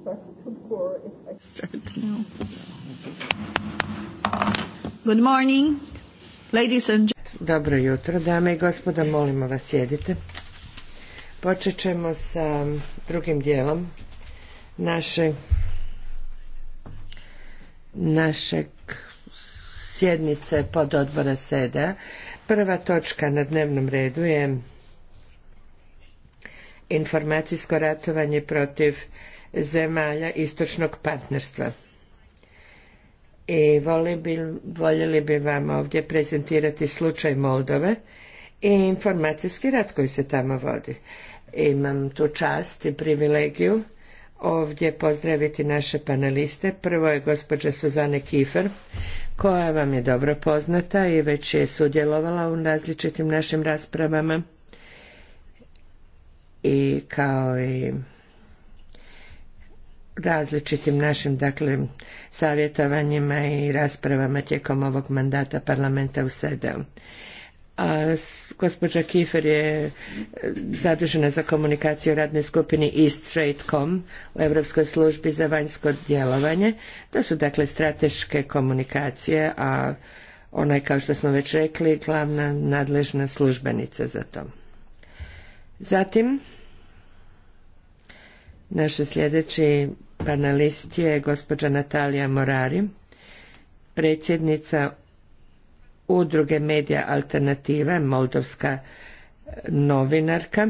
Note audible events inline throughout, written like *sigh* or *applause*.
Start Dobro jutro, dame i gospoda, molimo vas sjedite. Počet ćemo sa drugim dijelom naše, našeg sjednice pod odbora SEDA. Prva točka na dnevnom redu je informacijsko ratovanje protiv zemalja istočnog partnerstva. I voljeli bi vam ovdje prezentirati slučaj Moldove i informacijski rad koji se tamo vodi. Imam tu čast i privilegiju ovdje pozdraviti naše paneliste. Prvo je gospođa Suzane Kifer, koja vam je dobro poznata i već je sudjelovala u različitim našim raspravama i kao i različitim našim dakle savjetovanjima i raspravama tijekom ovog mandata parlamenta u SEDEU. A gospođa Kifer je e, zadužena za komunikaciju u radnoj skupini East Trade.com u Europskoj službi za vanjsko djelovanje. To su dakle strateške komunikacije, a ona je kao što smo već rekli glavna nadležna službenica za to. Zatim, naš sljedeći panelist je gospođa Natalija Morari, predsjednica udruge Medija Alternativa, moldovska novinarka,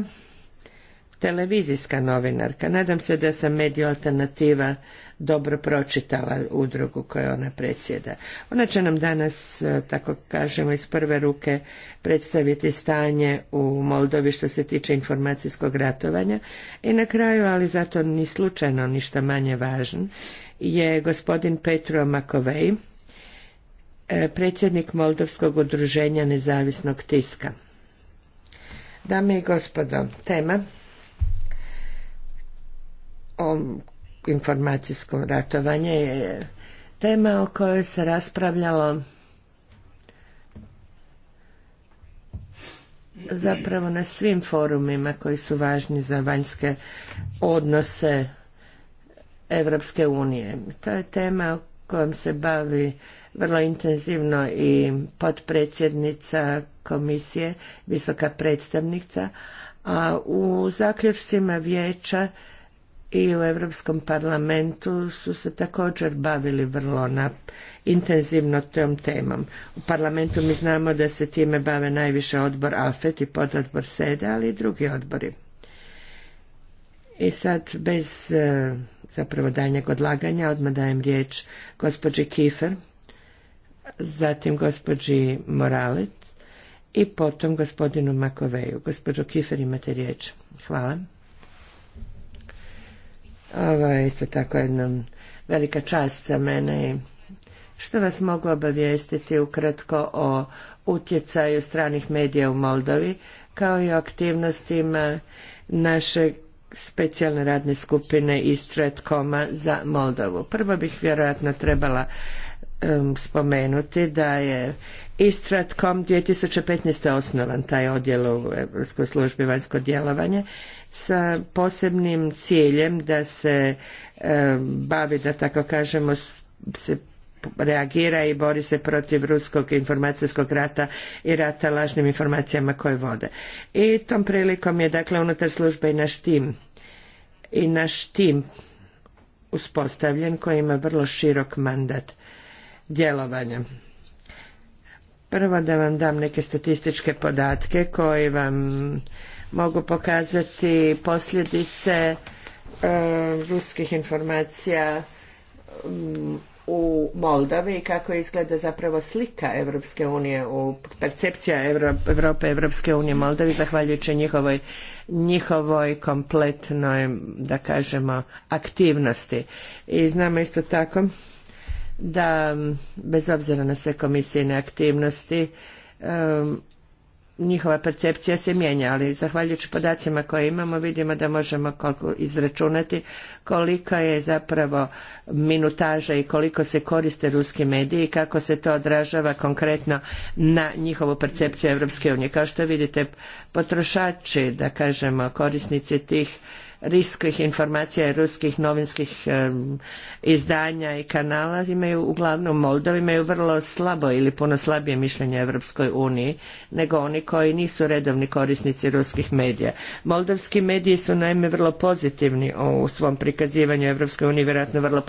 televizijska novinarka. Nadam se da sam Medija Alternativa dobro pročitala udrugu koju ona predsjeda. Ona će nam danas, e, tako kažemo, iz prve ruke predstaviti stanje u Moldovi što se tiče informacijskog ratovanja i na kraju, ali zato ni slučajno ništa manje važno, je gospodin Petro Makovej, e, predsjednik Moldovskog udruženja nezavisnog tiska. Dame i gospodo, tema o informacijsko ratovanje je tema o kojoj se raspravljalo zapravo na svim forumima koji su važni za vanjske odnose Evropske unije. To je tema o kojom se bavi vrlo intenzivno i potpredsjednica komisije, visoka predstavnica, a u zaključcima vijeća i u Europskom parlamentu su se također bavili vrlo na, intenzivno tom temom. U parlamentu mi znamo da se time bave najviše odbor AFET i pododbor SEDA, ali i drugi odbori. I sad bez e, zapravo daljnjeg odlaganja odmah dajem riječ gospođi Kifer, zatim gospođi Moralet i potom gospodinu Makoveju. Gospođo Kifer imate riječ. Hvala. Ovo je isto tako jedna velika čast za mene što vas mogu obavijestiti ukratko o utjecaju stranih medija u Moldovi kao i o aktivnostima naše specijalne radne skupine iz za Moldovu. Prvo bih vjerojatno trebala spomenuti da je tisuće 2015. osnovan taj odjel u Europskoj službi vanjsko djelovanje sa posebnim ciljem da se e, bavi, da tako kažemo, se reagira i bori se protiv ruskog informacijskog rata i rata lažnim informacijama koje vode. I tom prilikom je dakle unutar službe i naš tim i naš tim uspostavljen koji ima vrlo širok mandat djelovanja. Prvo da vam dam neke statističke podatke koji vam mogu pokazati posljedice e, ruskih informacija mm, u Moldavi i kako izgleda zapravo slika Evropske unije u percepcija Europe Evropske unije Moldavi zahvaljujući njihovoj njihovoj kompletnoj da kažemo aktivnosti i znamo isto tako da bez obzira na sve komisijne aktivnosti e, njihova percepcija se mijenja, ali zahvaljujući podacima koje imamo vidimo da možemo koliko izračunati kolika je zapravo minutaža i koliko se koriste ruski mediji i kako se to odražava konkretno na njihovu percepciju Europske unije. Kao što vidite, potrošači, da kažemo, korisnici tih ruskih informacija i ruskih novinskih izdanja i kanala imaju uglavnom Moldovi imaju vrlo slabo ili puno slabije mišljenje Europskoj uniji nego oni koji nisu redovni korisnici ruskih medija. Moldovski mediji su naime vrlo pozitivni u svom prikazivanju Europskoj uniji, vjerojatno vrlo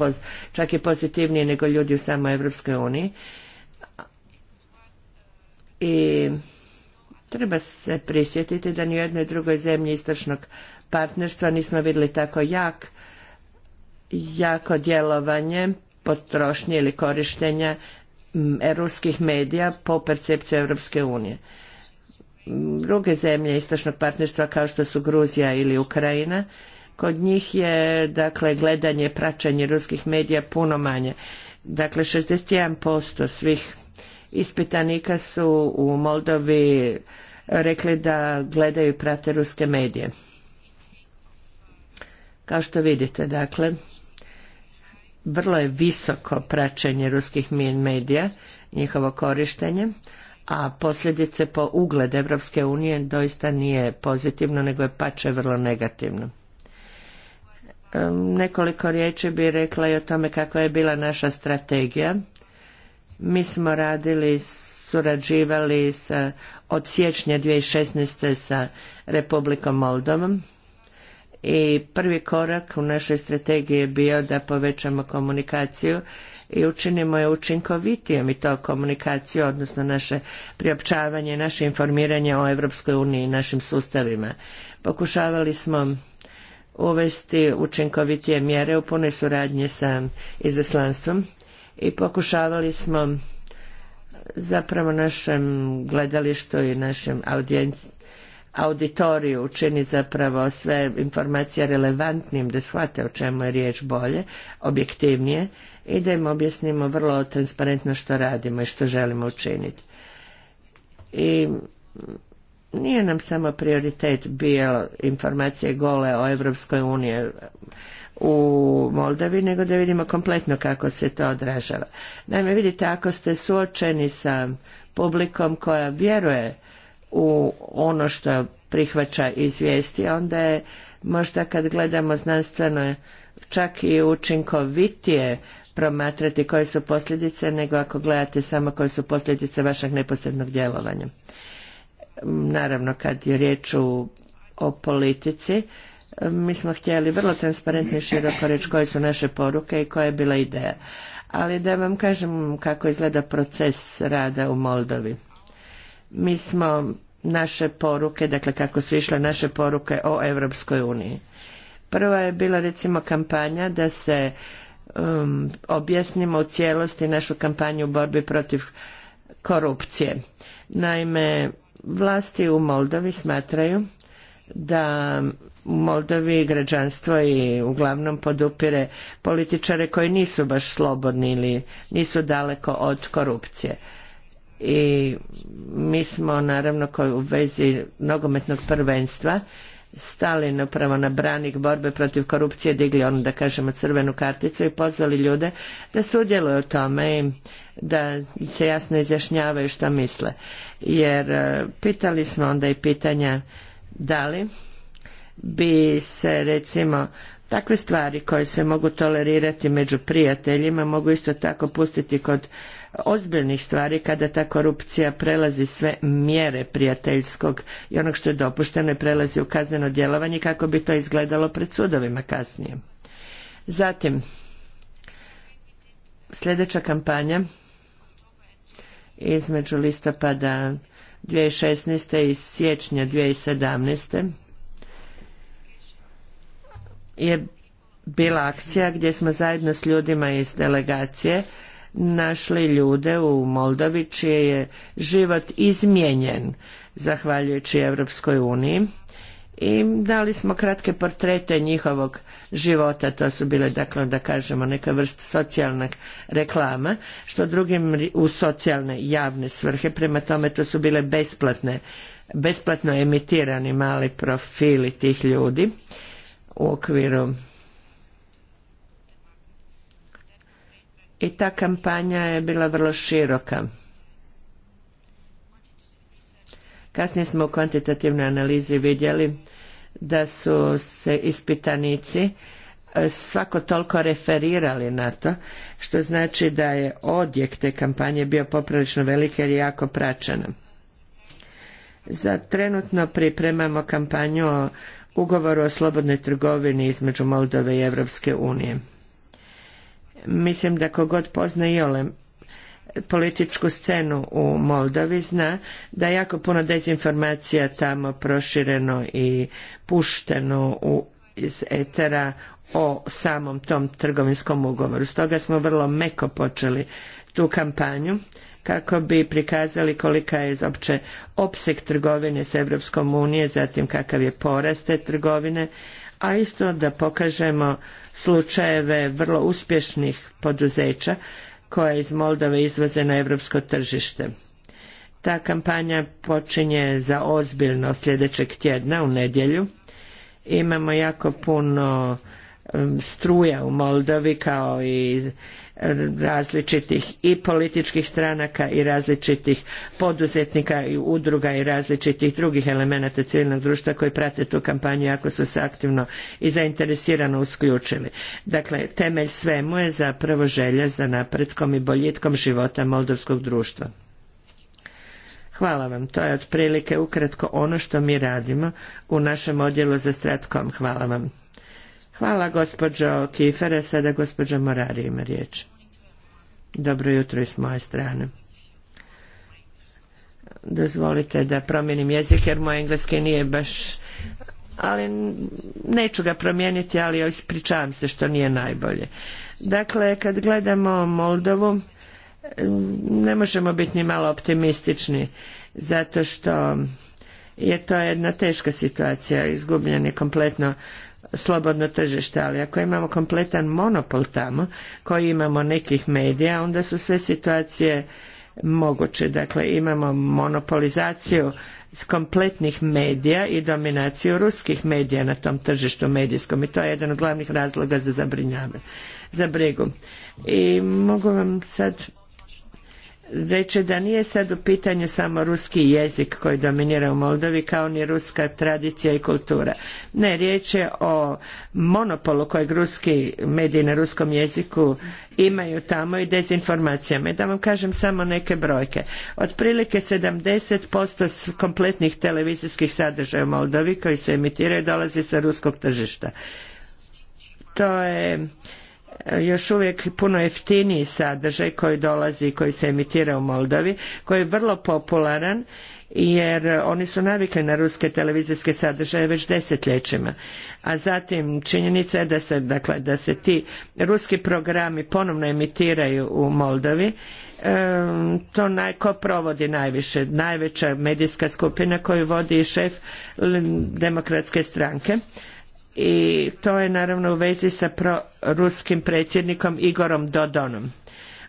čak i pozitivniji nego ljudi u samoj Europskoj uniji. I treba se prisjetiti da ni u jednoj drugoj zemlji istočnog partnerstva nismo vidjeli tako jak, jako djelovanje potrošnje ili korištenja europskih medija po percepciji Europske unije. Druge zemlje istočnog partnerstva kao što su Gruzija ili Ukrajina, kod njih je dakle gledanje, praćanje ruskih medija puno manje. Dakle, 61% svih ispitanika su u Moldovi rekli da gledaju i prate ruske medije. Kao što vidite, dakle, vrlo je visoko praćenje ruskih medija, njihovo korištenje, a posljedice po ugled Evropske unije doista nije pozitivno, nego je pače vrlo negativno. Nekoliko riječi bi rekla i o tome kakva je bila naša strategija. Mi smo radili, surađivali sa, od siječnja 2016. sa Republikom Moldovom i prvi korak u našoj strategiji je bio da povećamo komunikaciju i učinimo je učinkovitijom i to komunikaciju, odnosno naše priopćavanje, naše informiranje o Europskoj uniji i našim sustavima. Pokušavali smo uvesti učinkovitije mjere u punoj suradnji sa izaslanstvom i pokušavali smo zapravo našem gledalištu i našem audijenciju auditoriju učini zapravo sve informacije relevantnim, da shvate o čemu je riječ bolje, objektivnije i da im objasnimo vrlo transparentno što radimo i što želimo učiniti. I nije nam samo prioritet bio informacije gole o Europskoj uniji u Moldavi, nego da vidimo kompletno kako se to odražava. Naime, vidite, ako ste suočeni sa publikom koja vjeruje u ono što prihvaća izvijesti, onda je možda kad gledamo znanstveno čak i učinkovitije promatrati koje su posljedice nego ako gledate samo koje su posljedice vašeg neposrednog djelovanja. Naravno kad je riječ o politici, mi smo htjeli vrlo transparentno i široko reći koje su naše poruke i koja je bila ideja. Ali da vam kažem kako izgleda proces rada u Moldovi. Mi smo naše poruke, dakle kako su išle naše poruke o Europskoj uniji. Prva je bila recimo kampanja da se um, objasnimo u cijelosti našu kampanju u borbi protiv korupcije. Naime, vlasti u Moldovi smatraju da u Moldovi građanstvo i uglavnom podupire političare koji nisu baš slobodni ili nisu daleko od korupcije i mi smo naravno koji u vezi nogometnog prvenstva stali napravo na branik borbe protiv korupcije, digli ono da kažemo crvenu karticu i pozvali ljude da sudjeluju u tome i da se jasno izjašnjavaju što misle. Jer e, pitali smo onda i pitanja da li bi se recimo takve stvari koje se mogu tolerirati među prijateljima mogu isto tako pustiti kod ozbiljnih stvari kada ta korupcija prelazi sve mjere prijateljskog i onog što je dopušteno i prelazi u kazneno djelovanje kako bi to izgledalo pred sudovima kasnije. Zatim, sljedeća kampanja između listopada 2016. i siječnja 2017. je bila akcija gdje smo zajedno s ljudima iz delegacije našli ljude u Moldavi čiji je život izmijenjen zahvaljujući Europskoj uniji i dali smo kratke portrete njihovog života, to su bile dakle da kažemo neka vrst socijalnog reklama, što drugim u socijalne javne svrhe, prema tome to su bile besplatne, besplatno emitirani mali profili tih ljudi u okviru i ta kampanja je bila vrlo široka. Kasnije smo u kvantitativnoj analizi vidjeli da su se ispitanici e, svako toliko referirali na to, što znači da je odjek te kampanje bio poprilično velik jer je jako praćena. Za trenutno pripremamo kampanju o ugovoru o slobodnoj trgovini između Moldove i Europske unije. Mislim da kogod pozna ole političku scenu u Moldovi zna da je jako puno dezinformacija tamo prošireno i pušteno iz etera o samom tom trgovinskom ugovoru. Stoga smo vrlo meko počeli tu kampanju kako bi prikazali kolika je uopće opseg trgovine s Europskom unije, zatim kakav je porast te trgovine, a isto da pokažemo slučajeve vrlo uspješnih poduzeća koja iz Moldove izvoze na europsko tržište. Ta kampanja počinje za ozbiljno sljedećeg tjedna u nedjelju. Imamo jako puno struja u Moldovi kao i različitih i političkih stranaka i različitih poduzetnika i udruga i različitih drugih elemenata civilnog društva koji prate tu kampanju ako su se aktivno i zainteresirano usključili. Dakle, temelj svemu je zapravo želja za napretkom i boljitkom života moldovskog društva. Hvala vam, to je otprilike ukratko ono što mi radimo u našem odjelu za Stratkom. Hvala vam. Hvala gospođo Kifere, sada gospođa Morari ima riječ. Dobro jutro iz moje strane. Dozvolite da promijenim jezik jer moj engleski nije baš ali neću ga promijeniti, ali ispričavam se što nije najbolje. Dakle, kad gledamo Moldovu, ne možemo biti ni malo optimistični, zato što je to jedna teška situacija, izgubljen je kompletno slobodno tržište, ali ako imamo kompletan monopol tamo koji imamo nekih medija, onda su sve situacije moguće. Dakle, imamo monopolizaciju kompletnih medija i dominaciju ruskih medija na tom tržištu medijskom i to je jedan od glavnih razloga za zabrinjavanje, za brigu. I mogu vam sad reći znači da nije sad u pitanju samo ruski jezik koji dominira u Moldovi kao ni ruska tradicija i kultura. Ne, riječ je o monopolu kojeg ruski mediji na ruskom jeziku imaju tamo i dezinformacijama. I da vam kažem samo neke brojke. Otprilike 70% kompletnih televizijskih sadržaja u Moldovi koji se emitiraju dolazi sa ruskog tržišta. To je E, još uvijek puno jeftiniji sadržaj koji dolazi i koji se emitira u Moldovi, koji je vrlo popularan jer oni su navikli na ruske televizijske sadržaje već desetljećima. A zatim činjenica je da se, dakle, da se ti ruski programi ponovno emitiraju u Moldovi, to naj, provodi najviše, najveća medijska skupina koju vodi šef demokratske stranke i to je naravno u vezi sa ruskim predsjednikom Igorom Dodonom.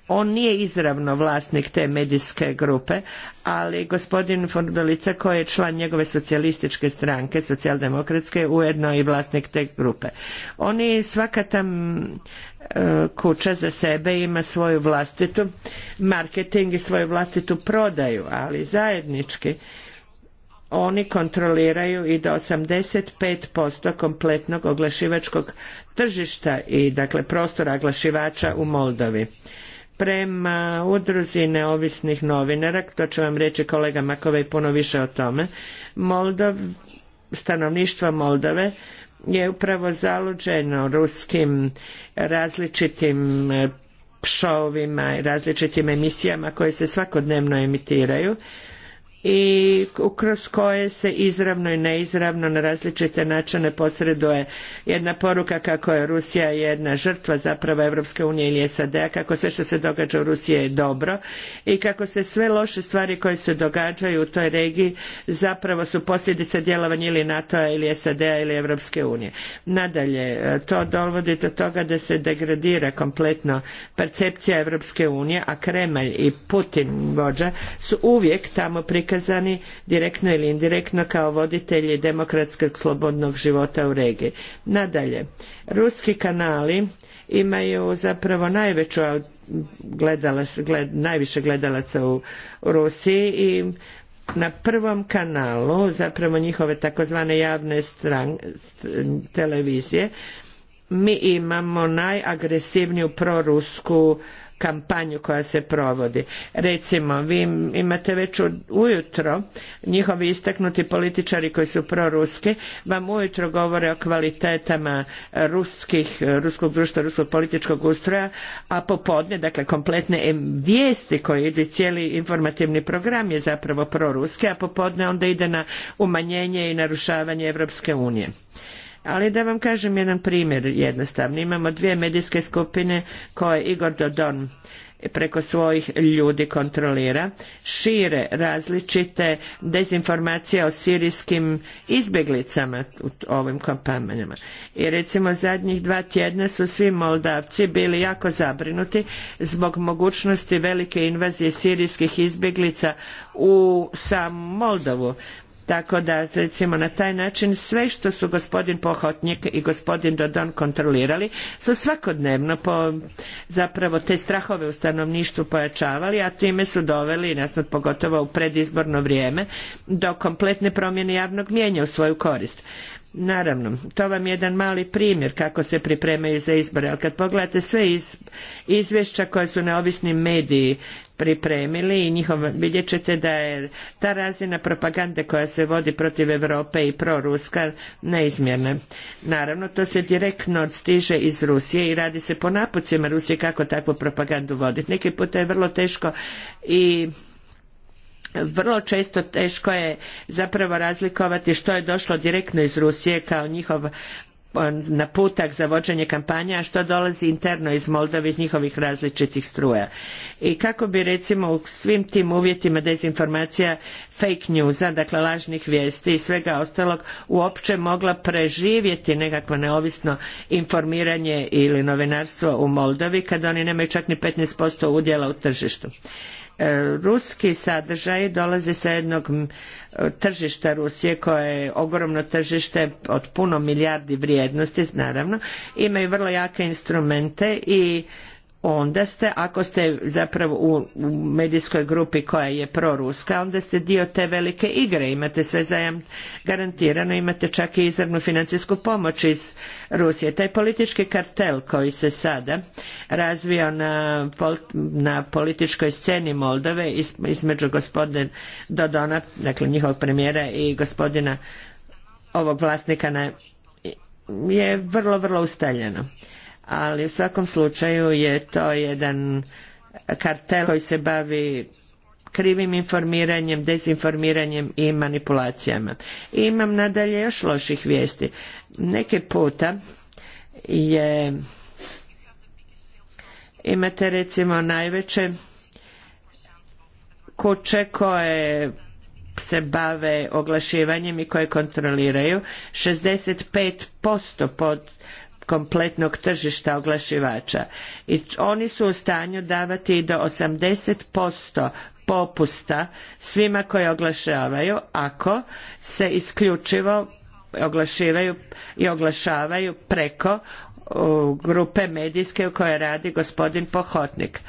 On nije izravno vlasnik te medijske grupe, ali gospodin Fondolica koji je član njegove socijalističke stranke, socijaldemokratske, ujedno i vlasnik te grupe. Oni svaka tam e, kuća za sebe ima svoju vlastitu marketing i svoju vlastitu prodaju, ali zajednički oni kontroliraju i do 85% kompletnog oglašivačkog tržišta i dakle prostora oglašivača u Moldovi. Prema udruzi neovisnih novinara, to će vam reći kolega Makovej puno više o tome, Moldov, stanovništvo Moldove je upravo zaluđeno ruskim različitim eh, šovima i različitim emisijama koje se svakodnevno emitiraju i kroz koje se izravno i neizravno na različite načine posreduje jedna poruka kako je Rusija jedna žrtva zapravo Europske unije ili SAD-a, kako sve što se događa u Rusiji je dobro i kako se sve loše stvari koje se događaju u toj regiji zapravo su posljedice djelovanja ili NATO-a ili SAD-a ili Europske unije. Nadalje, to dovodi do toga da se degradira kompletno percepcija Europske unije, a Kremelj i Putin vođa su uvijek tamo prikazani prikazani direktno ili indirektno kao voditelji demokratskog slobodnog života u regiji. Nadalje, ruski kanali imaju zapravo najveću gledalac, najviše gledalaca u Rusiji i na prvom kanalu zapravo njihove takozvane javne stran, televizije mi imamo najagresivniju prorusku kampanju koja se provodi. Recimo, vi imate već ujutro, njihovi istaknuti političari koji su proruski, vam ujutro govore o kvalitetama ruskih, ruskog društva, ruskog političkog ustroja, a popodne, dakle kompletne vijesti koje ide cijeli informativni program je zapravo proruski, a popodne onda ide na umanjenje i narušavanje Europske unije. Ali da vam kažem jedan primjer jednostavno. Imamo dvije medijske skupine koje Igor Dodon preko svojih ljudi kontrolira, šire različite dezinformacije o sirijskim izbjeglicama u ovim kompanjama. I recimo zadnjih dva tjedna su svi Moldavci bili jako zabrinuti zbog mogućnosti velike invazije sirijskih izbjeglica u sam Moldovu. Tako da recimo na taj način sve što su gospodin Pohotnik i gospodin Dodon kontrolirali su svakodnevno po, zapravo te strahove u stanovništvu pojačavali, a time su doveli, nas pogotovo u predizborno vrijeme, do kompletne promjene javnog mijenja u svoju korist. Naravno, to vam je jedan mali primjer kako se pripremaju za izbore, ali kad pogledate sve izvješća koje su neovisni mediji pripremili i njihov, vidjet ćete da je ta razina propagande koja se vodi protiv Europe i proruska neizmjerna. Naravno, to se direktno stiže iz Rusije i radi se po napucima Rusije kako takvu propagandu voditi. Neki puta je vrlo teško i vrlo često teško je zapravo razlikovati što je došlo direktno iz Rusije kao njihov naputak za vođenje kampanja, a što dolazi interno iz Moldove iz njihovih različitih struja. I kako bi recimo u svim tim uvjetima dezinformacija, fake newsa, dakle lažnih vijesti i svega ostalog uopće mogla preživjeti nekakvo neovisno informiranje ili novinarstvo u Moldovi kad oni nemaju čak ni 15% udjela u tržištu. E, ruski sadržaji dolaze sa jednog tržišta Rusije koje je ogromno tržište od puno milijardi vrijednosti naravno imaju vrlo jake instrumente i onda ste, ako ste zapravo u, medijskoj grupi koja je proruska, onda ste dio te velike igre, imate sve zajam garantirano, imate čak i izravnu financijsku pomoć iz Rusije. Taj politički kartel koji se sada razvio na, političkoj sceni Moldove između gospodina Dodona, dakle njihovog premijera i gospodina ovog vlasnika je vrlo, vrlo ustaljeno ali u svakom slučaju je to jedan kartel koji se bavi krivim informiranjem, dezinformiranjem i manipulacijama. I imam nadalje još loših vijesti. Neke puta je imate recimo najveće kuće koje se bave oglašivanjem i koje kontroliraju 65% pod kompletnog tržišta oglašivača i oni su u stanju davati i do 80% popusta svima koji oglašavaju ako se isključivo oglašivaju i oglašavaju preko grupe medijske u kojoj radi gospodin Pohotnik.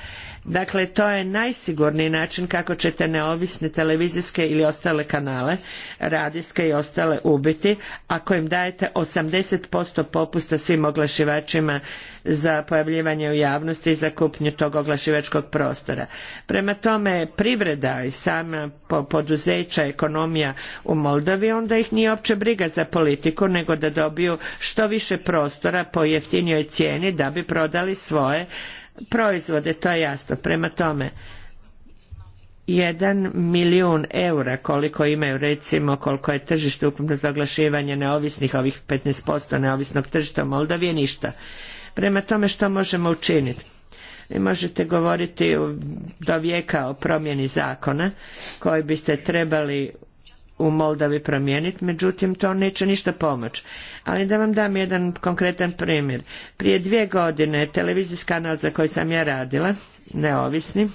Dakle, to je najsigurniji način kako ćete neovisne televizijske ili ostale kanale, radijske i ostale ubiti, ako im dajete 80% popusta svim oglašivačima za pojavljivanje u javnosti i za kupnju tog oglašivačkog prostora. Prema tome, privreda i sama poduzeća, ekonomija u Moldovi, onda ih nije opće briga za politiku, nego da dobiju što više prostora po jeftinijoj cijeni da bi prodali svoje proizvode, to je jasno. Prema tome, jedan milijun eura koliko imaju recimo koliko je tržište ukupno za oglašivanje neovisnih ovih 15% neovisnog tržišta u Moldavi je ništa. Prema tome što možemo učiniti? vi možete govoriti do vijeka o promjeni zakona koji biste trebali u Moldavi promijeniti, međutim to neće ništa pomoći. Ali da vam dam jedan konkretan primjer. Prije dvije godine televizijski kanal za koji sam ja radila, neovisni,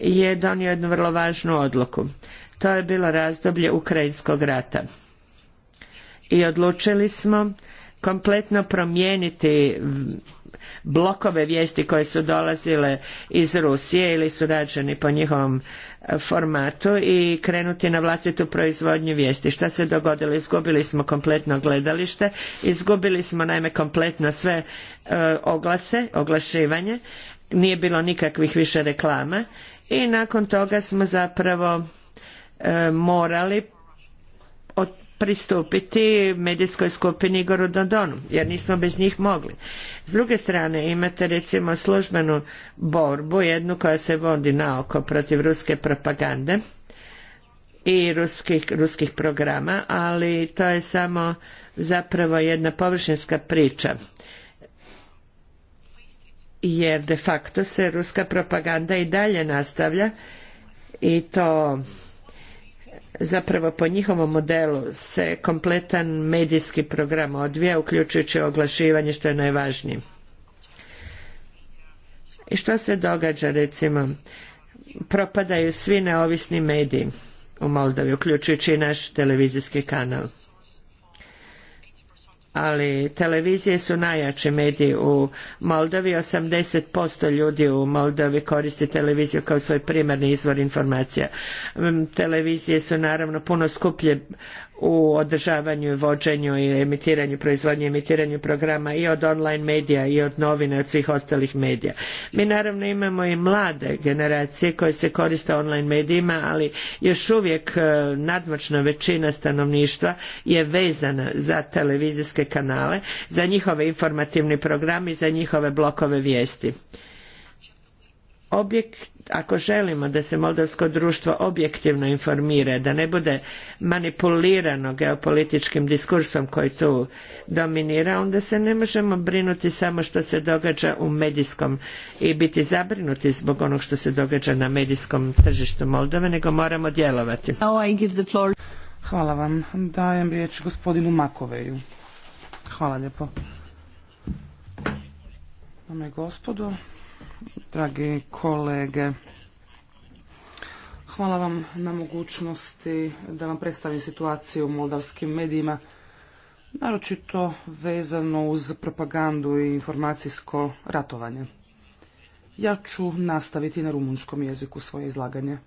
je donio jednu vrlo važnu odluku. To je bilo razdoblje Ukrajinskog rata. I odlučili smo kompletno promijeniti blokove vijesti koje su dolazile iz Rusije ili su rađeni po njihovom formatu i krenuti na vlastitu proizvodnju vijesti. Šta se dogodilo? Izgubili smo kompletno gledalište, izgubili smo naime kompletno sve e, oglase, oglašivanje, nije bilo nikakvih više reklama i nakon toga smo zapravo e, morali od pristupiti medijskoj skupini Gorododonu, jer nismo bez njih mogli. S druge strane imate recimo službenu borbu, jednu koja se vodi na oko protiv ruske propagande i ruskih, ruskih programa, ali to je samo zapravo jedna površinska priča jer de facto se ruska propaganda i dalje nastavlja i to zapravo po njihovom modelu se kompletan medijski program odvija uključujući oglašivanje što je najvažnije. I što se događa recimo? Propadaju svi neovisni mediji u Moldavi uključujući i naš televizijski kanal ali televizije su najjači mediji u Moldovi. 80% ljudi u Moldovi koristi televiziju kao svoj primarni izvor informacija. Mm, televizije su naravno puno skuplje u održavanju i vođenju i emitiranju proizvodnje, emitiranju programa i od online medija i od novina i od svih ostalih medija. Mi naravno imamo i mlade generacije koje se koriste online medijima, ali još uvijek e, nadmoćna većina stanovništva je vezana za televizijske kanale, za njihove informativni i za njihove blokove vijesti. Objekt ako želimo da se moldavsko društvo objektivno informira, da ne bude manipulirano geopolitičkim diskursom koji tu dominira, onda se ne možemo brinuti samo što se događa u medijskom i biti zabrinuti zbog onog što se događa na medijskom tržištu Moldove, nego moramo djelovati. Hvala vam. Dajem riječ Hvala dragi kolege. Hvala vam na mogućnosti da vam predstavim situaciju u moldavskim medijima, naročito vezano uz propagandu i informacijsko ratovanje. Ja ću nastaviti na rumunskom jeziku svoje izlaganje.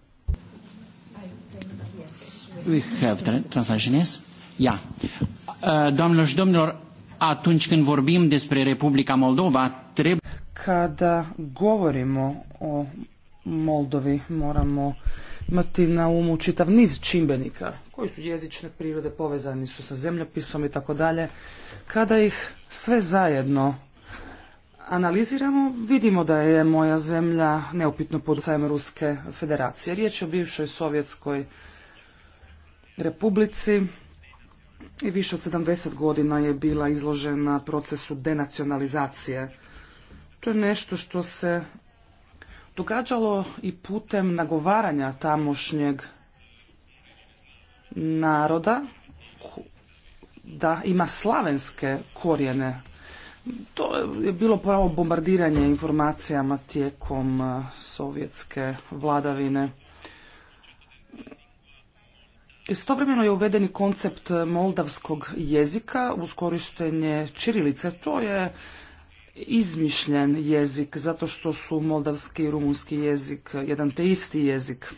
We have translation, yes? Ja. E, domnilor, atunci când vorbim despre Republica Moldova, trebuie kada govorimo o Moldovi moramo imati na umu čitav niz čimbenika koji su jezične prirode, povezani su sa zemljopisom i tako dalje. Kada ih sve zajedno analiziramo, vidimo da je moja zemlja neupitno pod sajem Ruske federacije. Riječ je o bivšoj Sovjetskoj republici i više od 70 godina je bila izložena procesu denacionalizacije je nešto što se događalo i putem nagovaranja tamošnjeg naroda da ima slavenske korijene. To je bilo pravo bombardiranje informacijama tijekom e, sovjetske vladavine. Istovremeno je uvedeni koncept moldavskog jezika uz korištenje čirilice. To je izmišljen jezik, zato što su moldavski i rumunski jezik jedan te isti jezik.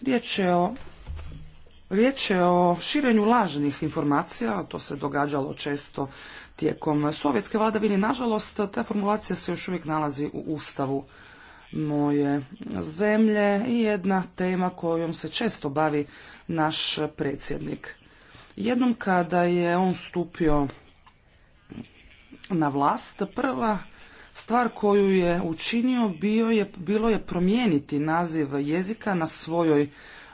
Riječ je o Riječ je o širenju lažnih informacija, to se događalo često tijekom sovjetske vladavine. Nažalost, ta formulacija se još uvijek nalazi u Ustavu moje zemlje i jedna tema kojom se često bavi naš predsjednik. Jednom kada je on stupio na vlast, prva stvar koju je učinio bio je, bilo je promijeniti naziv jezika na svojoj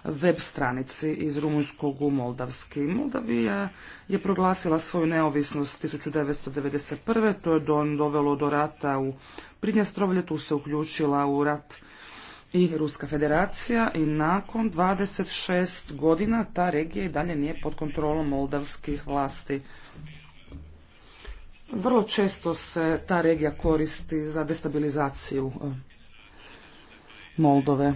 web stranici iz rumunjskog u moldavski. Moldavija je proglasila svoju neovisnost 1991. To je dovelo do rata u Pridnjestrovlje, tu se uključila u rat i Ruska federacija i nakon 26 godina ta regija i dalje nije pod kontrolom moldavskih vlasti. Vrlo često se ta regija koristi za destabilizaciju e, Moldove.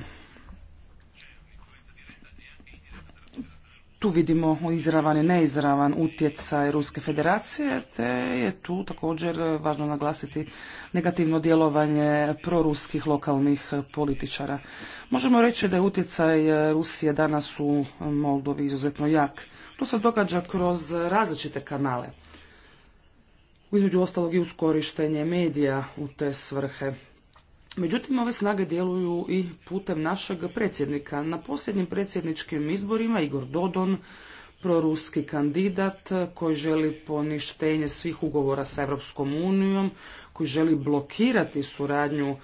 Tu vidimo izravan i neizravan utjecaj Ruske federacije, te je tu također važno naglasiti negativno djelovanje proruskih lokalnih političara. Možemo reći da je utjecaj Rusije danas u Moldovi izuzetno jak. To se događa kroz različite kanale. Između ostalog i uskorištenje medija u te svrhe. Međutim, ove snage djeluju i putem našeg predsjednika. Na posljednjim predsjedničkim izborima Igor Dodon, proruski kandidat koji želi poništenje svih ugovora sa Europskom unijom, koji želi blokirati suradnju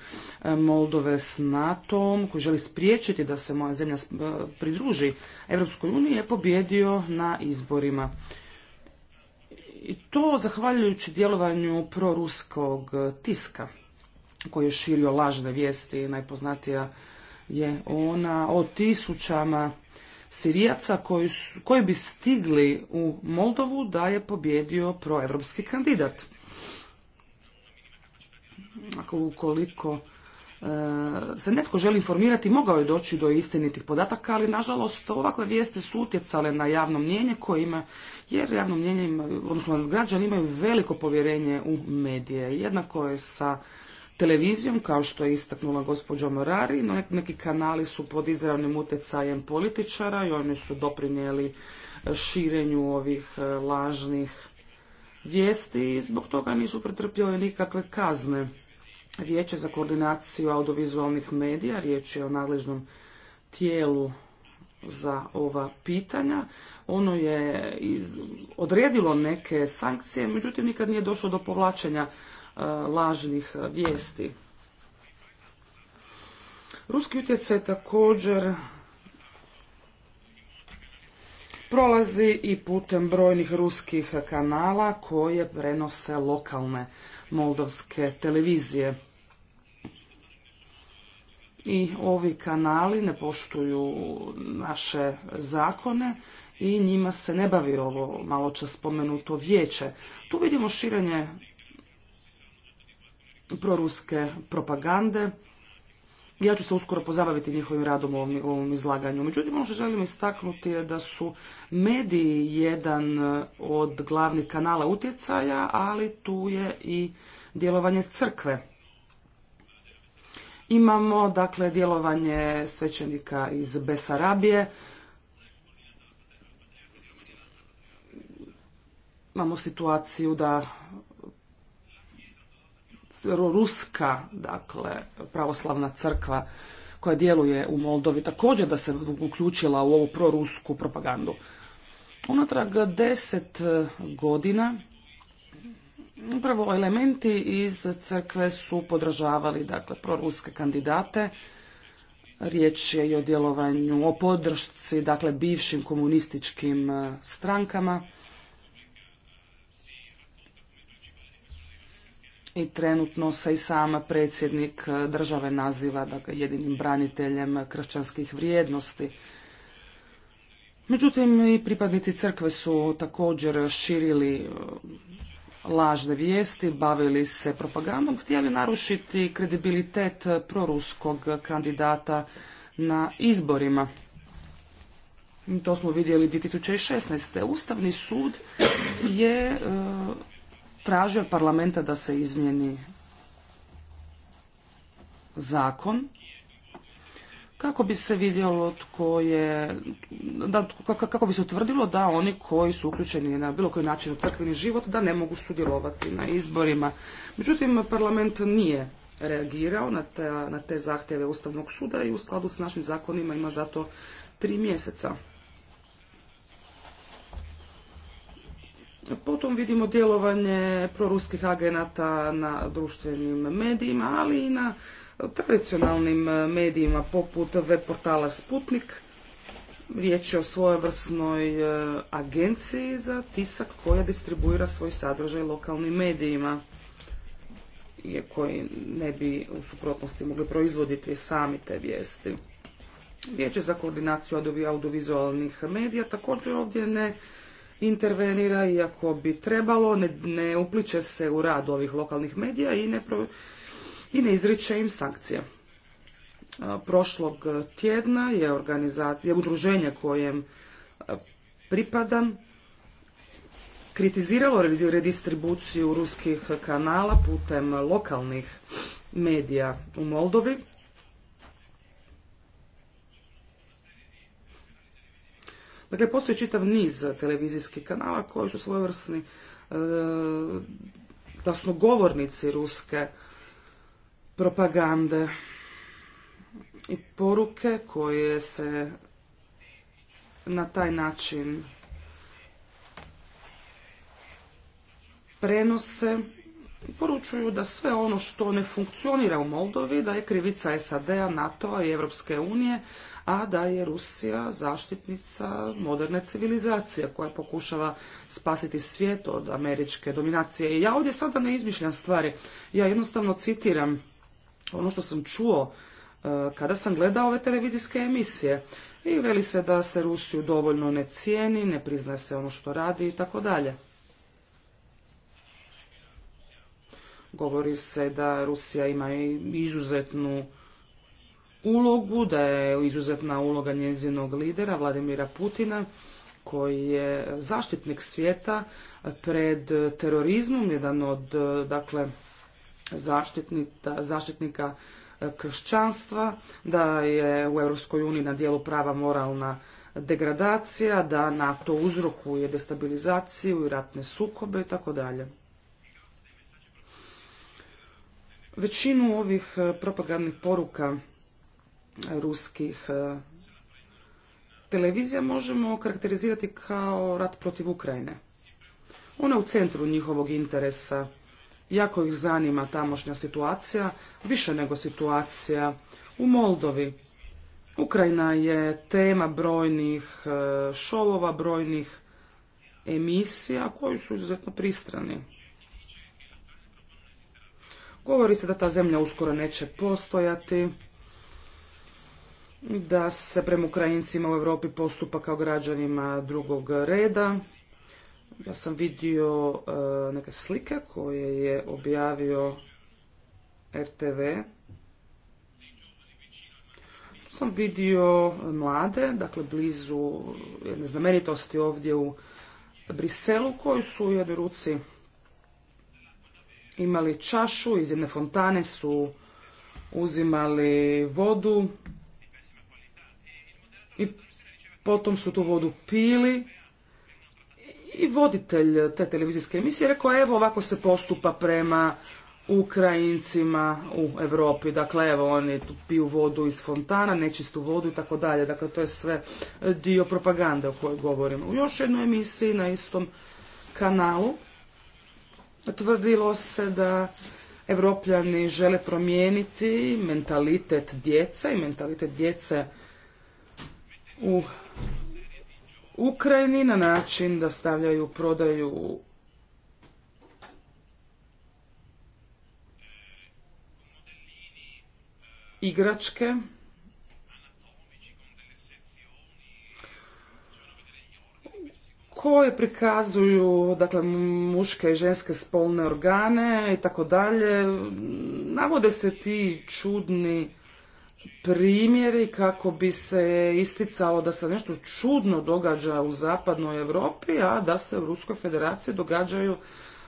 e, Moldove s NATO-om, koji želi spriječiti da se moja zemlja e, pridruži Europskoj uniji, je pobjedio na izborima. I to zahvaljujući djelovanju proruskog tiska koji je širio lažne vijesti, najpoznatija je ona o tisućama Sirijaca koji, koji bi stigli u Moldovu da je pobjedio proevropski kandidat. ukoliko e, se netko želi informirati, mogao je doći do istinitih podataka, ali nažalost ovakve vijeste su utjecale na javno mnjenje koje ima, jer javno mnjenje odnosno građani imaju veliko povjerenje u medije. Jednako je sa televizijom, kao što je istaknula gospođa Morari, no neki kanali su pod izravnim utjecajem političara i oni su doprinijeli e, širenju ovih e, lažnih vijesti i zbog toga nisu pretrpjeli nikakve kazne. Vijeće za koordinaciju audiovizualnih medija, riječ je o nadležnom tijelu za ova pitanja. Ono je odredilo neke sankcije, međutim nikad nije došlo do povlačenja E, lažnih vijesti. Ruski utjecaj također prolazi i putem brojnih ruskih kanala koje prenose lokalne moldovske televizije. I ovi kanali ne poštuju naše zakone i njima se ne bavi ovo malo čas spomenuto vijeće. Tu vidimo širenje proruske propagande. Ja ću se uskoro pozabaviti njihovim radom u ovom, u izlaganju. Međutim, ono što želim istaknuti je da su mediji jedan od glavnih kanala utjecaja, ali tu je i djelovanje crkve. Imamo, dakle, djelovanje svećenika iz Besarabije. Imamo situaciju da ruska dakle pravoslavna crkva koja djeluje u Moldovi također da se uključila u ovu prorusku propagandu. Unatrag deset e, godina upravo elementi iz crkve su podržavali dakle proruske kandidate. Riječ je i o djelovanju, o podršci dakle bivšim komunističkim e, strankama. i trenutno se i sam predsjednik e, države naziva da dakle, jedinim braniteljem kršćanskih vrijednosti. Međutim, i pripadnici crkve su također širili e, lažne vijesti, bavili se propagandom, htjeli narušiti kredibilitet proruskog kandidata na izborima. To smo vidjeli 2016. Ustavni sud je e, tražio parlamenta da se izmjeni zakon kako bi se vidjelo tko je, da, kako bi se utvrdilo da oni koji su uključeni na bilo koji način u crkveni život da ne mogu sudjelovati na izborima. Međutim, parlament nije reagirao na te, na te zahtjeve Ustavnog suda i u skladu s našim zakonima ima zato tri mjeseca. Potom vidimo djelovanje proruskih agenata na društvenim medijima, ali i na tradicionalnim medijima poput web portala Sputnik. Riječ je o svojevrsnoj e, agenciji za tisak koja distribuira svoj sadržaj lokalnim medijima koji ne bi u suprotnosti mogli proizvoditi sami te vijesti. Vijeće za koordinaciju audiovizualnih medija također ovdje ne intervenira iako bi trebalo, ne, ne upliče se u rad ovih lokalnih medija i ne, pro, i ne izriče im sankcije. Prošlog tjedna je, je udruženje kojem pripadam kritiziralo redistribuciju ruskih kanala putem lokalnih medija u Moldovi Dakle, postoji čitav niz televizijskih kanala koji su svojevrsni e, glasnogovornici ruske propagande i poruke koje se na taj način prenose poručuju da sve ono što ne funkcionira u Moldovi, da je krivica SAD-a, NATO-a i Europske unije, a da je Rusija zaštitnica moderne civilizacije koja pokušava spasiti svijet od američke dominacije. I ja ovdje sada ne izmišljam stvari, ja jednostavno citiram ono što sam čuo e, kada sam gledao ove televizijske emisije. I veli se da se Rusiju dovoljno ne cijeni, ne priznaje se ono što radi i tako dalje. Govori se da Rusija ima izuzetnu ulogu, da je izuzetna uloga njezinog lidera Vladimira Putina koji je zaštitnik svijeta pred terorizmom, jedan od dakle zaštitnika e, kršćanstva, da je u Europskoj uniji na dijelu prava moralna degradacija, da NATO uzrokuje destabilizaciju i ratne sukobe i tako dalje. Većinu ovih e, propagandnih poruka ruskih e, televizija možemo karakterizirati kao rat protiv Ukrajine. Ona je u centru njihovog interesa, jako ih zanima tamošnja situacija, više nego situacija u Moldovi. Ukrajina je tema brojnih e, šovova, brojnih emisija koji su izuzetno pristrani. Govori se da ta zemlja uskoro neće postojati, da se prema Ukrajincima u Europi postupa kao građanima drugog reda. Ja sam vidio e, neke slike koje je objavio RTV. Sam vidio mlade, dakle blizu jedne znamenitosti ovdje u Briselu, koji su u jednoj ruci imali čašu, iz jedne fontane su uzimali vodu, potom su tu vodu pili i voditelj te televizijske emisije rekao evo ovako se postupa prema Ukrajincima u Europi. Dakle, evo, oni tu piju vodu iz fontana, nečistu vodu i tako dalje. Dakle, to je sve dio propagande o kojoj govorimo. U još jednoj emisiji na istom kanalu tvrdilo se da Evropljani žele promijeniti mentalitet djece i mentalitet djece u Ukrajini na način da stavljaju prodaju igračke koje prikazuju dakle muške i ženske spolne organe i tako dalje navode se ti čudni primjeri kako bi se isticalo da se nešto čudno događa u zapadnoj Europi, a da se u Ruskoj federaciji događaju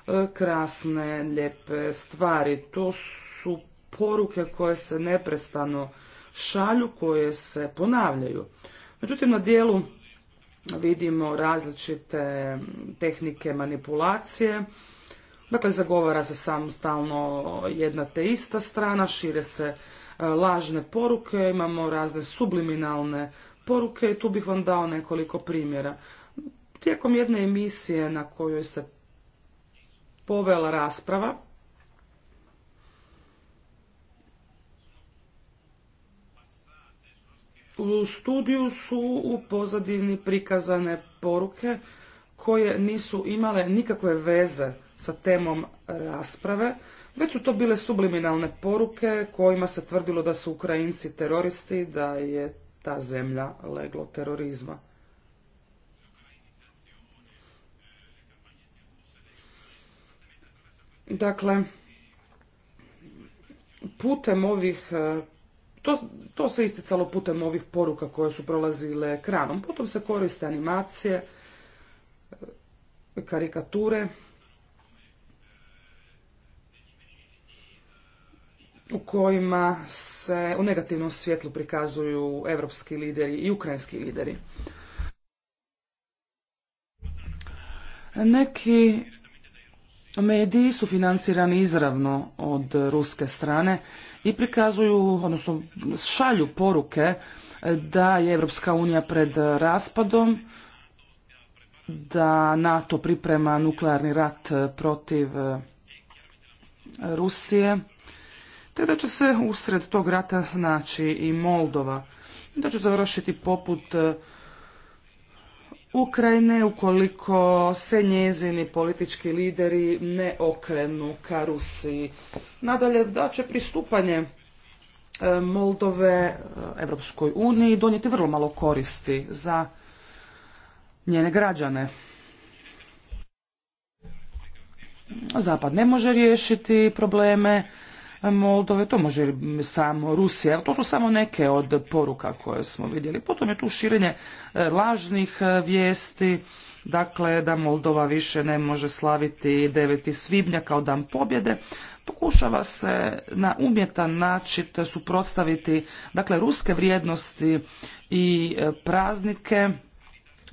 e, krasne, lijepe stvari. To su poruke koje se neprestano šalju, koje se ponavljaju. Međutim, na dijelu vidimo različite tehnike manipulacije. Dakle, zagovara se samostalno jedna te ista strana, šire se E, lažne poruke, imamo razne subliminalne poruke i tu bih vam dao nekoliko primjera. Tijekom jedne emisije na kojoj se povela rasprava, U studiju su u pozadini prikazane poruke koje nisu imale nikakve veze sa temom rasprave, već su to bile subliminalne poruke kojima se tvrdilo da su Ukrajinci teroristi, da je ta zemlja leglo terorizma. Dakle, putem ovih, e, to, to se isticalo putem ovih poruka koje su prolazile ekranom. Potom se koriste animacije, karikature u kojima se u negativnom svjetlu prikazuju evropski lideri i ukrajinski lideri. Neki mediji su financirani izravno od ruske strane i prikazuju, odnosno šalju poruke da je Evropska unija pred raspadom, da NATO priprema nuklearni rat e, protiv e, Rusije, te da će se usred tog rata naći i Moldova, da će završiti poput e, Ukrajine ukoliko se njezini politički lideri ne okrenu ka Rusiji. Nadalje, da će pristupanje Moldove Europskoj uniji donijeti vrlo malo koristi za njene građane. Zapad ne može riješiti probleme Moldove, to može samo Rusija. To su samo neke od poruka koje smo vidjeli. Potom je tu širenje e, lažnih e, vijesti, dakle da Moldova više ne može slaviti 9. svibnja kao dan pobjede. Pokušava se na umjetan način suprotstaviti dakle ruske vrijednosti i e, praznike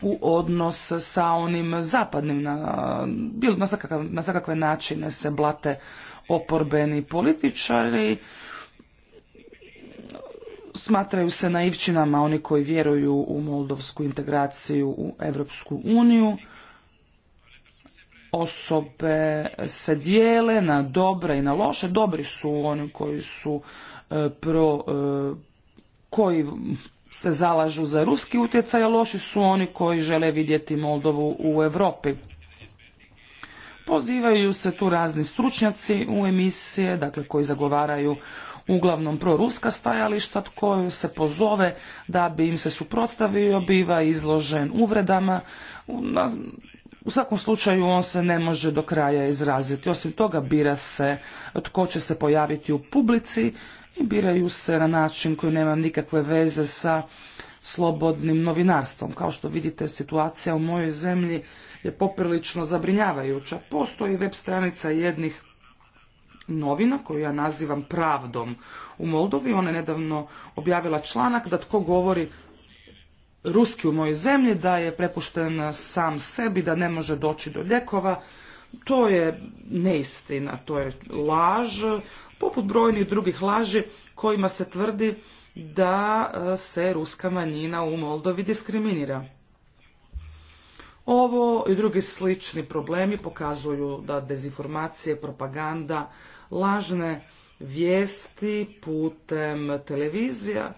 u odnos sa onim zapadnim, na, na, svakakve, na načine se blate oporbeni političari, smatraju se naivčinama oni koji vjeruju u moldovsku integraciju u Europsku uniju. Osobe se dijele na dobre i na loše. Dobri su oni koji su e, pro, e, koji se zalažu za ruski utjecaj, a loši su oni koji žele vidjeti Moldovu u Europi. Pozivaju se tu razni stručnjaci u emisije, dakle koji zagovaraju uglavnom proruska stajališta, koju se pozove da bi im se suprotstavio, biva izložen uvredama. U svakom slučaju on se ne može do kraja izraziti. Osim toga bira se tko će se pojaviti u publici i biraju se na način koji nema nikakve veze sa slobodnim novinarstvom. Kao što vidite, situacija u mojoj zemlji je poprilično zabrinjavajuća. Postoji web stranica jednih novina koju ja nazivam Pravdom u Moldovi. Ona je nedavno objavila članak da tko govori ruski u mojoj zemlji, da je prepušten sam sebi, da ne može doći do ljekova. To je neistina, to je laž poput brojnih drugih laži kojima se tvrdi da e, se ruska manjina u Moldovi diskriminira. Ovo i drugi slični problemi pokazuju da dezinformacije, propaganda, lažne vijesti putem televizija,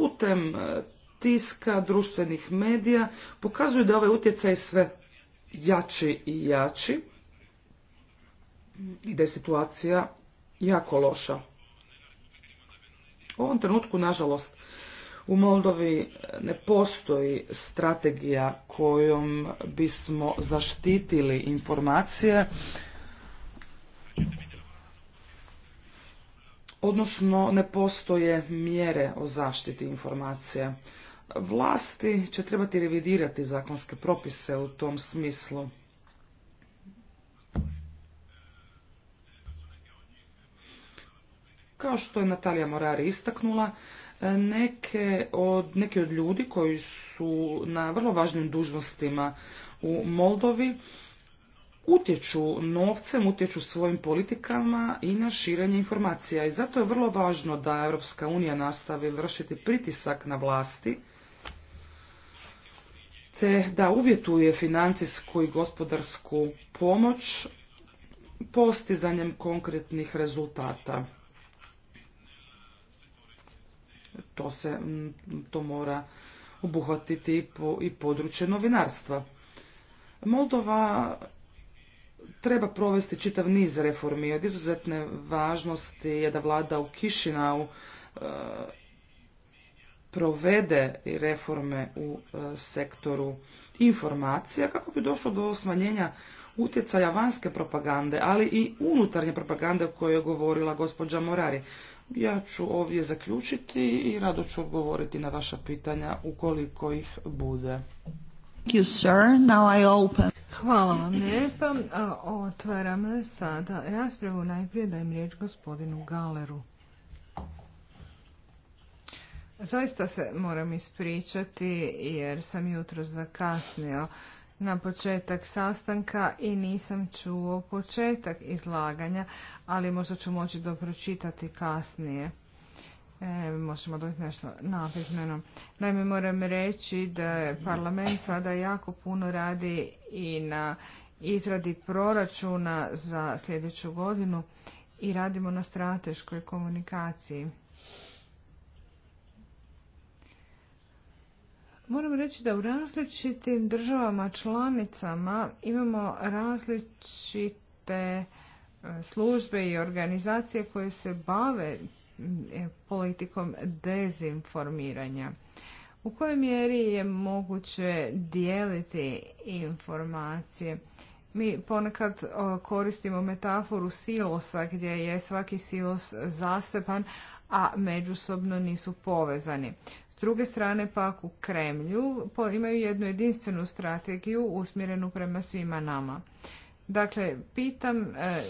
putem e, tiska, društvenih medija, pokazuju da ovaj utjecaj sve jači i jači i da je situacija jako loša. U ovom trenutku, nažalost, u Moldovi ne postoji strategija kojom bismo zaštitili informacije, odnosno ne postoje mjere o zaštiti informacije. Vlasti će trebati revidirati zakonske propise u tom smislu. Kao što je Natalija Morari istaknula, e, neke od, neki od ljudi koji su na vrlo važnim dužnostima u Moldovi utječu novcem, utječu svojim politikama i na širenje informacija. I zato je vrlo važno da Europska unija nastavi vršiti pritisak na vlasti, te da uvjetuje financijsku i gospodarsku pomoć postizanjem konkretnih rezultata. to se, to mora obuhvatiti i područje novinarstva. Moldova treba provesti čitav niz reformi. Od izuzetne važnosti je da vlada u Kišinau e, provede reforme u e, sektoru informacija kako bi došlo do smanjenja utjecaja vanjske propagande, ali i unutarnje propagande o kojoj je govorila gospođa Morari. Ja ću ovdje zaključiti i rado ću odgovoriti na vaša pitanja ukoliko ih bude. Hvala vam lijepa. Otvaram sada raspravu. Najprije dajem riječ gospodinu Galeru. Zaista se moram ispričati jer sam jutro zakasnio na početak sastanka i nisam čuo početak izlaganja, ali možda ću moći to pročitati kasnije. E, možemo dobiti nešto napismeno. Naime, moram reći da je parlament sada jako puno radi i na izradi proračuna za sljedeću godinu i radimo na strateškoj komunikaciji. Moram reći da u različitim državama članicama imamo različite e, službe i organizacije koje se bave e, politikom dezinformiranja. U kojoj mjeri je moguće dijeliti informacije? Mi ponekad e, koristimo metaforu silosa gdje je svaki silos zaseban, a međusobno nisu povezani druge strane pak u Kremlju imaju jednu jedinstvenu strategiju usmjerenu prema svima nama. Dakle, pitam e,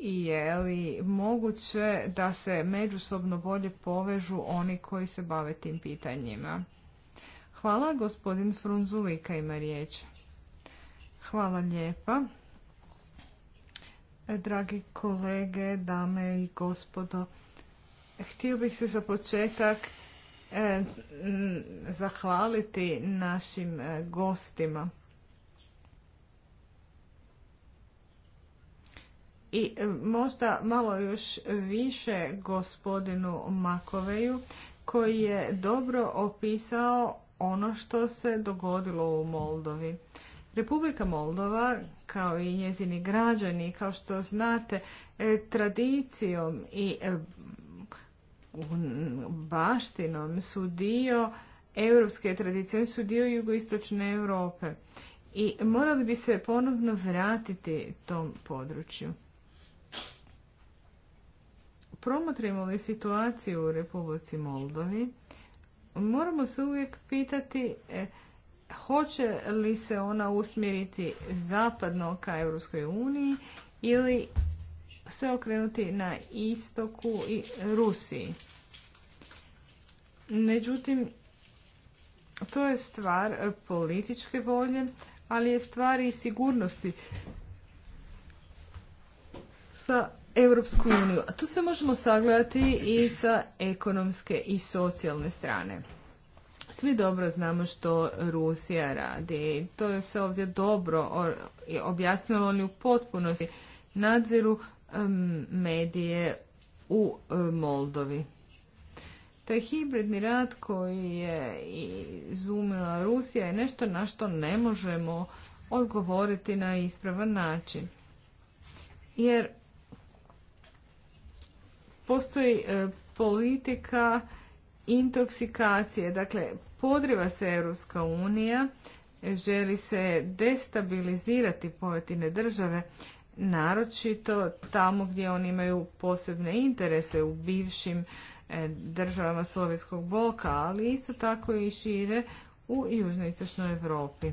je li moguće da se međusobno bolje povežu oni koji se bave tim pitanjima. Hvala, gospodin Frunzulika ima riječ. Hvala lijepa. E, dragi kolege, dame i gospodo, htio bih se za početak E, zahvaliti našim e, gostima. I e, možda malo još više gospodinu Makoveju koji je dobro opisao ono što se dogodilo u Moldovi. Republika Moldova, kao i njezini građani, kao što znate, tradicijom i baštinom su dio europske tradicije, su dio jugoistočne Europe i morali bi se ponovno vratiti tom području. Promotrimo li situaciju u Republici Moldovi, moramo se uvijek pitati e, hoće li se ona usmjeriti zapadno ka Europskoj uniji ili se okrenuti na istoku i Rusiji. Međutim, to je stvar političke volje, ali je stvar i sigurnosti sa Europsku uniju. A tu se možemo sagledati i sa ekonomske i socijalne strane. Svi dobro znamo što Rusija radi. To je se ovdje dobro objasnilo oni u potpunosti nadziru medije u Moldovi. Taj hibridni rat koji je izumila Rusija je nešto na što ne možemo odgovoriti na ispravan način. Jer postoji e, politika intoksikacije, dakle podriva se Europska unija, želi se destabilizirati pojedine države, naročito tamo gdje oni imaju posebne interese u bivšim e, državama Sovjetskog bloka, ali isto tako i šire u južnoistočnoj Europi.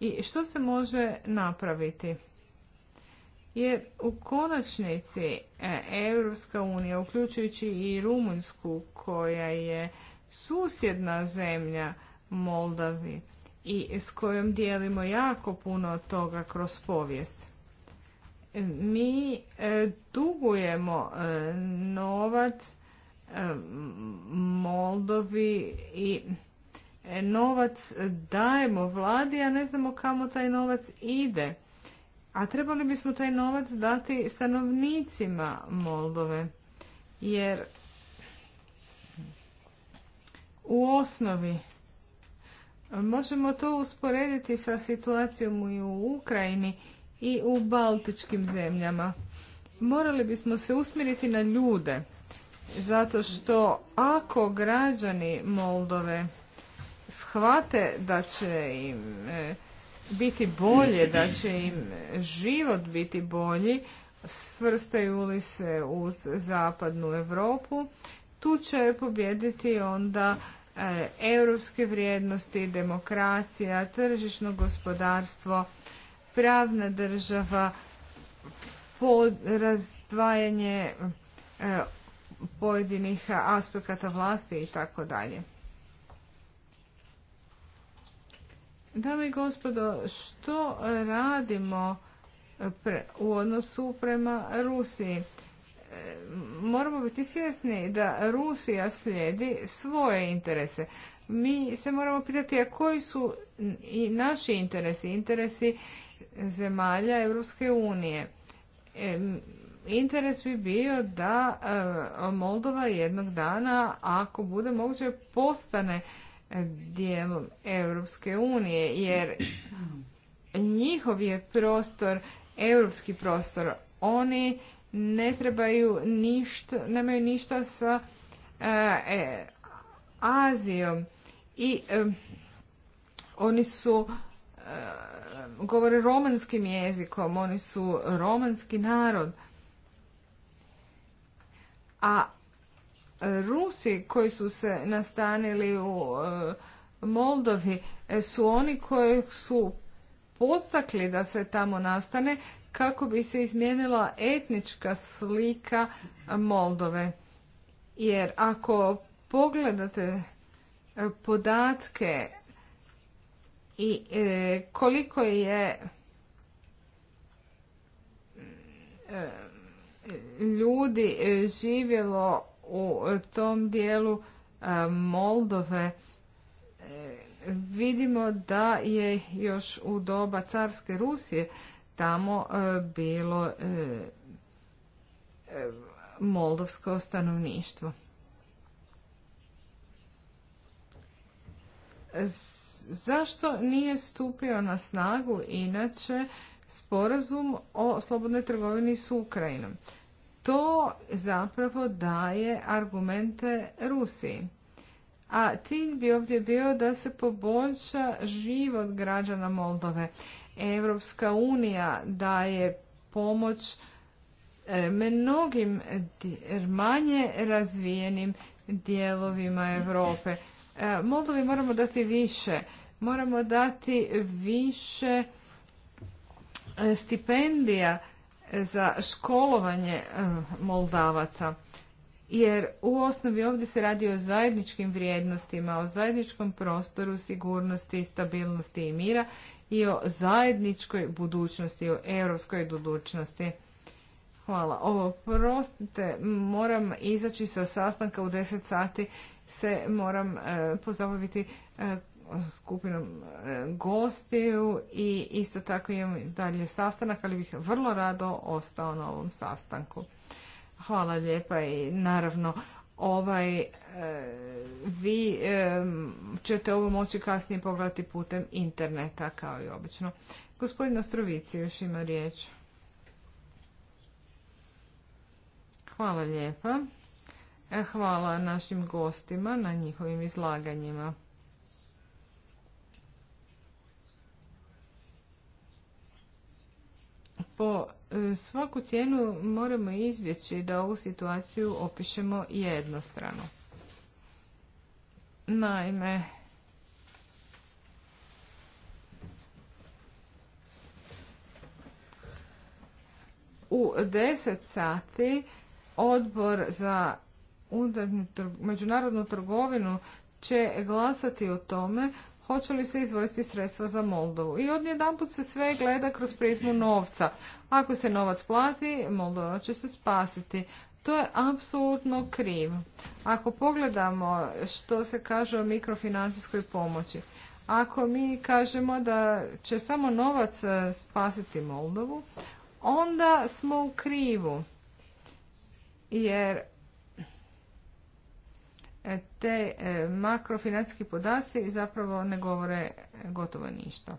I što se može napraviti? Jer u konačnici e, Europska unija, uključujući i Rumunjsku koja je susjedna zemlja Moldavi, i s kojom dijelimo jako puno toga kroz povijest. Mi e, dugujemo e, novac e, Moldovi i novac dajemo vladi, a ne znamo kamo taj novac ide. A trebali bismo taj novac dati stanovnicima Moldove. Jer u osnovi Možemo to usporediti sa situacijom i u Ukrajini i u baltičkim zemljama. Morali bismo se usmjeriti na ljude, zato što ako građani Moldove shvate da će im e, biti bolje, da će im život biti bolji, svrstaju li se uz zapadnu Europu, tu će pobjediti onda E, europske vrijednosti, demokracija, tržišno gospodarstvo, pravna država, razdvajanje e, pojedinih aspekata vlasti i tako dalje. Dame i gospodo, što radimo u odnosu prema Rusiji? moramo biti svjesni da Rusija slijedi svoje interese. Mi se moramo pitati a koji su i naši interesi, interesi zemalja Europske unije. Interes bi bio da e, Moldova jednog dana, ako bude moguće, postane dijelom Europske unije, jer njihov je prostor, europski prostor. Oni ne trebaju ništa, nemaju ništa sa eh, e, Azijom i oni su e, govore romanskim jezikom, oni su romanski narod. A eh, Rusi koji su se nastanili u Moldovi su oni koji su podstakli da se tamo nastane kako bi se izmijenila etnička slika Moldove. Jer ako pogledate e, podatke i e, koliko je e, ljudi živjelo u tom dijelu Moldove vidimo da je još u doba carske Rusije tamo e, bilo e, e, moldovsko stanovništvo. Zašto nije stupio na snagu inače sporazum o slobodnoj trgovini s Ukrajinom? To zapravo daje argumente Rusiji. A cilj bi ovdje bio da se poboljša život građana Moldove. Europska unija daje pomoć e, mnogim manje razvijenim dijelovima Europe. E, Moldovi moramo dati više. Moramo dati više e, stipendija za školovanje Moldavaca jer u osnovi ovdje se radi o zajedničkim vrijednostima, o zajedničkom prostoru sigurnosti, stabilnosti i mira i o zajedničkoj budućnosti, o europskoj budućnosti. Hvala. Ovo, prostite, moram izaći sa sastanka u 10 sati, se moram e, pozabaviti e, skupinom e, gostiju i isto tako imam dalje sastanak, ali bih vrlo rado ostao na ovom sastanku. Hvala lijepa i naravno ovaj e, vi e, ćete ovo moći kasnije pogledati putem interneta kao i obično. Gospodin Ostrovici još ima riječ. Hvala lijepa. E, hvala našim gostima na njihovim izlaganjima. po e, svaku cijenu moramo izbjeći da ovu situaciju opišemo jednostrano. Naime, u 10 sati odbor za međunarodnu trgovinu će glasati o tome hoće li se izvojiti sredstva za Moldovu. I odjedanput se sve gleda kroz prizmu novca. Ako se novac plati, Moldova će se spasiti. To je apsolutno kriv. Ako pogledamo što se kaže o mikrofinancijskoj pomoći, ako mi kažemo da će samo novac e, spasiti Moldovu, onda smo u krivu. Jer E, te e, makrofinancijski podaci zapravo ne govore gotovo ništa.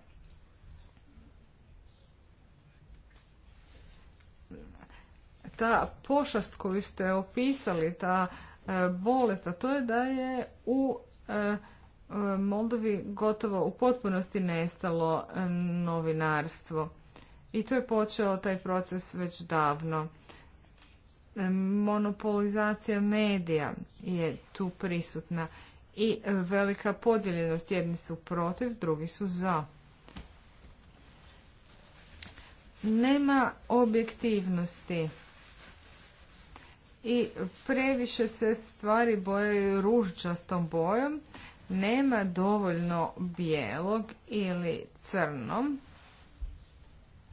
Ta pošast koju ste opisali, ta e, bolest, a to je da je u Moldovi gotovo u potpunosti nestalo novinarstvo. I to je počeo taj proces već davno. E, monopolizacija medija je tu prisutna i velika podijeljenost. Jedni su protiv, drugi su za. Nema objektivnosti i previše se stvari bojaju ružđastom bojom. Nema dovoljno bijelog ili crnom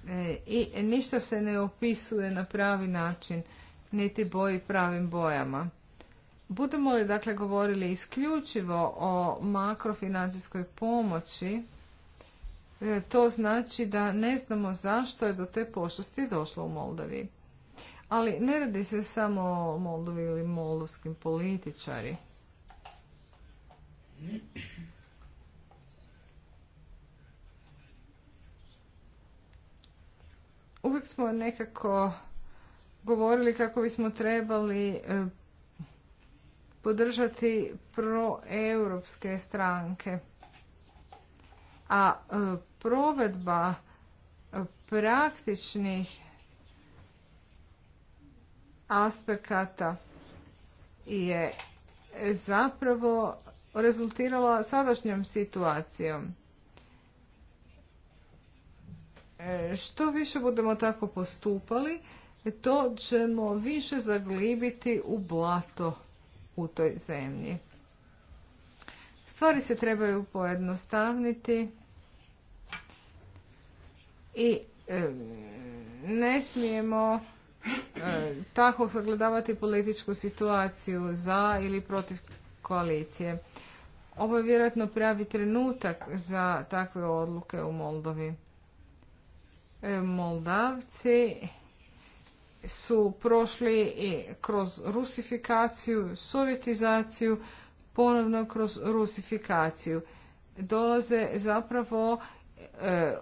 e, i ništa se ne opisuje na pravi način niti boji pravim bojama. Budemo li dakle govorili isključivo o makrofinancijskoj pomoći, e, to znači da ne znamo zašto je do te pošasti došlo u Moldaviji. Ali ne radi se samo o Moldovi ili moldovskim političari. Uvijek smo nekako govorili kako bismo trebali e, podržati proeuropske stranke. A e, provedba e, praktičnih aspekata je zapravo rezultirala sadašnjom situacijom. Što više budemo tako postupali, E to ćemo više zaglibiti u blato u toj zemlji. Stvari se trebaju pojednostavniti i e, ne smijemo e, tako sagledavati političku situaciju za ili protiv koalicije. Ovo je vjerojatno pravi trenutak za takve odluke u Moldovi. Moldavci su prošli i kroz rusifikaciju, sovjetizaciju, ponovno kroz rusifikaciju. Dolaze zapravo e,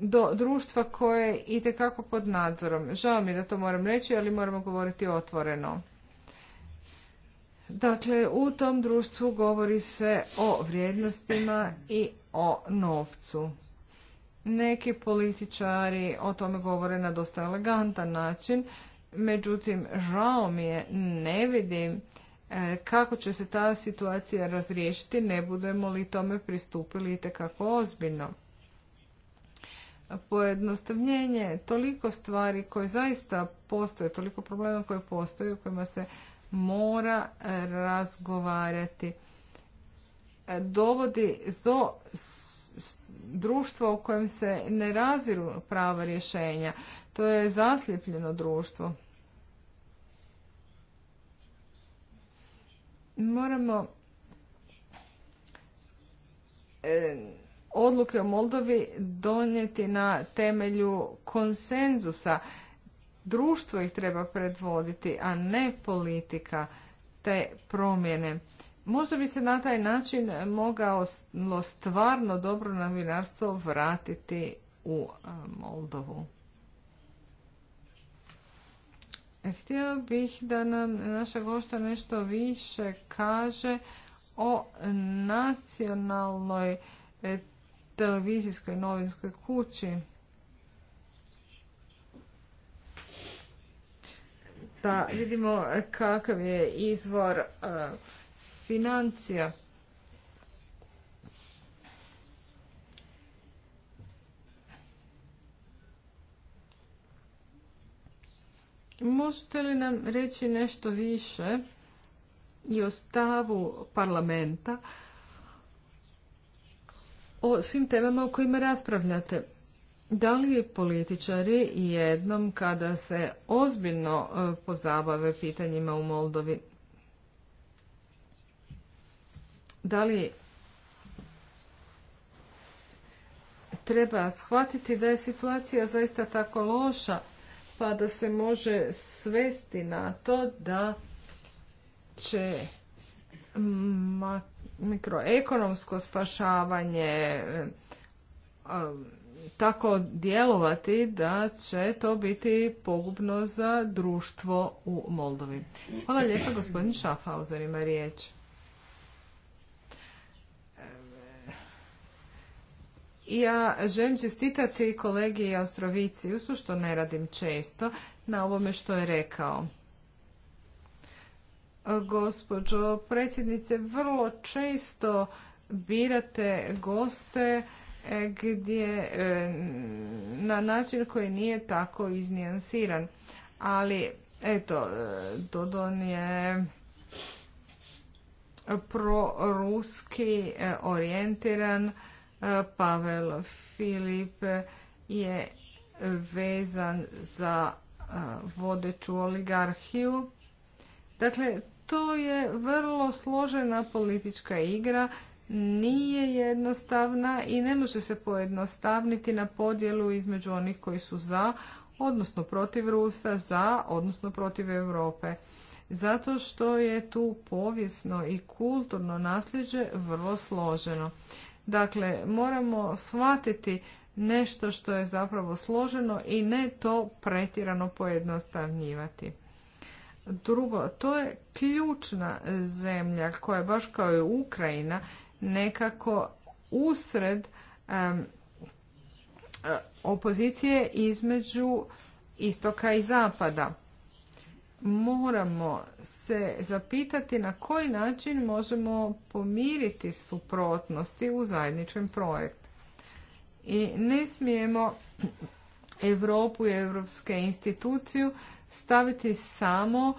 do društva koje je kako pod nadzorom. Žao mi da to moram reći, ali moramo govoriti otvoreno. Dakle, u tom društvu govori se o vrijednostima i o novcu. Neki političari o tome govore na dosta elegantan način, međutim žao mi je, ne vidim e, kako će se ta situacija razriješiti ne budemo li tome pristupili itekako ozbiljno. Pojednostavljenje toliko stvari koje zaista postoje, toliko problema koje postoje u kojima se mora e, razgovarati e, dovodi do društvo u kojem se ne raziru prava rješenja. To je zasljepljeno društvo. Moramo e, odluke o Moldovi donijeti na temelju konsenzusa. Društvo ih treba predvoditi, a ne politika te promjene. Možda bi se na taj način mogao stvarno dobro novinarstvo vratiti u Moldovu. E, Htio bih da nam naša gošta nešto više kaže o nacionalnoj e, televizijskoj novinskoj kući. Da vidimo e, kakav je izvor financija. Možete li nam reći nešto više i o stavu parlamenta o svim temama o kojima raspravljate? Da li političari jednom kada se ozbiljno e, pozabave pitanjima u Moldovi da li treba shvatiti da je situacija zaista tako loša pa da se može svesti na to da će mikroekonomsko spašavanje tako djelovati da će to biti pogubno za društvo u Moldovi. Hvala lijepa gospodin Schaffhauser ima riječ. Ja želim čestitati kolegi Austrovicijusu, što ne radim često, na ovome što je rekao. Gospođo predsjednice, vrlo često birate goste e, gdje e, na način koji nije tako iznijansiran. Ali, eto, e, Dodon je proruski orijentiran, E, Pavel Filip je vezan za e, vodeću oligarhiju. Dakle, to je vrlo složena politička igra, nije jednostavna i ne može se pojednostavniti na podjelu između onih koji su za, odnosno protiv Rusa, za, odnosno protiv Europe. Zato što je tu povijesno i kulturno nasljeđe vrlo složeno. Dakle, moramo shvatiti nešto što je zapravo složeno i ne to pretjerano pojednostavnjivati. Drugo, to je ključna zemlja koja je baš kao i Ukrajina nekako usred e, opozicije između istoka i zapada moramo se zapitati na koji način možemo pomiriti suprotnosti u zajedničkom projektu. I ne smijemo Europu i europske instituciju staviti samo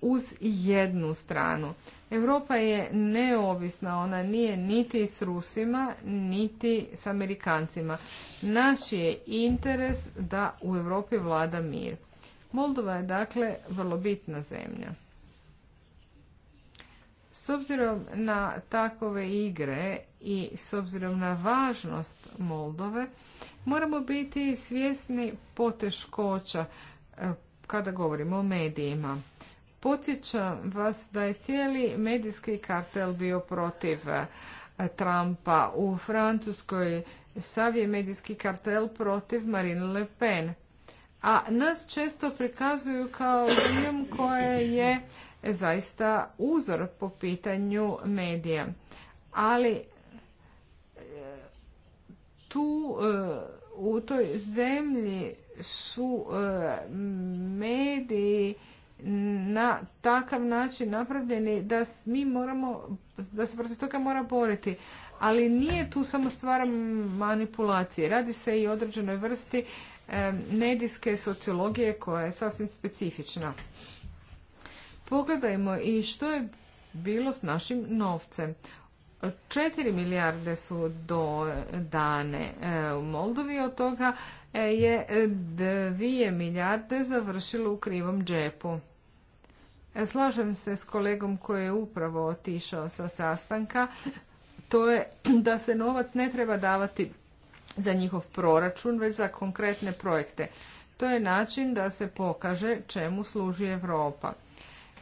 uz jednu stranu. Europa je neovisna, ona nije niti s Rusima, niti s Amerikancima. Naš je interes da u Europi vlada mir. Moldova je dakle vrlo bitna zemlja. S obzirom na takove igre i s obzirom na važnost Moldove, moramo biti svjesni poteškoća e, kada govorimo o medijima. Podsjećam vas da je cijeli medijski kartel bio protiv e, Trumpa. U Francuskoj sav je medijski kartel protiv Marine Le Pen a nas često prikazuju kao zemljom koja je zaista uzor po pitanju medija. Ali e, tu e, u toj zemlji su e, mediji na takav način napravljeni da mi moramo, da se protiv toga mora boriti. Ali nije tu samo stvar manipulacije. Radi se i o određenoj vrsti medijske sociologije koja je sasvim specifična. Pogledajmo i što je bilo s našim novcem. 4 milijarde su do dane u Moldovi, od toga e, je 2 milijarde završilo u krivom džepu. E, slažem se s kolegom koji je upravo otišao sa sastanka, to je *clears throat* da se novac ne treba davati za njihov proračun, već za konkretne projekte. To je način da se pokaže čemu služi Europa.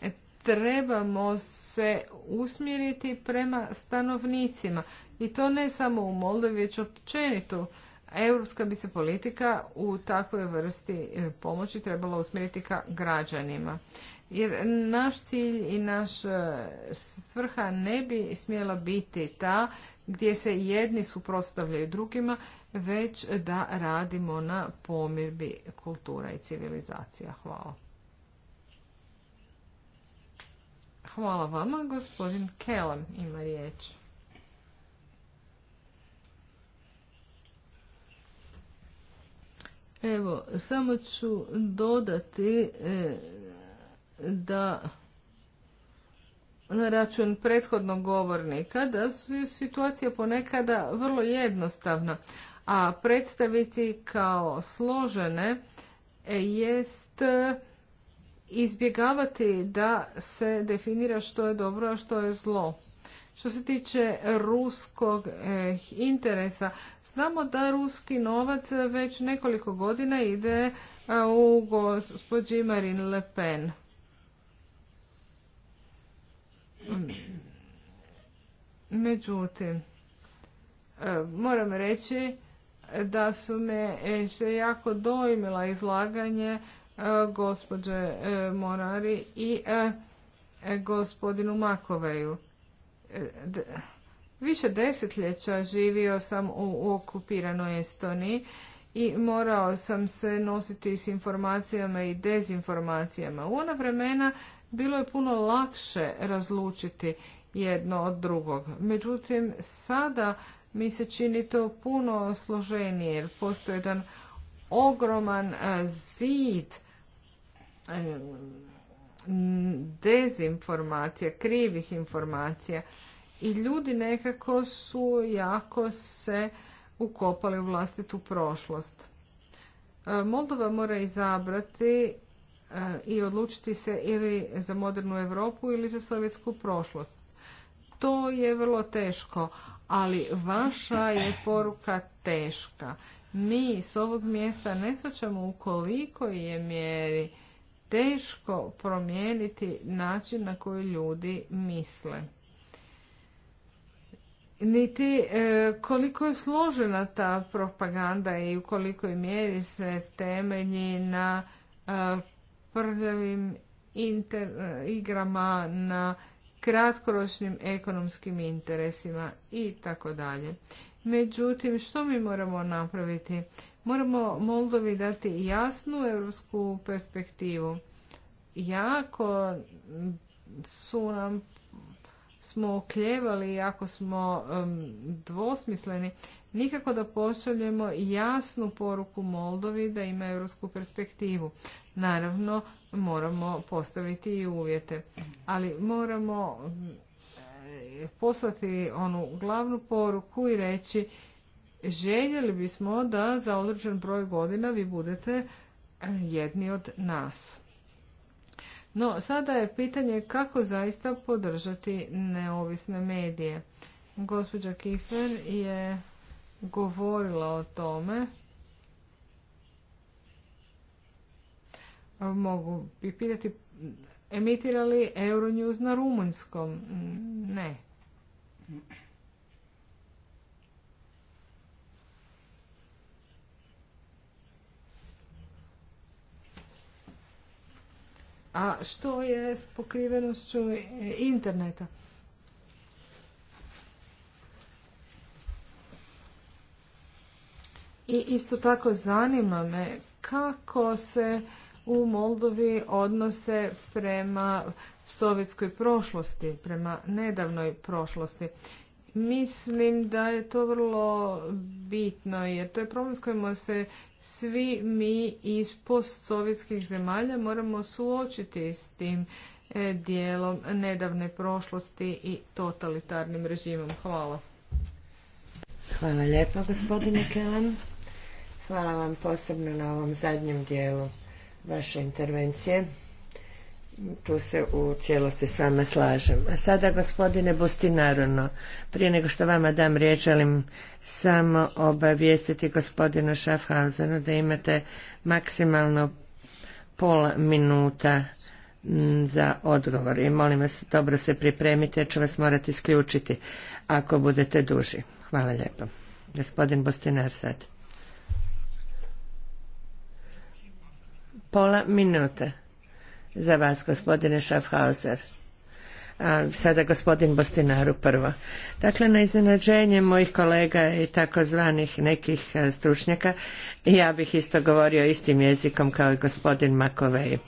E, trebamo se usmjeriti prema stanovnicima i to ne samo u Moldovi, već općenito. Europska bi se politika u takvoj vrsti e, pomoći trebala usmjeriti ka građanima. Jer naš cilj i naša e, svrha ne bi smjela biti ta gdje se jedni suprotstavljaju drugima, već da radimo na pomirbi kultura i civilizacija. Hvala. Hvala vama, gospodin Kelem ima riječ. Evo, samo ću dodati e, da na račun prethodnog govornika da su situacija ponekada vrlo jednostavna, a predstaviti kao složene e, jest e, izbjegavati da se definira što je dobro, a što je zlo. Što se tiče ruskog e, interesa, znamo da ruski novac već nekoliko godina ide u gospođi Marine Le Pen. Međutim, e, moram reći da su me e, se jako dojmila izlaganje e, gospođe Morari i gospodinu Makoveju. Više desetljeća živio sam u okupiranoj Estoniji i morao sam se nositi s informacijama i dezinformacijama. U ona vremena bilo je puno lakše razlučiti jedno od drugog. Međutim, sada mi se čini to puno složenije jer postoji jedan ogroman e, zid e, dezinformacija, krivih informacija i ljudi nekako su jako se ukopali u vlastitu prošlost. E, Moldova mora izabrati i odlučiti se ili za modernu Europu ili za sovjetsku prošlost. To je vrlo teško, ali vaša je poruka teška. Mi s ovog mjesta ne svačamo u koliko je mjeri teško promijeniti način na koji ljudi misle. Niti e, koliko je složena ta propaganda i u kolikoj mjeri se temelji na e, prljavim eh, igrama na kratkoročnim ekonomskim interesima i tako dalje. Međutim, što mi moramo napraviti? Moramo Moldovi dati jasnu europsku perspektivu. Jako su nam smo okljevali, jako smo dvosmisleni, nikako da pošaljemo jasnu poruku Moldovi da ima europsku perspektivu. Naravno, moramo postaviti i uvjete, ali moramo eh, poslati onu glavnu poruku i reći željeli bismo da za određen broj godina vi budete eh, jedni od nas. No, sada je pitanje kako zaista podržati neovisne medije. Gospođa Kifer je govorila o tome. Mogu bi pitati, emitira li Euronews na rumunjskom? Ne. A što je s pokrivenošću interneta? I isto tako zanima me kako se u Moldovi odnose prema sovjetskoj prošlosti, prema nedavnoj prošlosti. Mislim da je to vrlo bitno jer to je problem s kojima se svi mi iz postsovjetskih zemalja moramo suočiti s tim e, dijelom nedavne prošlosti i totalitarnim režimom. Hvala. Hvala lijepa gospodine Kelan. Hvala vam posebno na ovom zadnjem dijelu vaše intervencije. Tu se u cijelosti s vama slažem. A sada gospodine naravno, prije nego što vama dam riječ, želim samo obavijestiti gospodinu Schaffhausenu da imate maksimalno pola minuta za odgovor i molim vas dobro se pripremite jer ću vas morati isključiti ako budete duži. Hvala lijepo. Gospodin Bostinar sad. Pola minute za vas gospodine Schaffhauser. A sada gospodin Bostinaru prvo. Dakle, na iznenađenje mojih kolega i takozvanih nekih e, stručnjaka, ja bih isto govorio istim jezikom kao i gospodin Makovej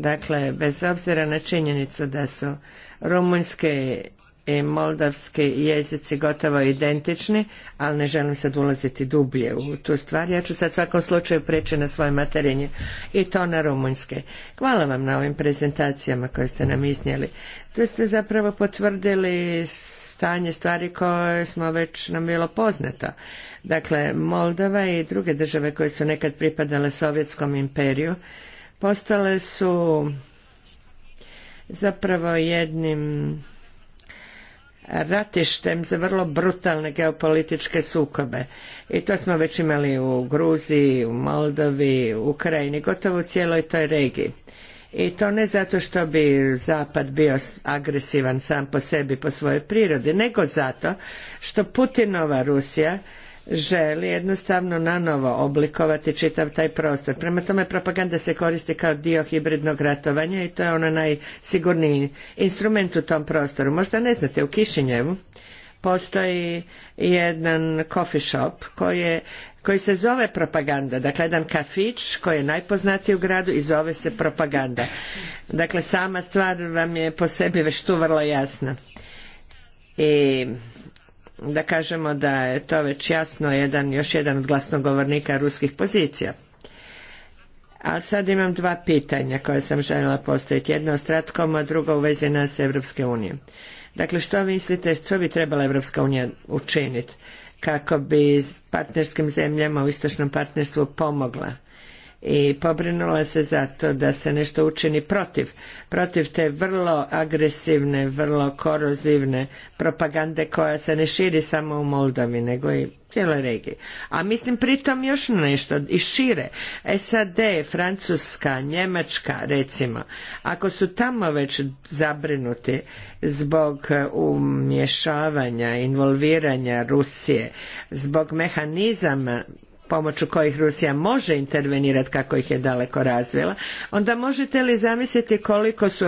Dakle, bez obzira na činjenicu da su rumunjske i moldavski jezici gotovo identični, ali ne želim sad ulaziti dublje u tu stvar. Ja ću sad svakom slučaju preći na svoje materinje i to na rumunjske. Hvala vam na ovim prezentacijama koje ste nam iznijeli. Tu ste zapravo potvrdili stanje stvari koje smo već nam bilo poznato. Dakle, Moldava i druge države koje su nekad pripadale Sovjetskom imperiju postale su zapravo jednim ratištem za vrlo brutalne geopolitičke sukobe. I to smo već imali u Gruziji, u Moldovi, u Ukrajini, gotovo u cijeloj toj regiji. I to ne zato što bi Zapad bio agresivan sam po sebi, po svojoj prirodi, nego zato što Putinova Rusija želi jednostavno nanovo oblikovati čitav taj prostor. Prema tome propaganda se koristi kao dio hibridnog ratovanja i to je ono najsigurniji instrument u tom prostoru. Možda ne znate, u Kišinjevu postoji jedan coffee shop koji, je, koji se zove propaganda, dakle jedan kafić koji je najpoznatiji u gradu i zove se propaganda. Dakle sama stvar vam je po sebi već tu vrlo jasna. I da kažemo da je to već jasno jedan, još jedan od glasnogovornika ruskih pozicija. Ali sad imam dva pitanja koje sam željela postaviti. Jedno o Stratkom, a drugo u vezi nas Evropske unije. Dakle, što mislite, što bi trebala Evropska unija učiniti kako bi partnerskim zemljama u istočnom partnerstvu pomogla i pobrinula se za to da se nešto učini protiv, protiv te vrlo agresivne, vrlo korozivne propagande koja se ne širi samo u moldavi nego i cijeloj regiji. A mislim pritom još nešto i šire. SAD, Francuska, Njemačka recimo, ako su tamo već zabrinuti zbog e, umješavanja, involviranja Rusije, zbog mehanizama pomoću kojih Rusija može intervenirati kako ih je daleko razvila, onda možete li zamisliti koliko su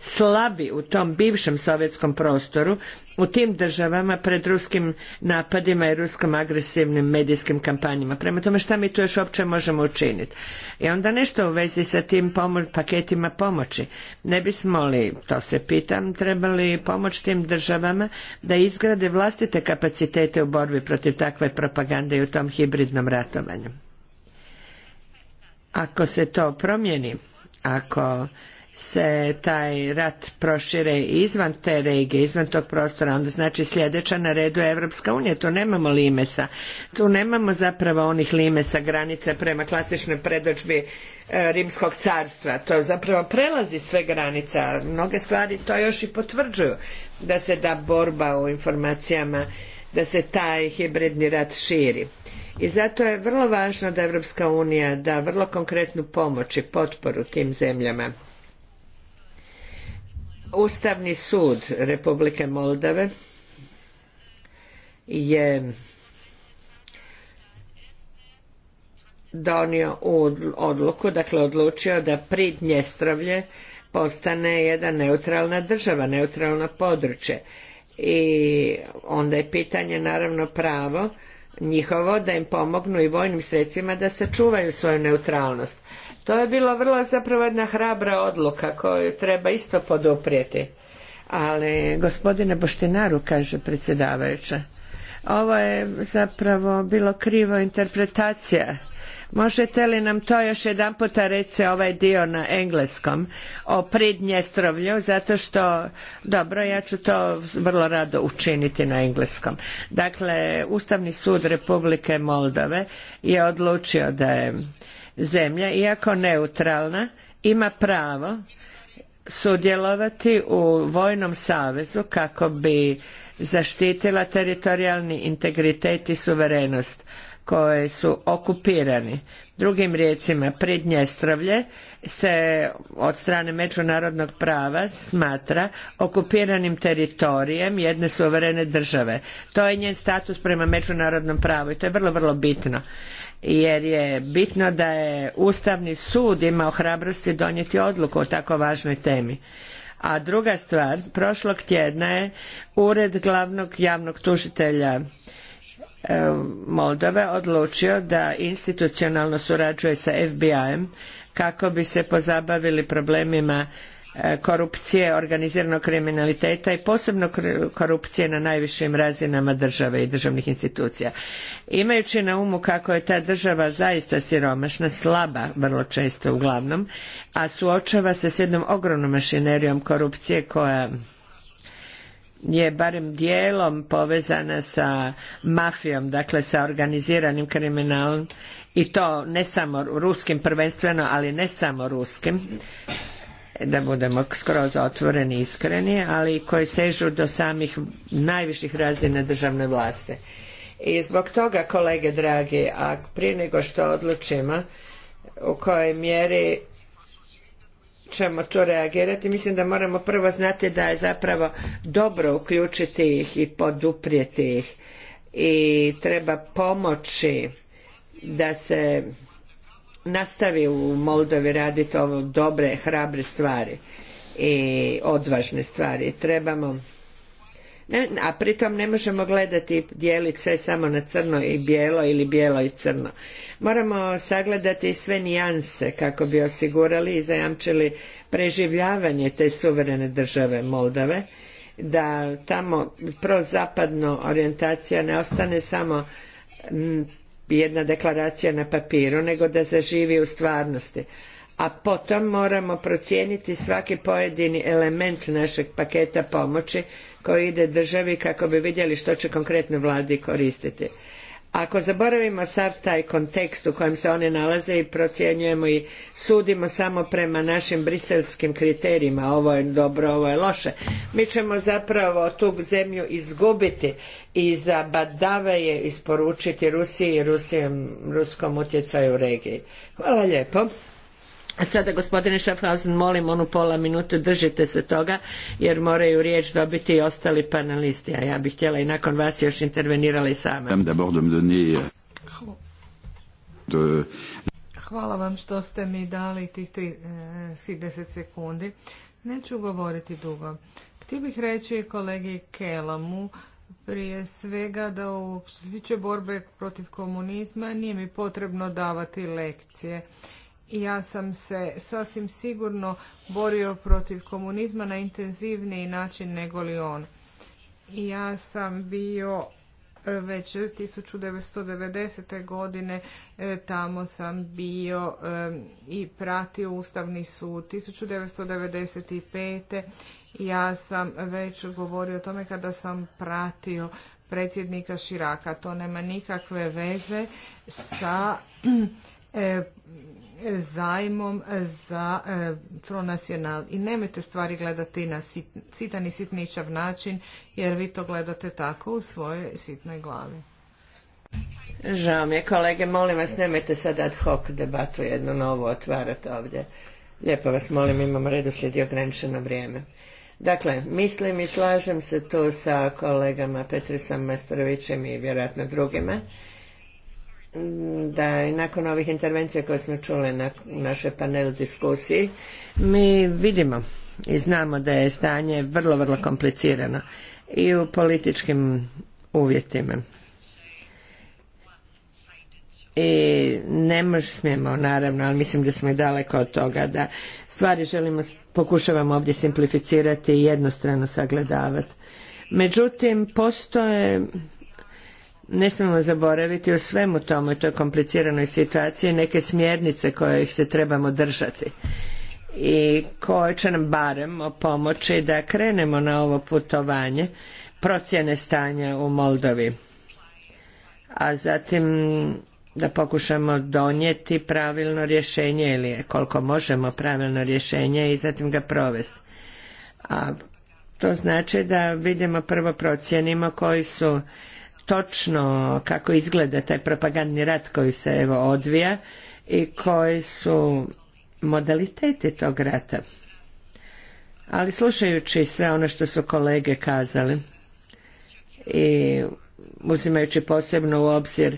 slabi u tom bivšem sovjetskom prostoru u tim državama pred ruskim napadima i ruskom agresivnim medijskim kampanjima. Prema tome šta mi tu još uopće možemo učiniti? I onda nešto u vezi sa tim pomo paketima pomoći. Ne bismo li, to se pitam, trebali pomoći tim državama da izgrade vlastite kapacitete u borbi protiv takve propagande i u tom hibridnom ratovanju. Ako se to promijeni, ako se taj rat prošire izvan te regije, izvan tog prostora, onda znači sljedeća na redu je Evropska unija. Tu nemamo limesa. Tu nemamo zapravo onih limesa granica prema klasičnoj predođbi e, Rimskog carstva. To zapravo prelazi sve granica. Mnoge stvari to još i potvrđuju. Da se da borba u informacijama, da se taj hibridni rat širi. I zato je vrlo važno da Evropska unija da vrlo konkretnu pomoć i potporu tim zemljama Ustavni sud Republike Moldave je donio odluku, dakle odlučio da Pridnjestrovlje postane jedna neutralna država, neutralno područje. I onda je pitanje naravno pravo njihovo da im pomognu i vojnim sredstvima da sačuvaju svoju neutralnost. To je bila vrlo zapravo jedna hrabra odluka koju treba isto poduprijeti. Ali gospodine Boštinaru, kaže predsjedavajuća, ovo je zapravo bilo krivo interpretacija Možete li nam to još jedan puta reći ovaj dio na engleskom o pridnjestrovlju zato što, dobro, ja ću to vrlo rado učiniti na engleskom. Dakle, Ustavni sud Republike Moldove je odlučio da je zemlja, iako neutralna, ima pravo sudjelovati u vojnom savezu kako bi zaštitila teritorijalni integritet i suverenost koje su okupirani. Drugim riječima, Pridnjestrovlje se od strane međunarodnog prava smatra okupiranim teritorijem jedne suverene države. To je njen status prema međunarodnom pravu i to je vrlo, vrlo bitno jer je bitno da je Ustavni sud imao hrabrosti donijeti odluku o tako važnoj temi. A druga stvar, prošlog tjedna je Ured glavnog javnog tužitelja e, Moldove odlučio da institucionalno surađuje sa FBI-em kako bi se pozabavili problemima E, korupcije, organiziranog kriminaliteta i posebno korupcije na najvišim razinama države i državnih institucija. Imajući na umu kako je ta država zaista siromašna, slaba vrlo često uglavnom, a suočava se s jednom ogromnom mašinerijom korupcije koja je barem dijelom povezana sa mafijom, dakle sa organiziranim kriminalom i to ne samo ruskim prvenstveno, ali ne samo ruskim da budemo skroz otvoreni i iskreni, ali koji sežu do samih najviših razina državne vlasti. I zbog toga, kolege dragi, a prije nego što odlučimo u kojoj mjeri ćemo tu reagirati, mislim da moramo prvo znati da je zapravo dobro uključiti ih i poduprijeti ih i treba pomoći da se nastavi u Moldovi raditi ovo dobre, hrabre stvari i odvažne stvari. Trebamo ne, a pritom ne možemo gledati i dijeliti sve samo na crno i bijelo ili bijelo i crno. Moramo sagledati sve nijanse kako bi osigurali i zajamčili preživljavanje te suverene države Moldave, da tamo prozapadno orijentacija ne ostane samo jedna deklaracija na papiru, nego da zaživi u stvarnosti. A potom moramo procijeniti svaki pojedini element našeg paketa pomoći koji ide državi kako bi vidjeli što će konkretno vladi koristiti. Ako zaboravimo sav taj kontekst u kojem se one nalaze i procjenjujemo i sudimo samo prema našim briselskim kriterijima, ovo je dobro, ovo je loše, mi ćemo zapravo tu zemlju izgubiti i za je isporučiti Rusiji i ruskom utjecaju regiji. Hvala lijepo. Sada gospodine Schaffhausen molim onu pola minute držite se toga jer moraju riječ dobiti i ostali panelisti a ja bih htjela i nakon vas još intervenirali i sama. Euh, Hvala vam što ste mi dali tih 30 eh, sekundi. Neću govoriti dugo. Htio bih reći kolegi Kelamu prije svega da u, što se borbe protiv komunizma nije mi potrebno davati lekcije ja sam se sasvim sigurno borio protiv komunizma na intenzivniji način nego li on. Ja sam bio e, već 1990. godine e, tamo sam bio e, i pratio Ustavni sud. 1995. ja sam već govorio o tome kada sam pratio predsjednika Širaka. To nema nikakve veze sa *clears throat* zajmom za pronacional. E, I nemojte stvari gledati na sitan i sitničav način, jer vi to gledate tako u svojoj sitnoj glavi. Žao mi je, kolege, molim vas, nemojte sad ad hoc debatu jednu novu otvarati ovdje. Lijepo vas molim, imamo redoslijed i ograničeno vrijeme. Dakle, mislim i slažem se tu sa kolegama Petrisom Mastrovićem i vjerojatno drugima da i nakon ovih intervencija koje smo čuli na našoj panelu diskusiji, mi vidimo i znamo da je stanje vrlo, vrlo komplicirano i u političkim uvjetima. I ne možemo, naravno, ali mislim da smo i daleko od toga, da stvari želimo, pokušavamo ovdje simplificirati i jednostrano sagledavati. Međutim, postoje ne smijemo zaboraviti u svemu tome, toj kompliciranoj situaciji, neke smjernice ih se trebamo držati i koje će nam barem pomoći da krenemo na ovo putovanje procjene stanja u Moldovi. A zatim da pokušamo donijeti pravilno rješenje ili koliko možemo pravilno rješenje i zatim ga provesti. A to znači da vidimo prvo procjenimo koji su točno kako izgleda taj propagandni rat koji se evo odvija i koji su modaliteti tog rata. Ali slušajući sve ono što su kolege kazali i uzimajući posebno u obzir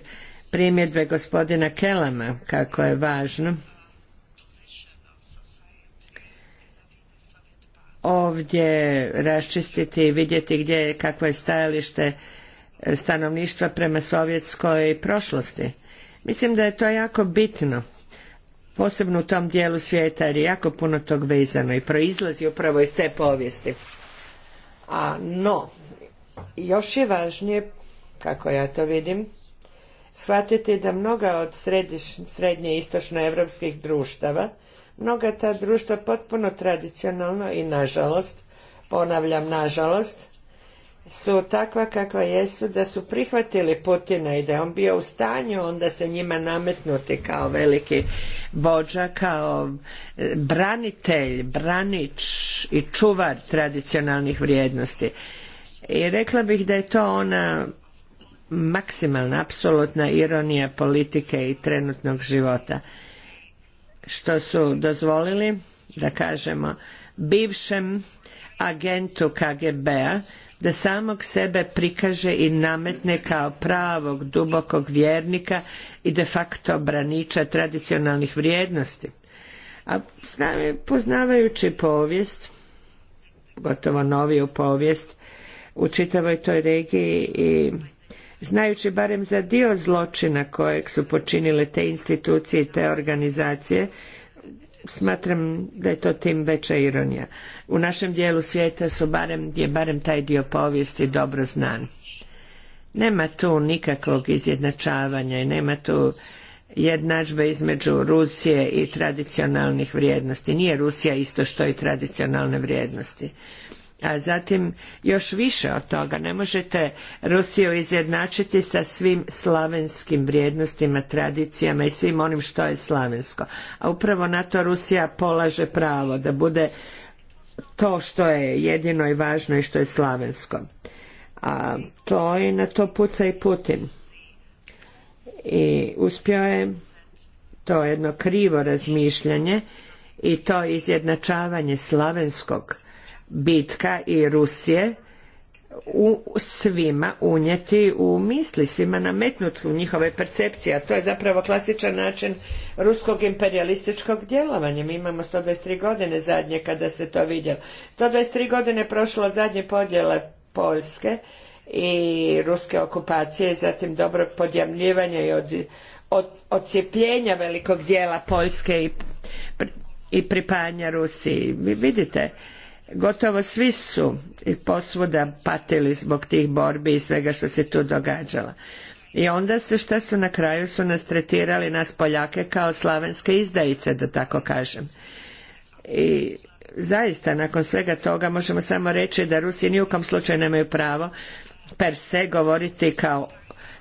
primjedbe gospodina Kelama kako je važno ovdje raščistiti i vidjeti gdje je, kakvo je stajalište stanovništva prema sovjetskoj prošlosti. Mislim da je to jako bitno, posebno u tom dijelu svijeta jer je jako puno tog vezano i proizlazi upravo iz te povijesti. A no, još je važnije, kako ja to vidim, shvatiti da mnoga od središ, srednje i istočnoevropskih društava, mnoga ta društva potpuno tradicionalno i nažalost, ponavljam nažalost, su takva kakva jesu da su prihvatili Putina i da je on bio u stanju onda se njima nametnuti kao veliki vođa, kao e, branitelj, branič i čuvar tradicionalnih vrijednosti. I rekla bih da je to ona maksimalna, apsolutna ironija politike i trenutnog života. Što su dozvolili, da kažemo, bivšem agentu KGB-a da samog sebe prikaže i nametne kao pravog dubokog vjernika i de facto braniča tradicionalnih vrijednosti. A poznavajući povijest, gotovo noviju povijest, u čitavoj toj regiji i znajući barem za dio zločina kojeg su počinile te institucije i te organizacije smatram da je to tim veća ironija. U našem dijelu svijeta su barem, je barem taj dio povijesti dobro znan. Nema tu nikakvog izjednačavanja i nema tu jednadžbe između Rusije i tradicionalnih vrijednosti. Nije Rusija isto što i tradicionalne vrijednosti a zatim još više od toga ne možete Rusiju izjednačiti sa svim slavenskim vrijednostima, tradicijama i svim onim što je slavensko. A upravo na to Rusija polaže pravo da bude to što je jedino i važno i što je slavensko. A to je na to puca i Putin. I uspio je to jedno krivo razmišljanje i to izjednačavanje slavenskog bitka i Rusije u svima unijeti u misli, svima nametnuti u njihove percepcije, a to je zapravo klasičan način ruskog imperialističkog djelovanja. Mi imamo 123 godine zadnje kada se to vidjelo. 123 godine prošlo od zadnje podjele Poljske i ruske okupacije, zatim dobrog podjamljivanja i od, velikog dijela Poljske i, i pripajanja Rusiji. Vi vidite, gotovo svi su i posvuda patili zbog tih borbi i svega što se tu događalo. I onda se šta su na kraju su nas tretirali nas Poljake kao slavenske izdajice da tako kažem. I zaista nakon svega toga možemo samo reći da Rusi ni u kom slučaju nemaju pravo per se govoriti kao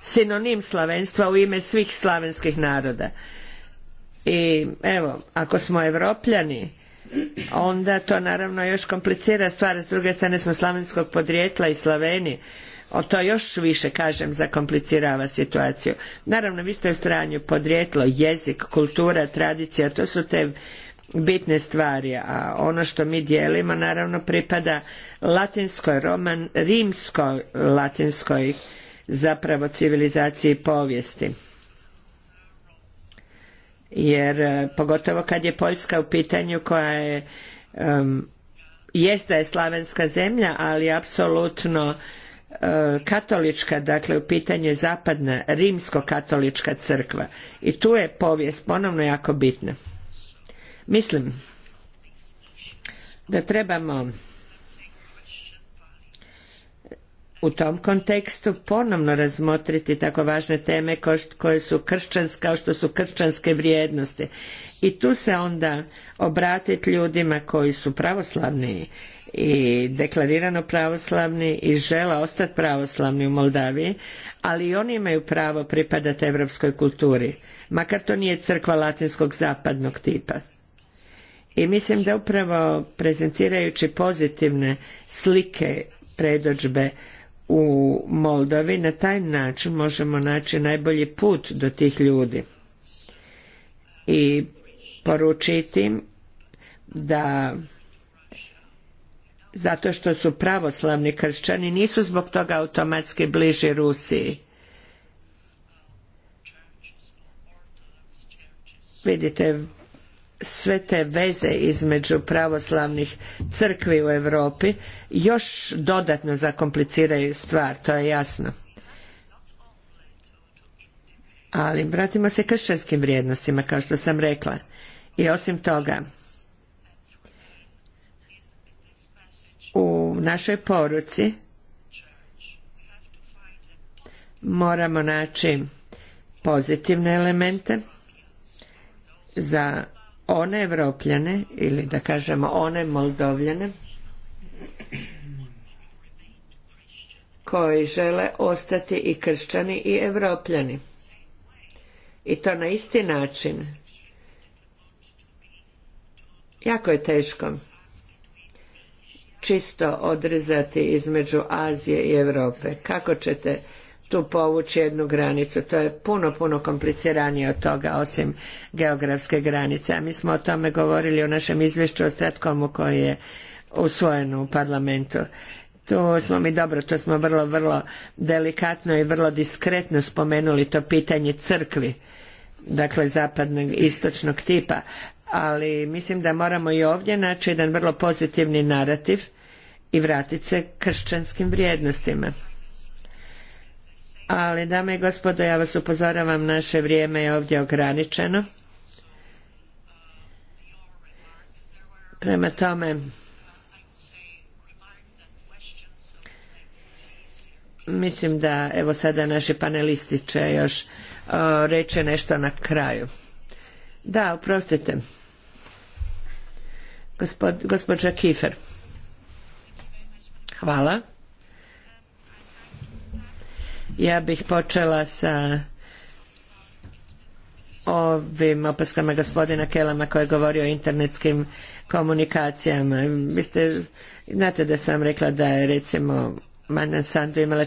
sinonim slavenstva u ime svih slavenskih naroda. I evo, ako smo europljani onda to naravno još komplicira stvar. S druge strane smo slavenskog podrijetla i Slaveni. O to još više, kažem, zakomplicirava situaciju. Naravno, vi ste u stranju podrijetlo, jezik, kultura, tradicija, to su te bitne stvari, a ono što mi dijelimo naravno pripada latinskoj, roman, rimskoj latinskoj zapravo civilizaciji povijesti jer e, pogotovo kad je Poljska u pitanju koja je um, jest da je slavenska zemlja ali apsolutno e, katolička, dakle u pitanju je zapadna rimsko-katolička crkva i tu je povijest ponovno jako bitna. Mislim da trebamo u tom kontekstu ponovno razmotriti tako važne teme koje su kršćanske, kao što su kršćanske vrijednosti. I tu se onda obratiti ljudima koji su pravoslavni i deklarirano pravoslavni i žele ostati pravoslavni u Moldaviji, ali i oni imaju pravo pripadati europskoj kulturi, makar to nije crkva latinskog zapadnog tipa. I mislim da upravo prezentirajući pozitivne slike predođbe u Moldavi, na taj način možemo naći najbolji put do tih ljudi i poručiti da zato što su pravoslavni kršćani nisu zbog toga automatski bliži Rusiji. Vidite, sve te veze između pravoslavnih crkvi u Europi još dodatno zakompliciraju stvar, to je jasno. Ali vratimo se kršćanskim vrijednostima, kao što sam rekla. I osim toga, u našoj poruci moramo naći pozitivne elemente za one Evropljane ili da kažemo one Moldovljane koji žele ostati i kršćani i Evropljani. I to na isti način. Jako je teško čisto odrezati između Azije i Europe. Kako ćete tu povući jednu granicu. To je puno, puno kompliciranije od toga, osim geografske granice. A mi smo o tome govorili u našem izvješću o Stratkomu koji je usvojen u parlamentu. Tu smo mi dobro, to smo vrlo, vrlo delikatno i vrlo diskretno spomenuli to pitanje crkvi, dakle zapadnog istočnog tipa, ali mislim da moramo i ovdje naći jedan vrlo pozitivni narativ i vratiti se kršćanskim vrijednostima. Ali, dame i gospodo, ja vas upozoravam, naše vrijeme je ovdje ograničeno. Prema tome, mislim da evo sada naši panelisti će još e, reći nešto na kraju. Da, oprostite. gospođa Kifer. Hvala. Ja bih počela sa ovim opaskama gospodina Kelama koji je govorio o internetskim komunikacijama. znate da sam rekla da je recimo Mandan Sandu imala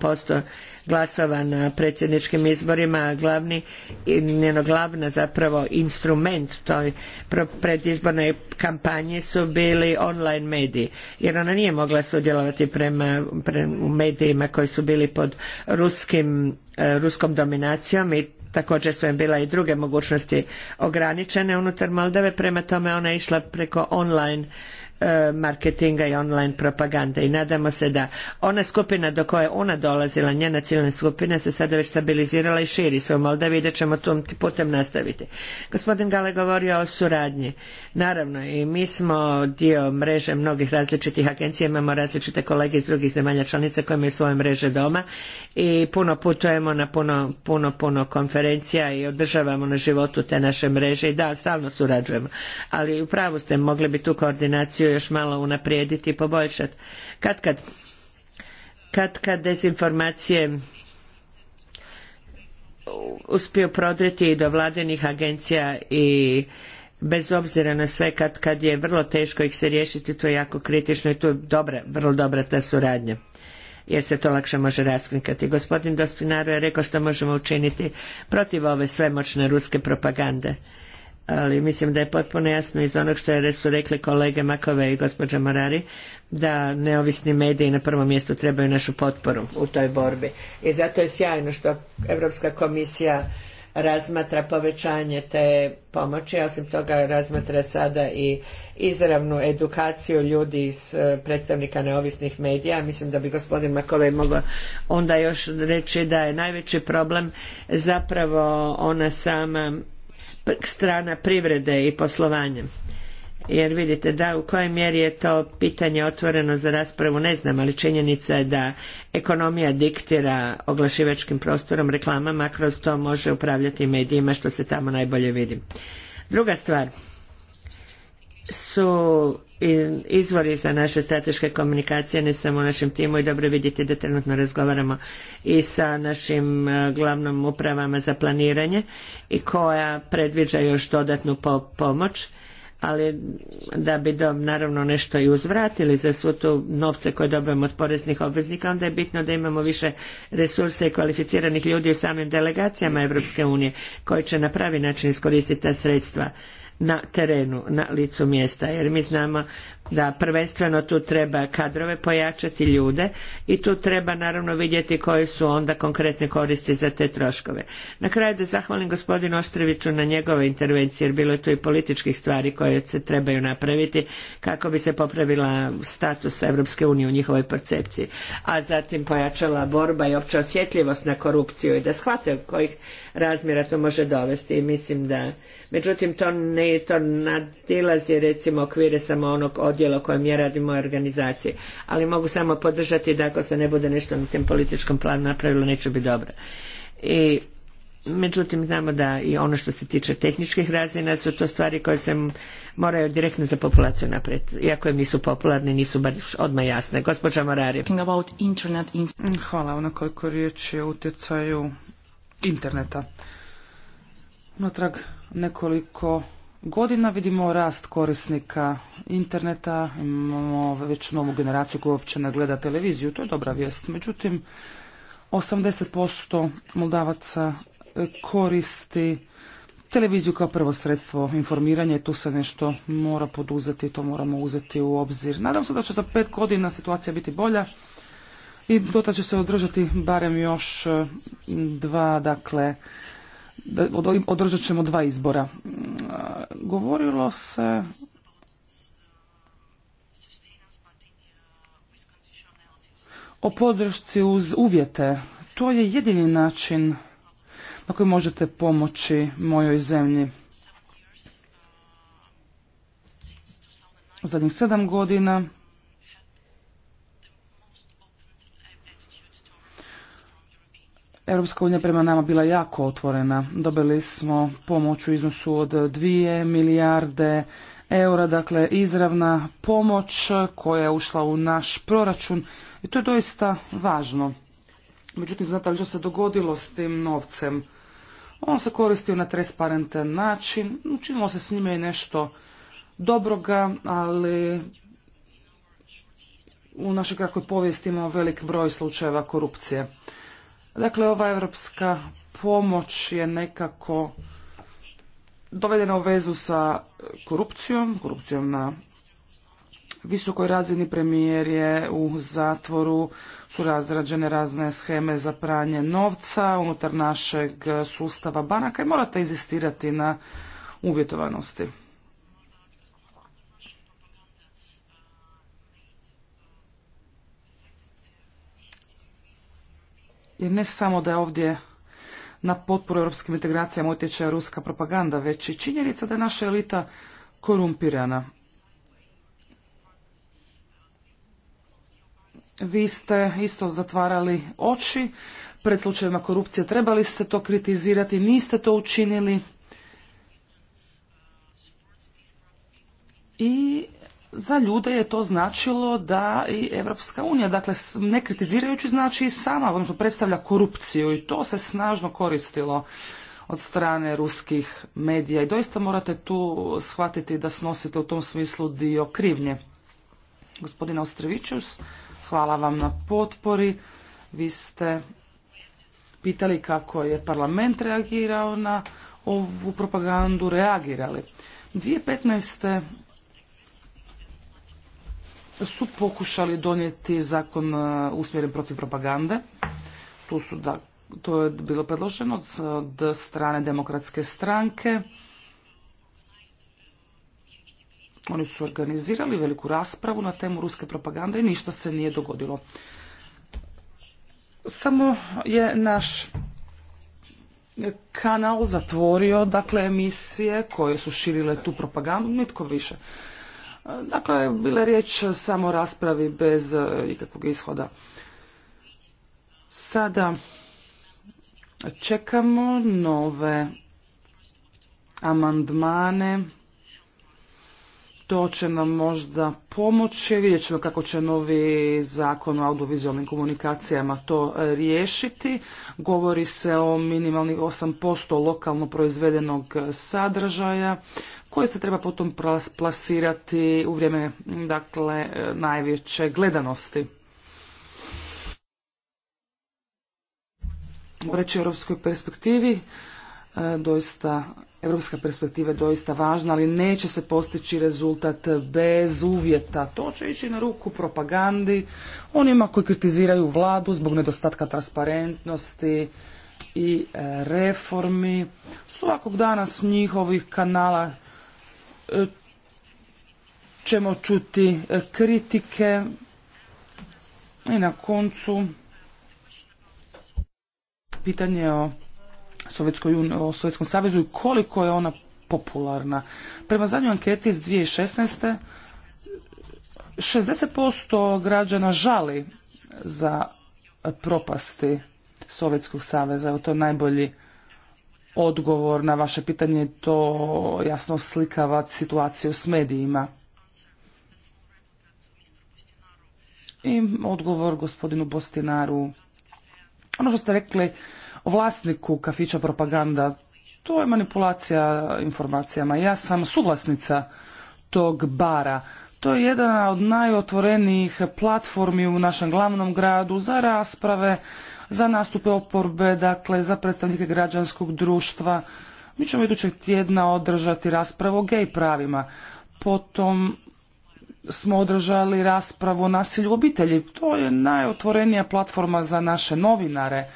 posto glasova na predsjedničkim izborima, a glavni, njeno glavna zapravo instrument toj predizbornoj kampanji su bili online mediji, jer ona nije mogla sudjelovati prema, medijima koji su bili pod ruskim, e, ruskom dominacijom i također su im bila i druge mogućnosti ograničene unutar Moldave, prema tome ona je išla preko online E, marketinga i online propagande i nadamo se da ona skupina do koje ona dolazila, njena ciljna skupina se sada već stabilizirala i širi se u Moldavi i da ćemo tom putem nastaviti. Gospodin Gale govorio o suradnji. Naravno i mi smo dio mreže mnogih različitih agencija, imamo različite kolege iz drugih zemalja članica koje imaju svoje mreže doma i puno putujemo na puno, puno, puno konferencija i održavamo na životu te naše mreže i da, stalno surađujemo. Ali u pravu ste, mogli bi tu koordinaciju još malo unaprijediti i poboljšati. Kad kad, kad kad dezinformacije uspiju prodriti i do vladinih agencija i bez obzira na sve kad kad je vrlo teško ih se riješiti, to je jako kritično i tu je dobra, vrlo dobra ta suradnja jer se to lakše može raskrinkati. Gospodin Dostinaro je rekao što možemo učiniti protiv ove svemoćne ruske propagande ali mislim da je potpuno jasno iz onog što su rekli kolege Makove i gospođa Morari da neovisni mediji na prvom mjestu trebaju našu potporu u toj borbi i zato je sjajno što Europska komisija razmatra povećanje te pomoći, osim toga razmatra sada i izravnu edukaciju ljudi iz e, predstavnika neovisnih medija. Mislim da bi gospodin Makovej mogao onda još reći da je najveći problem zapravo ona sama strana privrede i poslovanja. Jer vidite da u kojoj mjeri je to pitanje otvoreno za raspravu ne znam, ali činjenica je da ekonomija diktira oglašivačkim prostorom reklamama, kroz to može upravljati medijima što se tamo najbolje vidi. Druga stvar su izvori za naše strateške komunikacije, ne samo u našem timu i dobro vidjeti da trenutno razgovaramo i sa našim e, glavnom upravama za planiranje i koja predviđa još dodatnu pomoć ali da bi naravno nešto i uzvratili za svu tu novce koje dobijemo od poreznih obveznika, onda je bitno da imamo više resursa i kvalificiranih ljudi u samim delegacijama Europske unije koji će na pravi način iskoristiti ta sredstva na terenu, na licu mjesta, jer mi znamo da prvenstveno tu treba kadrove pojačati ljude i tu treba naravno vidjeti koje su onda konkretne koristi za te troškove. Na kraju da zahvalim gospodinu Ostreviću na njegove intervencije jer bilo je tu i političkih stvari koje se trebaju napraviti kako bi se popravila status Evropske unije u njihovoj percepciji, a zatim pojačala borba i opća osjetljivost na korupciju i da shvate kojih razmjera to može dovesti i mislim da Međutim, to ne to nadilazi recimo okvire samo onog odjela kojem ja radim u organizaciji. Ali mogu samo podržati da ako se ne bude nešto na tem političkom planu napravilo, neće biti dobro. I Međutim, znamo da i ono što se tiče tehničkih razina su to stvari koje se moraju direktno za populaciju naprijed. Iako im nisu popularne, nisu baš odmah jasne. Gospođa Morari. Hvala vam koliko riječ utjecaju interneta nekoliko godina vidimo rast korisnika interneta, imamo već novu generaciju koja uopće ne gleda televiziju, to je dobra vijest. Međutim, 80% Moldavaca koristi televiziju kao prvo sredstvo informiranja i tu se nešto mora poduzeti, to moramo uzeti u obzir. Nadam se da će za pet godina situacija biti bolja i dotad će se održati barem još mm, dva, dakle, održat ćemo dva izbora. Mm, govorilo se o podršci uz uvjete. To je jedini način na koji možete pomoći mojoj zemlji. Zadnjih sedam godina Europska unija prema nama bila jako otvorena. Dobili smo pomoć u iznosu od 2 milijarde eura, dakle izravna pomoć koja je ušla u naš proračun i to je doista važno. Međutim, znate li što se dogodilo s tim novcem? On se koristio na transparentan način, učinilo se s njime i nešto dobroga, ali u našoj kakvoj povijesti imamo velik broj slučajeva korupcije. Dakle, ova europska pomoć je nekako dovedena u vezu sa korupcijom, korupcijom na visokoj razini premijer je u zatvoru, su razrađene razne scheme za pranje novca unutar našeg sustava banaka i morate inzistirati na uvjetovanosti. jer ne samo da je ovdje na potporu europskim integracijama utječe ruska propaganda, već i činjenica da je naša elita korumpirana. Vi ste isto zatvarali oči pred slučajevima korupcije. Trebali ste to kritizirati, niste to učinili. I za ljude je to značilo da i Evropska unija, dakle ne kritizirajući znači i sama, odnosno predstavlja korupciju i to se snažno koristilo od strane ruskih medija i doista morate tu shvatiti da snosite u tom smislu dio krivnje. Gospodin Ostrevićus, hvala vam na potpori. Vi ste pitali kako je parlament reagirao na ovu propagandu, reagirali. 2015 su pokušali donijeti zakon e, usmjeren protiv propagande. Tu su, da, to je bilo predloženo od strane demokratske stranke. Oni su organizirali veliku raspravu na temu ruske propagande i ništa se nije dogodilo. Samo je naš kanal zatvorio dakle emisije koje su širile tu propagandu, nitko više. Dakle, bila je riječ samo o raspravi bez e, ikakvog ishoda. Sada čekamo nove amandmane to će nam možda pomoći. Vidjet ćemo kako će novi zakon o audiovizualnim komunikacijama to riješiti. Govori se o minimalnih 8% lokalno proizvedenog sadržaja koji se treba potom plasirati u vrijeme dakle, najveće gledanosti. U reći europskoj perspektivi e, doista europska perspektiva je doista važna, ali neće se postići rezultat bez uvjeta. To će ići na ruku propagandi, onima koji kritiziraju vladu zbog nedostatka transparentnosti i e, reformi. Svakog dana s njihovih kanala e, ćemo čuti e, kritike i na koncu pitanje o Sovjetskoj, o Sovjetskom savezu i koliko je ona popularna. Prema zadnjoj anketi iz 2016. 60% građana žali za propasti Sovjetskog saveza. Evo to je najbolji odgovor na vaše pitanje. To jasno slikava situaciju s medijima. I odgovor gospodinu Bostinaru. Ono što ste rekli vlasniku kafića propaganda. To je manipulacija informacijama. Ja sam suvlasnica tog bara. To je jedna od najotvorenijih platformi u našem glavnom gradu za rasprave, za nastupe oporbe, dakle za predstavnike građanskog društva. Mi ćemo idućeg tjedna održati raspravu o gej pravima. Potom smo održali raspravu o nasilju obitelji. To je najotvorenija platforma za naše novinare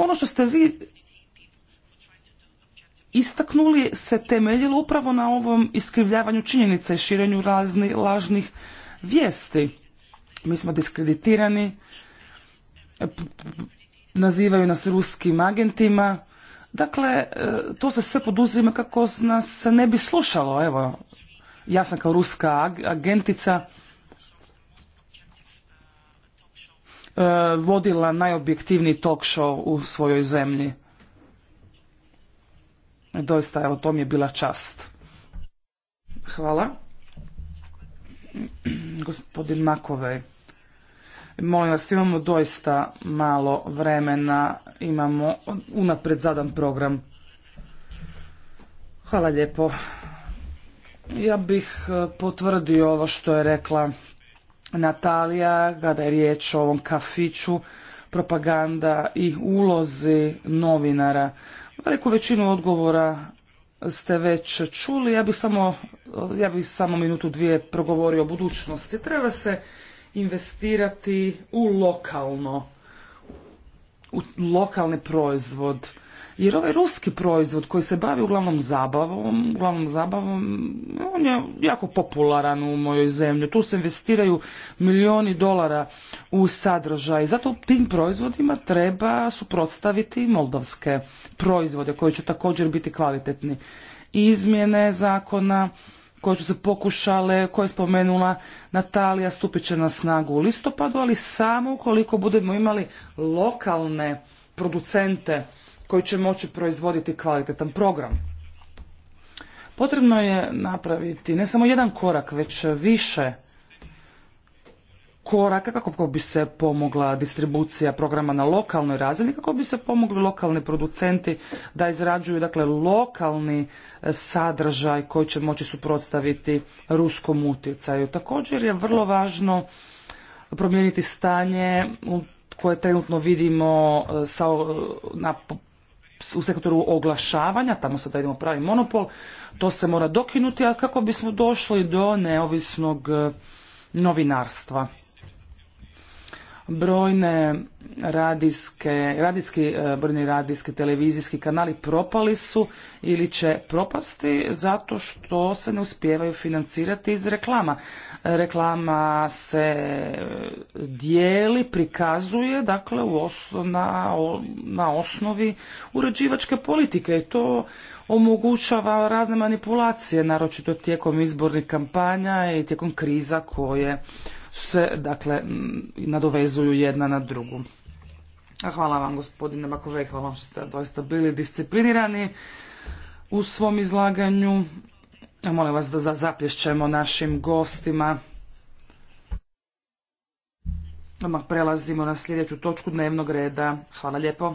ono što ste vi istaknuli se temeljilo upravo na ovom iskrivljavanju činjenica i širenju raznih lažnih vijesti. Mi smo diskreditirani, nazivaju nas ruskim agentima. Dakle, e, to se sve poduzima kako nas se ne bi slušalo. Evo, ja sam kao ruska agentica E, vodila najobjektivniji talk show u svojoj zemlji. E, doista, evo, to mi je bila čast. Hvala. *clears throat* Gospodin Makovej. Molim vas, imamo doista malo vremena, imamo unapred zadan program. Hvala lijepo. Ja bih e, potvrdio ovo što je rekla Natalija, kada je riječ o ovom kafiću, propaganda i ulozi novinara. Veliku većinu odgovora ste već čuli. Ja bih samo, ja bi samo minutu dvije progovorio o budućnosti. Treba se investirati u lokalno, u lokalni proizvod. Jer ovaj ruski proizvod koji se bavi uglavnom zabavom, uglavnom zabavom, on je jako popularan u mojoj zemlji. Tu se investiraju milioni dolara u sadržaj. Zato tim proizvodima treba suprotstaviti moldavske proizvode koji će također biti kvalitetni. Izmjene zakona, koje su se pokušale, koje je spomenula Natalija, stupit će na snagu u listopadu, ali samo ukoliko budemo imali lokalne producente koji će moći proizvoditi kvalitetan program. Potrebno je napraviti ne samo jedan korak, već više koraka kako bi se pomogla distribucija programa na lokalnoj razini, kako bi se pomogli lokalni producenti da izrađuju dakle lokalni e, sadržaj koji će moći suprotstaviti ruskom utjecaju. Također je vrlo važno promijeniti stanje koje trenutno vidimo e, sa, na u sektoru oglašavanja, tamo sada idemo pravi monopol, to se mora dokinuti, a kako bismo došli do neovisnog eh, novinarstva brojne radijske, radijski, e, brojni radijski, televizijski kanali propali su ili će propasti zato što se ne uspijevaju financirati iz reklama. Reklama se dijeli, prikazuje, dakle, u na, na osnovi uređivačke politike i to omogućava razne manipulacije, naročito tijekom izbornih kampanja i tijekom kriza koje se dakle nadovezuju jedna na drugu. Hvala vam gospodine Makovej, hvala vam što ste doista bili disciplinirani u svom izlaganju. Molim vas da zapješćemo našim gostima. prelazimo na sljedeću točku dnevnog reda. Hvala lijepo.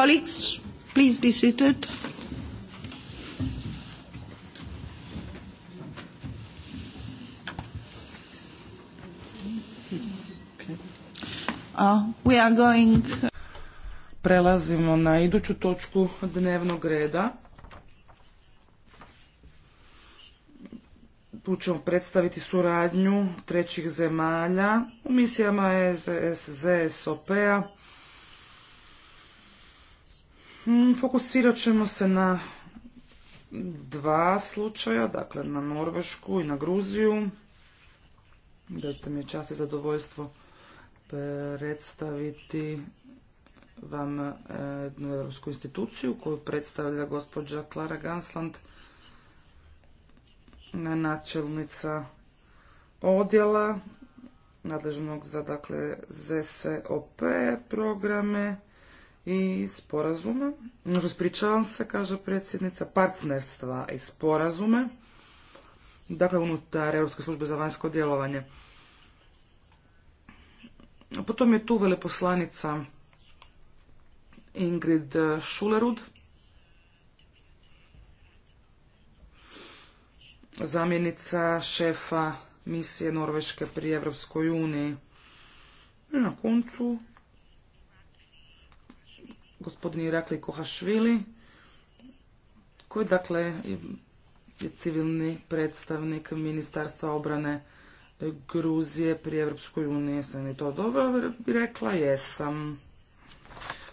Colleagues, please be seated. Uh, we are going... Prelazimo na iduću točku dnevnog reda. Tu ćemo predstaviti suradnju trećih zemalja u misijama zsop a Mm, fokusirat ćemo se na dva slučaja, dakle na Norvešku i na Gruziju. Doista mi je čast i zadovoljstvo predstaviti vam e, jednu europsku instituciju koju predstavlja gospođa Klara Gansland, načelnica odjela nadležnog za dakle ZSOP programe i sporazume, ispričavam se, kaže predsjednica, partnerstva i sporazume, dakle unutar Europske službe za vanjsko djelovanje. Potom je tu veleposlanica Ingrid Šulerud, zamjenica šefa misije Norveške pri Evropskoj uniji. I na koncu gospodin Irakli Kohašvili, koji dakle je civilni predstavnik Ministarstva obrane Gruzije pri Evropskoj uniji. Sam je to dobro rekla? Jesam.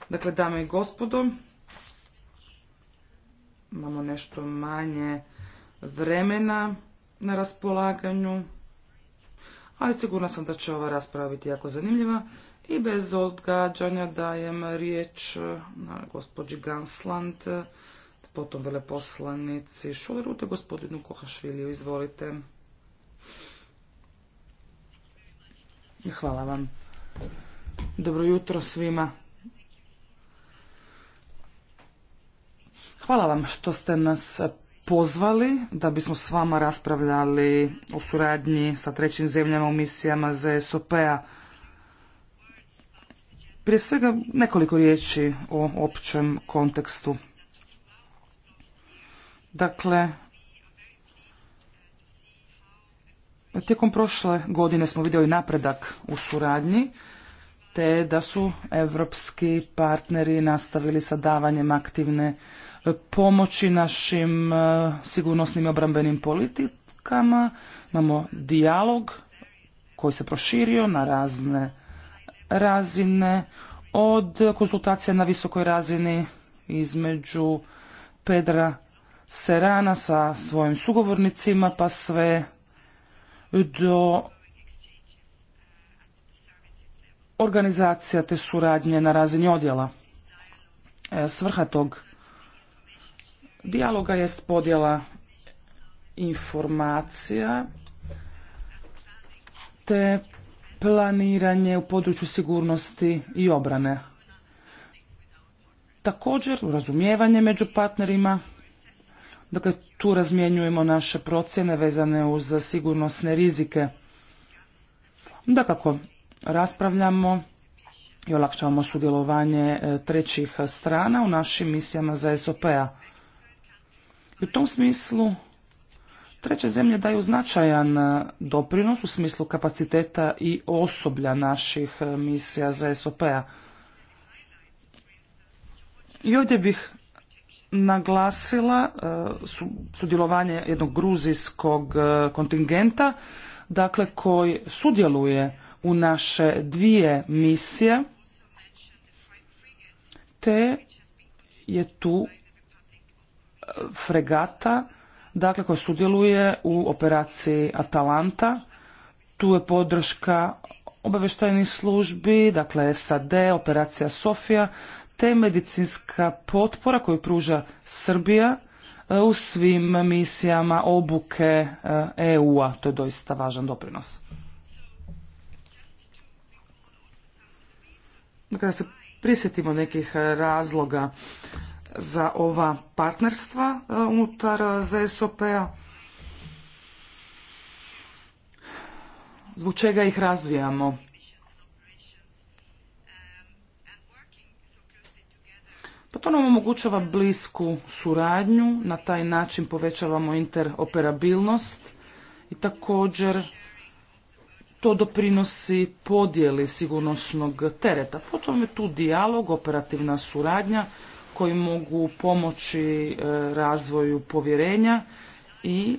Dakle, dame i gospodo, imamo nešto manje vremena na raspolaganju, ali sigurna sam da će ova rasprava biti jako zanimljiva. I bez odgađanja dajem riječ e, na gospođi Gansland, potom veleposlanici Šuleru te gospodinu Kohašviliju. Izvolite. Hvala vam. Dobro jutro svima. Hvala vam što ste nas pozvali da bismo s vama raspravljali o suradnji sa trećim zemljama u misijama ZSOP-a. Prije svega nekoliko riječi o općem kontekstu. Dakle, tijekom prošle godine smo vidjeli napredak u suradnji, te da su evropski partneri nastavili sa davanjem aktivne pomoći našim e, sigurnosnim i obrambenim politikama. Imamo dijalog koji se proširio na razne razine od konsultacija na visokoj razini između Pedra Serana sa svojim sugovornicima pa sve do organizacija te suradnje na razini odjela. E, svrha tog dijaloga jest podjela informacija te planiranje u području sigurnosti i obrane. Također, razumijevanje među partnerima, dakle tu razmjenjujemo naše procjene vezane uz sigurnosne rizike. dakle, kako raspravljamo i olakšavamo sudjelovanje e, trećih strana u našim misijama za SOP-a. u tom smislu Treće zemlje daju značajan e, doprinos u smislu kapaciteta i osoblja naših e, misija za SOP-a. I ovdje bih naglasila e, sudjelovanje jednog gruzijskog kontingenta, dakle koji sudjeluje u naše dvije misije, te je tu fregata dakle koji sudjeluje u operaciji Atalanta. Tu je podrška obavještajnih službi, dakle SAD, operacija Sofija, te medicinska potpora koju pruža Srbija e, u svim misijama obuke EU-a. E to je doista važan doprinos. Dakle, da se prisjetimo nekih razloga za ova partnerstva e, unutar e, ZSOP-a? Zbog čega ih razvijamo? Pa to nam omogućava blisku suradnju, na taj način povećavamo interoperabilnost i također to doprinosi podjeli sigurnosnog tereta. Potom je tu dijalog, operativna suradnja koji mogu pomoći e, razvoju povjerenja i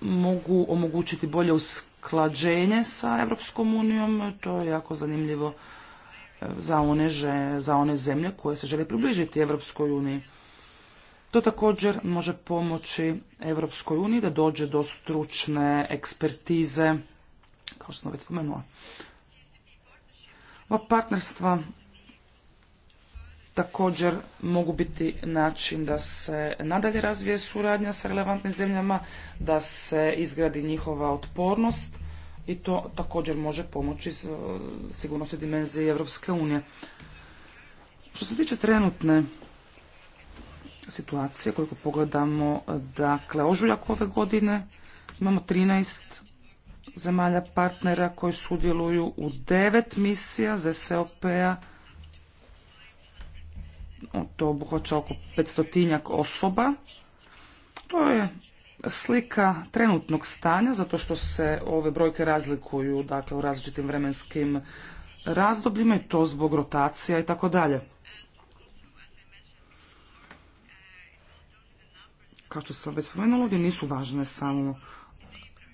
mogu omogućiti bolje usklađenje sa Europskom unijom. To je jako zanimljivo e, za one, za one zemlje koje se žele približiti Europskoj uniji. To također može pomoći Europskoj uniji da dođe do stručne ekspertize, kao što sam već spomenula. Ova partnerstva također mogu biti način da se nadalje razvije suradnja sa relevantnim zemljama, da se izgradi njihova otpornost i to također može pomoći sigurnosti dimenzije Europske unije. Što se tiče trenutne situacije, koliko pogledamo, dakle, ožujak ove godine imamo 13 zemalja partnera koji sudjeluju u devet misija ZSOP-a to obuhvaća oko 500 osoba. To je slika trenutnog stanja, zato što se ove brojke razlikuju dakle, u različitim vremenskim razdobljima i to zbog rotacija i tako dalje. Kao što sam već spomenula, ovdje nisu važne samo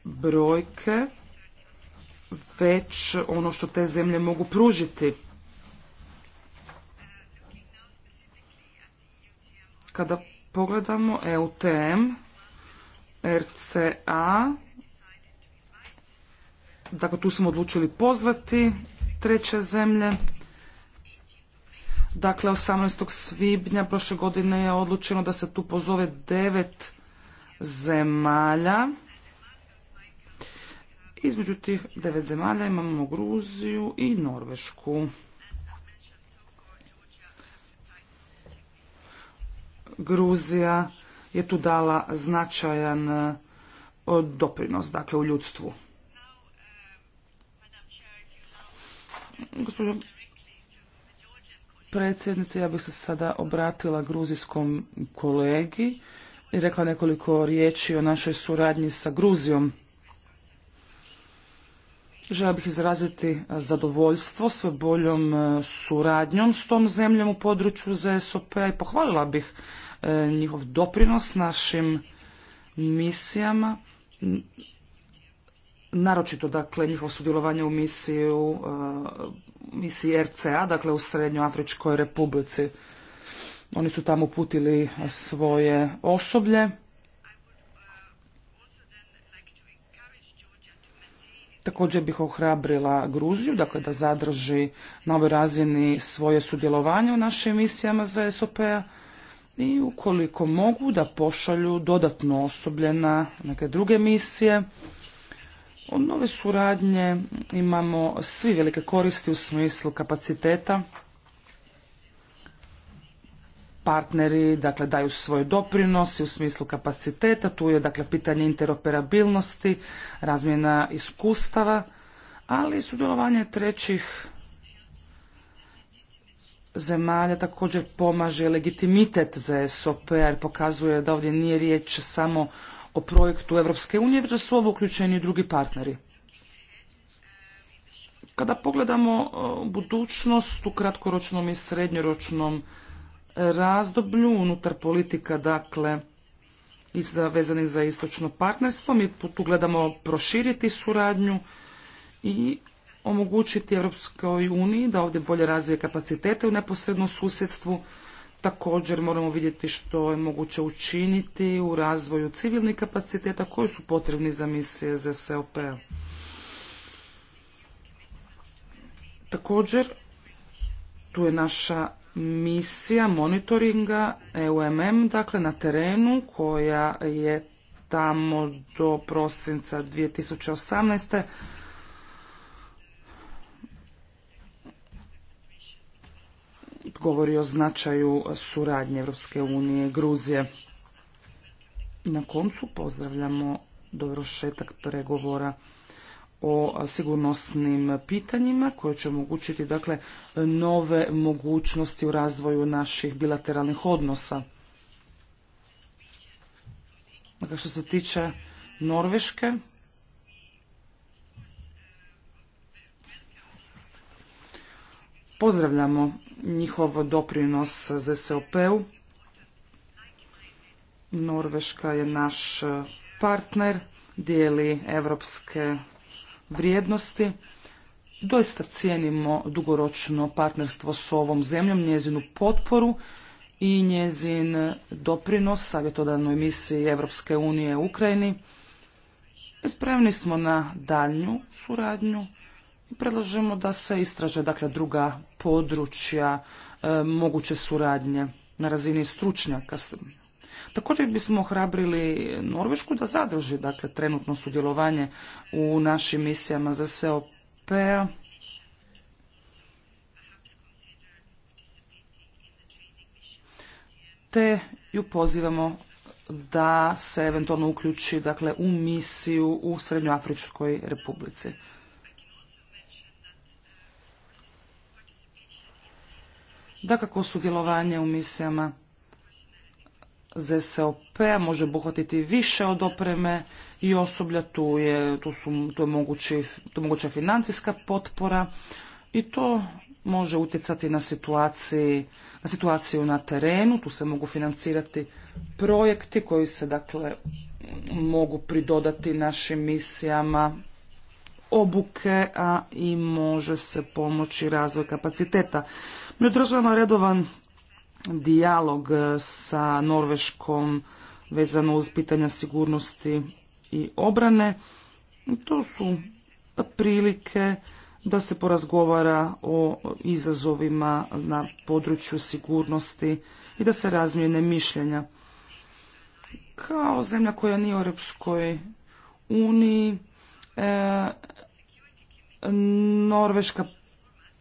brojke, već ono što te zemlje mogu pružiti. Kada pogledamo EUTM, RCA, dakle tu smo odlučili pozvati treće zemlje. Dakle, 18. svibnja prošle godine je odlučeno da se tu pozove devet zemalja. Između tih devet zemalja imamo Gruziju i Norvešku. Gruzija je tu dala značajan e, doprinos, dakle, u ljudstvu. Gospodin, predsjednice, ja bih se sada obratila gruzijskom kolegi i rekla nekoliko riječi o našoj suradnji sa Gruzijom. Žela bih izraziti e, zadovoljstvo sve boljom e, suradnjom s tom zemljom u području ZSOP-a i pohvalila bih e, njihov doprinos našim misijama, naročito dakle njihovo sudjelovanje u misiju, misiji RCA, dakle u Srednjoafričkoj republici. Oni su tamo uputili svoje osoblje Također bih ohrabrila Gruziju, dakle da zadrži na ovoj razini svoje sudjelovanje u našim misijama za SOP-a i ukoliko mogu da pošalju dodatno osoblje na neke druge misije. Od nove suradnje imamo svi velike koristi u smislu kapaciteta partneri dakle daju svoj doprinos u smislu kapaciteta, tu je dakle pitanje interoperabilnosti, razmjena iskustava, ali i sudjelovanje trećih zemalja također pomaže legitimitet za SOP jer pokazuje da ovdje nije riječ samo o projektu Europske unije, već da su ovo uključeni i drugi partneri. Kada pogledamo uh, budućnost u kratkoročnom i srednjoročnom razdoblju unutar politika, dakle, vezanih za istočno partnerstvo. Mi tu gledamo proširiti suradnju i omogućiti Europskoj uniji da ovdje bolje razvije kapacitete u neposrednom susjedstvu. Također moramo vidjeti što je moguće učiniti u razvoju civilnih kapaciteta koji su potrebni za misije za sop Također, tu je naša misija monitoringa EUMM, dakle na terenu koja je tamo do prosinca 2018. govori o značaju suradnje Europske unije i Gruzije. Na koncu pozdravljamo dovršetak pregovora o sigurnosnim pitanjima koje će omogućiti dakle nove mogućnosti u razvoju naših bilateralnih odnosa. Dakle, što se tiče Norveške, pozdravljamo njihov doprinos ZSOP-u. Norveška je naš partner, dijeli evropske vrijednosti. Doista cijenimo dugoročno partnerstvo s ovom zemljom, njezinu potporu i njezin doprinos savjetodavnoj misiji Europske unije u Ukrajini. Spremni smo na daljnju suradnju i predlažemo da se istraže dakle, druga područja e, moguće suradnje na razini stručnjaka Također bismo ohrabrili Norvešku da zadrži dakle, trenutno sudjelovanje u našim misijama za SOP-a. Te ju pozivamo da se eventualno uključi dakle, u misiju u Srednjoafričkoj republici. Dakako sudjelovanje u misijama ZSOP-a može obuhvatiti više od opreme i osoblja, tu je, tu su, tu moguća financijska potpora i to može utjecati na, na situaciju na terenu, tu se mogu financirati projekti koji se dakle mogu pridodati našim misijama obuke, a i može se pomoći razvoj kapaciteta. Mi redovan dijalog e, sa Norveškom vezano uz pitanja sigurnosti i obrane. To su prilike da se porazgovara o izazovima na području sigurnosti i da se razmijene mišljenja. Kao zemlja koja nije u Europskoj uniji, e, Norveška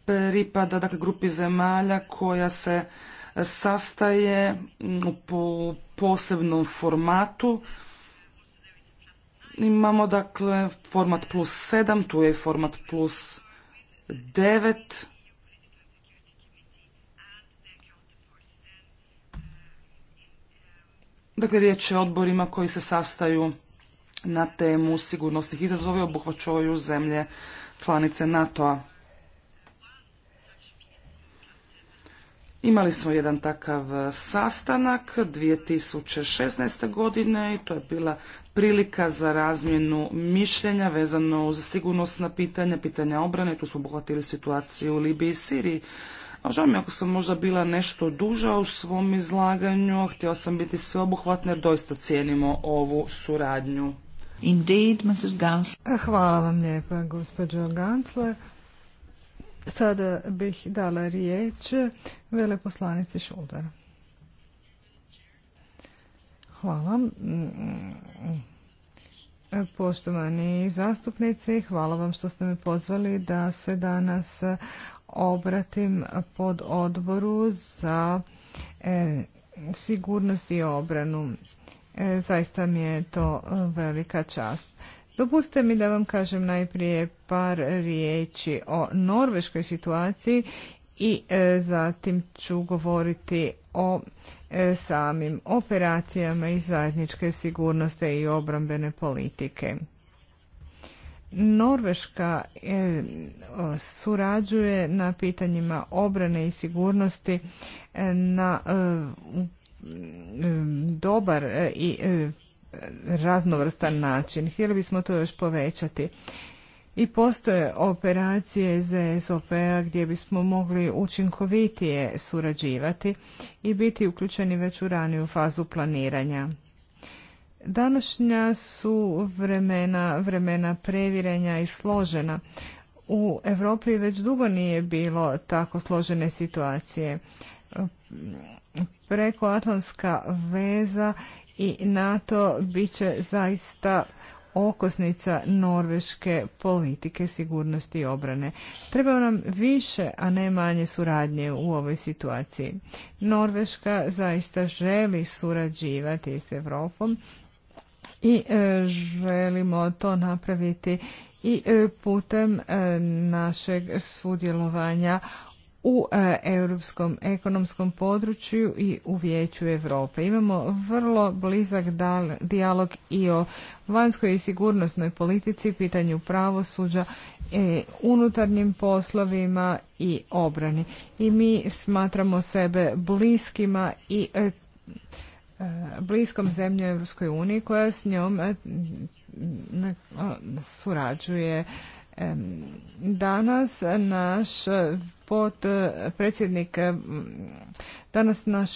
pripada dakle, grupi zemalja koja se sastaje po posebnom formatu. Imamo dakle format plus 7, tu je format plus 9. Dakle, riječ je o odborima koji se sastaju na temu sigurnosnih izazova i obuhvaćaju zemlje članice NATO-a. Imali smo jedan takav e, sastanak 2016. godine i to je bila prilika za razmjenu mišljenja vezano uz sigurnosna pitanja, pitanja obrane, tu smo obuhvatili situaciju u Libiji i Siriji. A žao mi ako sam možda bila nešto duža u svom izlaganju, htio sam biti sveobuhvatna jer doista cijenimo ovu suradnju. Hvala vam lijepa, gospođo Gansler. Sada bih dala riječ veleposlanici Šuldar. Hvala. Poštovani zastupnici, hvala vam što ste me pozvali da se danas obratim pod odboru za e, sigurnost i obranu. E, zaista mi je to velika čast. Dopustite mi da vam kažem najprije par riječi o norveškoj situaciji i e, zatim ću govoriti o e, samim operacijama i zajedničke sigurnosti i obrambene politike. Norveška e, surađuje na pitanjima obrane i sigurnosti na dobar i raznovrstan način. Htjeli bismo to još povećati. I postoje operacije za p-a sop gdje bismo mogli učinkovitije surađivati i biti uključeni već u raniju fazu planiranja. Današnja su vremena, vremena previrenja i složena. U Europi već dugo nije bilo tako složene situacije. Preko Atlantska veza i NATO bit će zaista okosnica norveške politike sigurnosti i obrane. Treba nam više, a ne manje suradnje u ovoj situaciji. Norveška zaista želi surađivati s Evropom i e, želimo to napraviti i e, putem e, našeg sudjelovanja u e, europskom ekonomskom području i u vijeću Europe. Imamo vrlo blizak dijalog i o vanjskoj i sigurnosnoj politici, pitanju pravosuđa, e, unutarnjim poslovima i obrani. I mi smatramo sebe bliskima i e, e, bliskom zemlju Europskoj uniji koja s njom surađuje Danas naš pod predsjednik, danas naš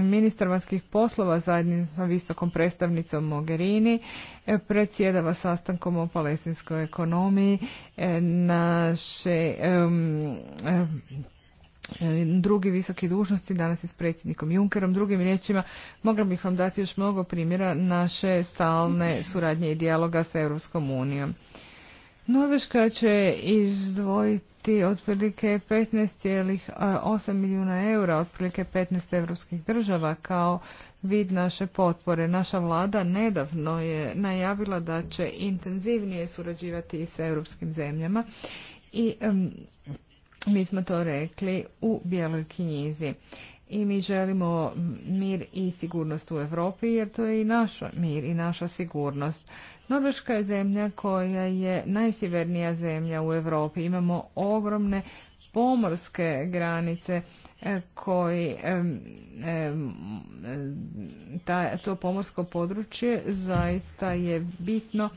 ministar vanjskih poslova zajedno sa visokom predstavnicom Mogherini predsjedava sastankom o palestinskoj ekonomiji. Naše drugi visoki dužnosti danas je s predsjednikom Junkerom. Drugim riječima mogla bih vam dati još mnogo primjera naše stalne suradnje i dijaloga sa Europskom unijom. Norveška će izdvojiti otprilike 15,8 milijuna eura, otprilike 15 europskih država kao vid naše potpore. Naša vlada nedavno je najavila da će intenzivnije surađivati i sa europskim zemljama i mi smo to rekli u Bijeloj knjizi i mi želimo mir i sigurnost u Europi jer to je i naš mir i naša sigurnost. Norveška je zemlja koja je najsjevernija zemlja u Europi. Imamo ogromne pomorske granice e, koji to pomorsko područje zaista je bitno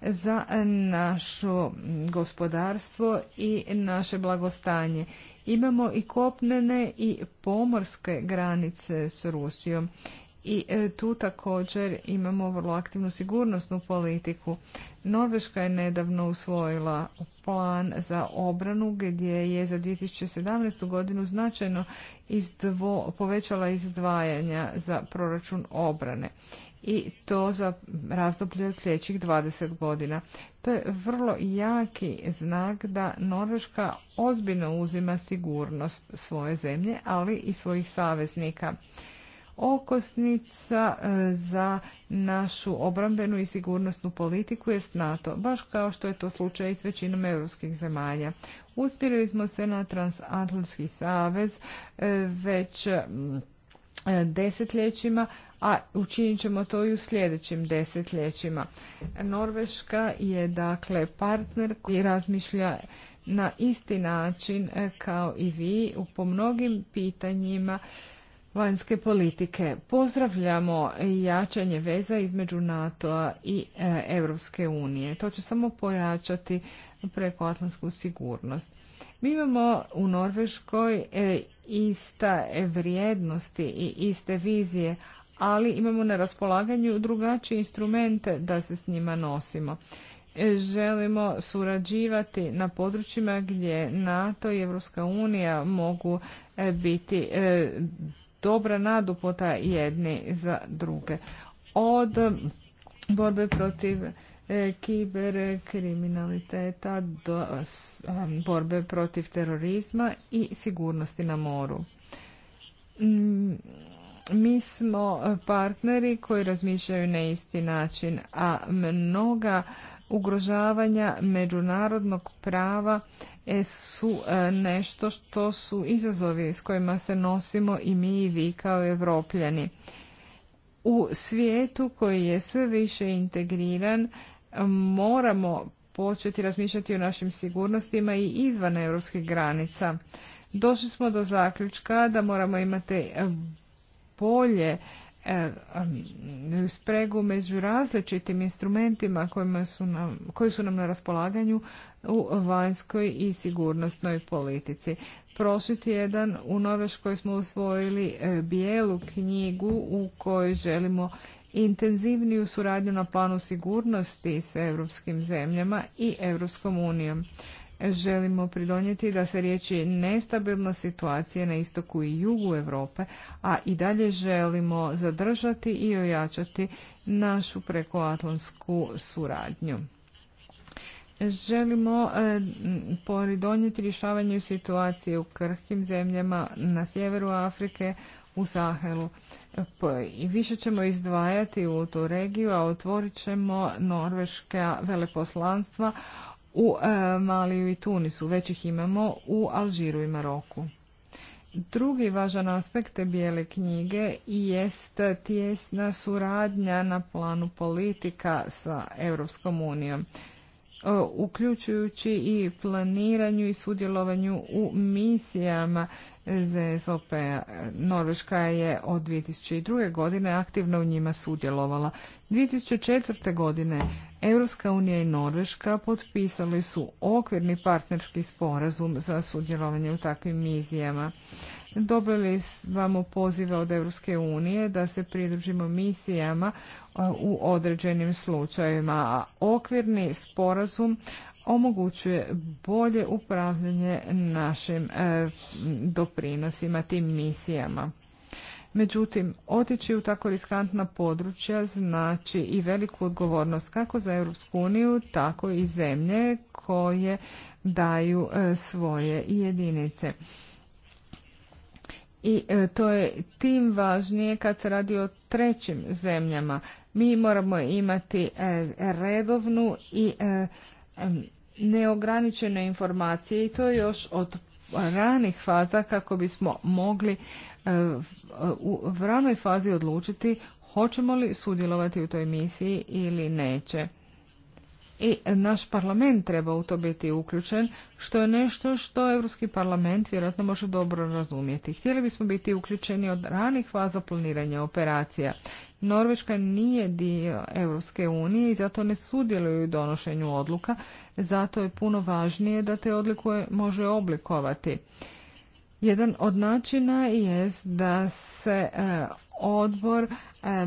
za našo gospodarstvo i naše blagostanje Imamo i kopnene i pomorske granice s Rusijom. I e, tu također imamo vrlo aktivnu sigurnosnu politiku. Norveška je nedavno usvojila plan za obranu gdje je za 2017. godinu značajno povećala izdvajanja za proračun obrane i to za razdoblje od sljedećih 20 godina. To je vrlo jaki znak da Norveška ozbiljno uzima sigurnost svoje zemlje, ali i svojih saveznika. Okosnica e, za našu obrambenu i sigurnosnu politiku je NATO, baš kao što je to slučaj i s većinom europskih zemalja. Uspjeli smo se na Transatlantski savez e, već E, desetljećima, a učinit ćemo to i u sljedećim desetljećima. Norveška je dakle partner koji razmišlja na isti način e, kao i vi po mnogim pitanjima vanjske politike. Pozdravljamo jačanje veza između NATO-a i e, Europske unije. To će samo pojačati prekoatlantsku sigurnost. Mi imamo u Norveškoj ista vrijednosti i iste vizije, ali imamo na raspolaganju drugačije instrumente da se s njima nosimo. E, želimo surađivati na područjima gdje NATO i EU unija mogu e, biti e, dobra nadupota jedni za druge. Od borbe protiv E, kiberkriminaliteta, borbe protiv terorizma i sigurnosti na moru. Mm, mi smo partneri koji razmišljaju na isti način, a mnoga ugrožavanja međunarodnog prava e, su e, nešto što su izazovi s kojima se nosimo i mi i vi kao evropljani. U svijetu koji je sve više integriran, moramo početi razmišljati o našim sigurnostima i izvan europskih granica. Došli smo do zaključka da moramo imati e, bolje e, spregu među različitim instrumentima su koji su nam na raspolaganju u vanjskoj i sigurnosnoj politici. Prošli tjedan u Norveškoj smo usvojili e, bijelu knjigu u kojoj želimo intenzivniju suradnju na planu sigurnosti s europskim zemljama i Europskom unijom. Želimo pridonijeti da se riječi nestabilna situacija na istoku i jugu Europe, a i dalje želimo zadržati i ojačati našu prekoatlonsku suradnju. Želimo e, pridonijeti rješavanju situacije u krhkim zemljama na sjeveru Afrike, u Sahelu. I više ćemo izdvajati u tu regiju, a otvorit ćemo norveška veleposlanstva u e, Maliju i Tunisu. Već ih imamo u Alžiru i Maroku. Drugi važan aspekt bijele knjige jest tjesna suradnja na planu politika sa Europskom unijom, e, uključujući i planiranju i sudjelovanju u misijama zsop Norveška je od 2002. godine aktivno u njima sudjelovala. 2004. godine Europska unija i Norveška potpisali su okvirni partnerski sporazum za sudjelovanje u takvim misijama. Dobili smo pozive od Europske unije da se pridružimo misijama e, u određenim slučajevima. Okvirni sporazum omogućuje bolje upravljanje našim e, doprinosima, tim misijama. Međutim, otići u tako riskantna područja znači i veliku odgovornost kako za Europsku uniju, tako i zemlje koje daju e, svoje jedinice. I e, to je tim važnije kad se radi o trećim zemljama. Mi moramo imati redovnu i neograničene informacije i to još od ranih faza kako bismo mogli e, u ranoj fazi odlučiti hoćemo li sudjelovati u toj misiji ili neće. I naš parlament treba u to biti uključen, što je nešto što Europski parlament vjerojatno može dobro razumjeti. Htjeli bismo biti uključeni od ranih faza planiranja operacija. Norveška nije dio Europske unije i zato ne sudjeluju u donošenju odluka, zato je puno važnije da te odluke može oblikovati. Jedan od načina jest da se e, odbor e,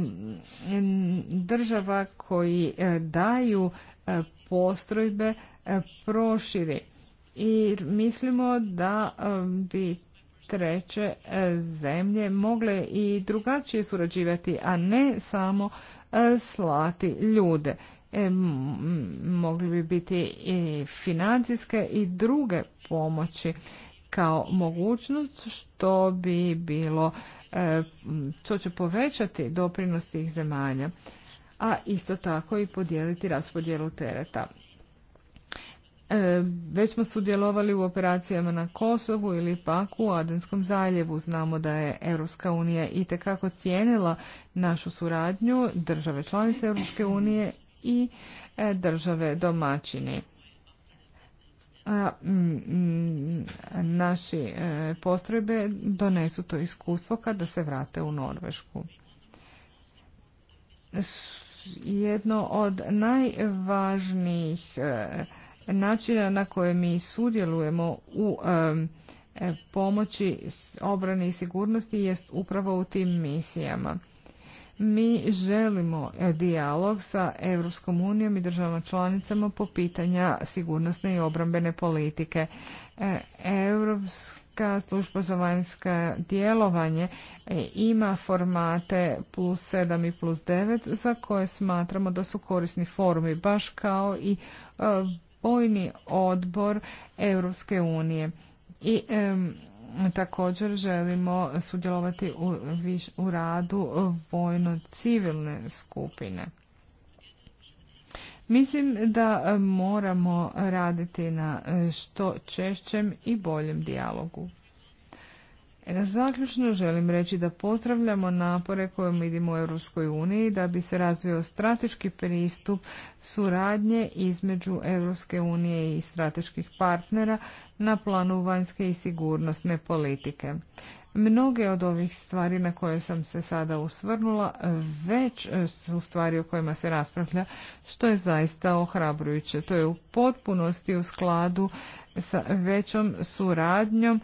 država koji e, daju postrojbe proširi i mislimo da bi treće e, zemlje mogle i drugačije surađivati, a ne samo e, slati ljude. E, mogli bi biti i financijske i druge pomoći kao mogućnost što bi bilo e, što će povećati doprinos tih zemalja a isto tako i podijeliti raspodjelu tereta. E, već smo sudjelovali u operacijama na Kosovu ili pak u Adenskom zaljevu. Znamo da je Europska unija itekako cijenila našu suradnju države članice Europske unije i e, države domaćini. A, m, naši e, postrojbe donesu to iskustvo kada se vrate u Norvešku. jedno od najvažnijih načina na koje mi sudjelujemo u e, pomoći obrani i sigurnosti jest upravo u tim misijama. Mi želimo e, dijalog sa Europskom unijom i državama članicama po pitanja sigurnosne i obrambene politike. Europska služba za vanjsko djelovanje e, ima formate plus 7 i plus 9 za koje smatramo da su korisni formi baš kao i vojni odbor Europske unije. I također želimo sudjelovati u, u radu vojno-civilne skupine. Mislim da moramo raditi na što češćem i boljem dijalogu. E, zaključno želim reći da potravljamo napore koje vidimo u Europskoj uniji da bi se razvio strateški pristup suradnje između Europske unije i strateških partnera na planu vanjske i sigurnosne politike. Mnoge od ovih stvari na koje sam se sada usvrnula već su stvari o kojima se raspravlja, što je zaista ohrabrujuće. To je u potpunosti u skladu sa većom suradnjom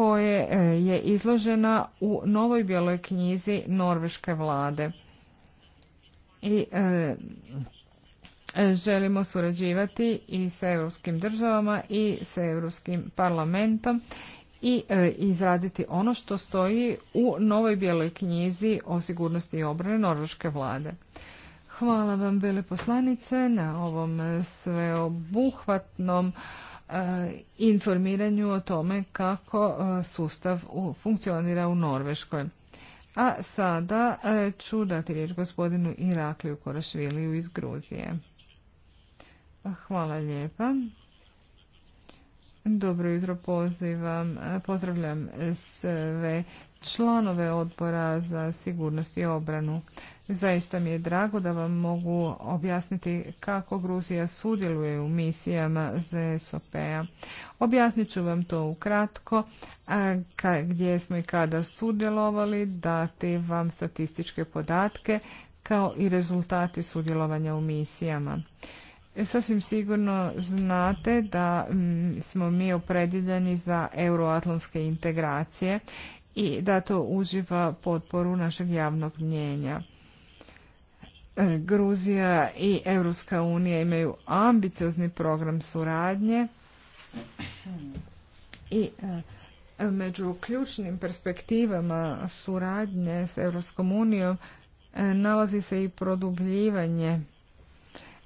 koje e, je izložena u novoj bijeloj knjizi norveške vlade. I e, želimo surađivati i s europskim državama i s europskim parlamentom i e, izraditi ono što stoji u novoj bijeloj knjizi o sigurnosti i obrane norveške vlade. Hvala vam, poslanice, na ovom sveobuhvatnom E, informiranju o tome kako e, sustav funkcionira u Norveškoj. A sada e, ću dati riječ gospodinu Irakliju Korašviliju iz Gruzije. Hvala lijepa. Dobro jutro pozivam, pozdravljam sve članove odbora za sigurnost i obranu. Zaista mi je drago da vam mogu objasniti kako Gruzija sudjeluje u misijama ZSOP-a. Objasnit ću vam to ukratko, gdje smo i kada sudjelovali, dati vam statističke podatke kao i rezultati sudjelovanja u misijama. E, sasvim sigurno znate da smo mi opredjeljeni za euroatlantske integracije i da to uživa potporu našeg javnog mnjenja. E, Gruzija i Europska unija imaju ambiciozni program suradnje i e, među ključnim perspektivama suradnje s Europskom unijom e, nalazi se i produbljivanje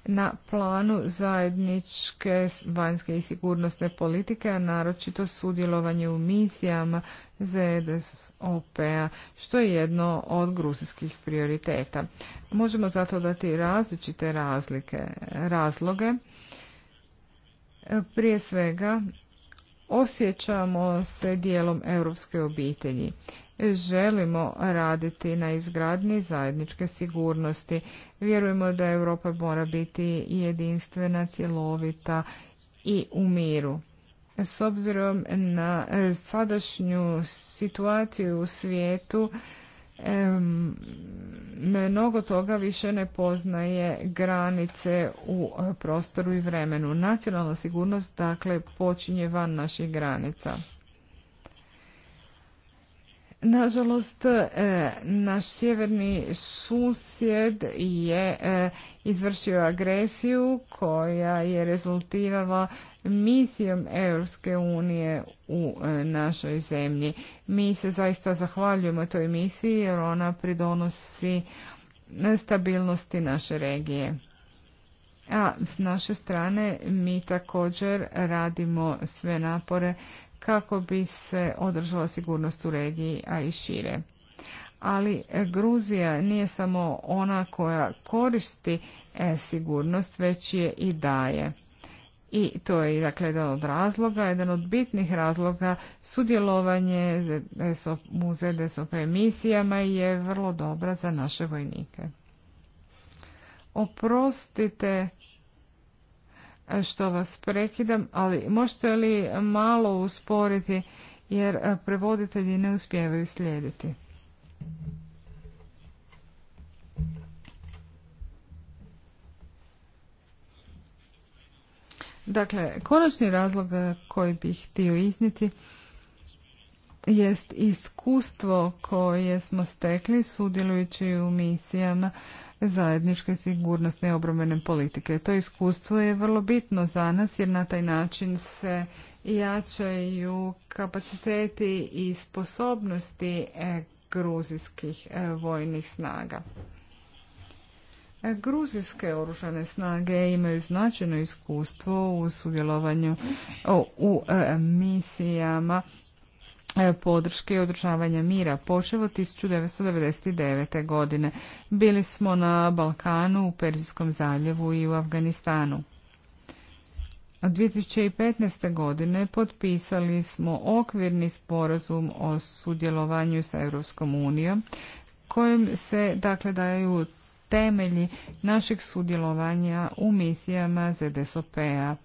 na planu zajedničke vanjske i sigurnosne politike, a naročito sudjelovanje u misijama zsop a što je jedno od gruzijskih prioriteta. Možemo zato dati različite razlike, razloge. Prije svega, osjećamo se dijelom europske obitelji želimo raditi na izgradnji zajedničke sigurnosti. Vjerujemo da Europa mora biti jedinstvena, cjelovita i u miru. S obzirom na e, sadašnju situaciju u svijetu, mnogo toga više ne poznaje granice u e, prostoru i vremenu. Nacionalna sigurnost dakle počinje van naših granica. Nažalost, e, naš sjeverni susjed je e, izvršio agresiju koja je rezultirala misijom Europske unije u e, našoj zemlji. Mi se zaista zahvaljujemo toj misiji jer ona pridonosi stabilnosti naše regije. A s naše strane mi također radimo sve napore kako bi se održala sigurnost u regiji, a i šire. Ali e, Gruzija nije samo ona koja koristi e, sigurnost, već je i daje. I to je dakle jedan od razloga, jedan od bitnih razloga sudjelovanje u ZDSOP emisijama je vrlo dobra za naše vojnike. Oprostite što vas prekidam, ali možete li malo usporiti jer e, prevoditelji ne uspijevaju slijediti. Dakle, konačni razlog e, koji bih htio izniti jest iskustvo koje smo stekli sudjelujući u misijama zajedničke sigurnosne i obrambene politike. To iskustvo je vrlo bitno za nas jer na taj način se jačaju kapaciteti i sposobnosti e, gruzijskih e, vojnih snaga. E, gruzijske oružane snage imaju značajno iskustvo u sudjelovanju u misijama E, podrške i održavanja mira, počeo od 1999. godine. Bili smo na Balkanu, u Perzijskom zaljevu i u Afganistanu. Od 2015. godine potpisali smo okvirni sporazum o sudjelovanju sa Europskom unijom, kojim se dakle daju temelji našeg sudjelovanja u misijama ZDSOP-a.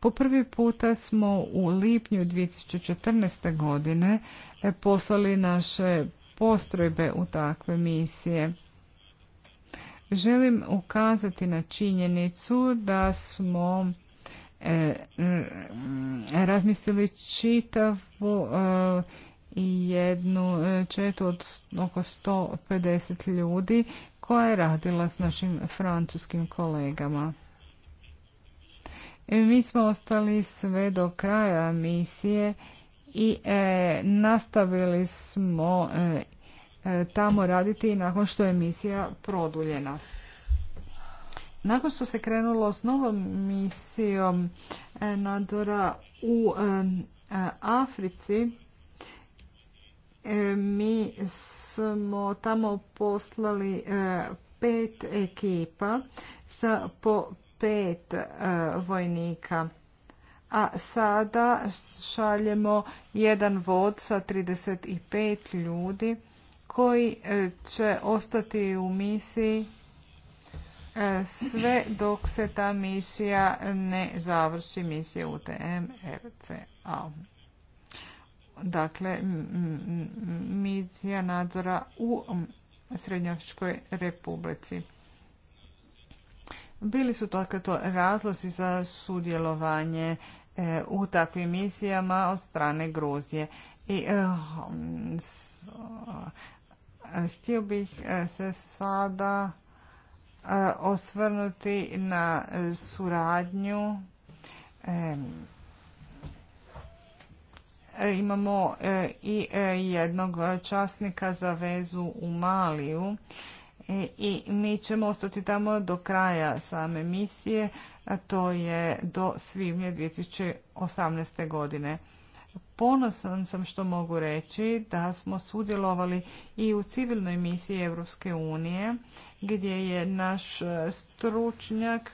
Po prvi puta smo u lipnju 2014. godine e, poslali naše postrojbe u takve misije. Želim ukazati na činjenicu da smo e, razmislili čitavu e, jednu četu od oko 150 ljudi koja je radila s našim francuskim kolegama. Mi smo ostali sve do kraja misije i e, nastavili smo e, e, tamo raditi nakon što je misija produljena. Nakon što se krenulo s novom misijom e, u Africi, mi smo tamo poslali pet ekipa sa po pet e, vojnika. A sada šaljemo jedan vod sa 35 ljudi koji e, će ostati u misiji e, sve dok se ta misija ne završi, misija UTM RCA. Dakle, misija nadzora u Srednjoškoj republici. Bili su to to razlozi za sudjelovanje e, u takvim misijama od strane Gruzije. I e, e, htio bih se sada osvrnuti na suradnju imamo i jednog časnika za vezu u Maliju E, i mi ćemo ostati tamo do kraja same misije, a to je do svibnja 2018. godine. Ponosan sam što mogu reći da smo sudjelovali i u civilnoj misiji Europske unije gdje je naš e, stručnjak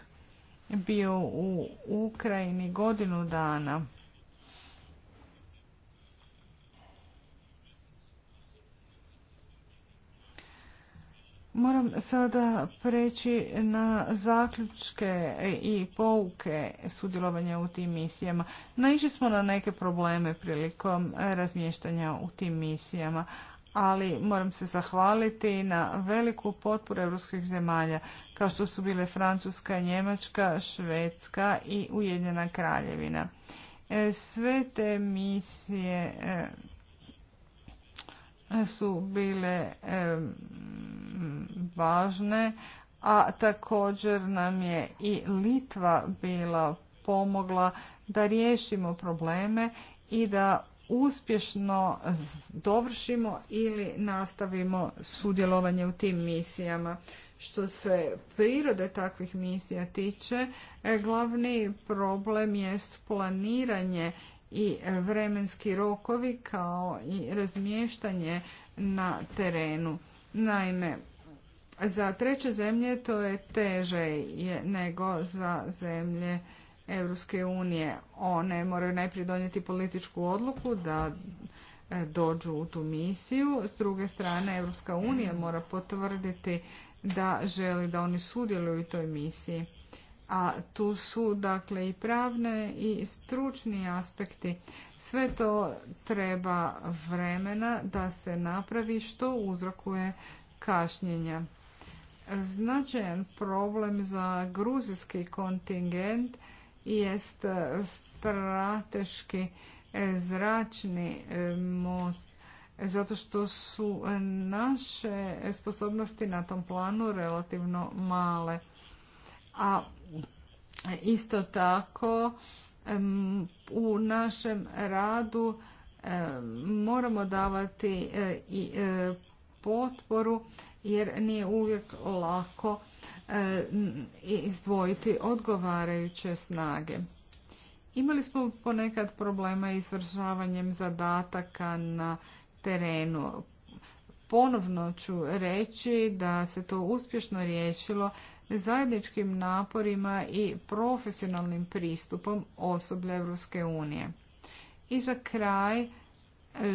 bio u Ukrajini godinu dana. Moram sada preći na zaključke i pouke sudjelovanja u tim misijama. Naišli smo na neke probleme prilikom razmještanja u tim misijama, ali moram se zahvaliti na veliku potporu evropskih zemalja, kao što su bile Francuska, Njemačka, Švedska i Ujedinjena kraljevina. E, sve te misije e, su bile važne, a također nam je i Litva bila pomogla da riješimo probleme i da uspješno dovršimo ili nastavimo sudjelovanje u tim misijama. Što se prirode takvih misija tiče, e, glavni problem jest planiranje i vremenski rokovi kao i razmještanje na terenu. Naime, za treće zemlje to je teže nego za zemlje Europske unije. One moraju najprije donijeti političku odluku da e, dođu u tu misiju. S druge strane, Europska unija mora potvrditi da želi da oni sudjeluju u toj misiji a tu su dakle i pravne i stručni aspekti. Sve to treba vremena da se napravi što uzrokuje kašnjenja. Značajan problem za gruzijski kontingent jest strateški e, zračni e, most zato što su naše sposobnosti na tom planu relativno male. A Isto tako u našem radu moramo davati e, i e, potporu jer nije uvijek lako e, izdvojiti odgovarajuće snage. Imali smo ponekad problema izvršavanjem zadataka na terenu. Ponovno ću reći da se to uspješno riješilo zajedničkim naporima i profesionalnim pristupom osoblja Evropske unije. I za kraj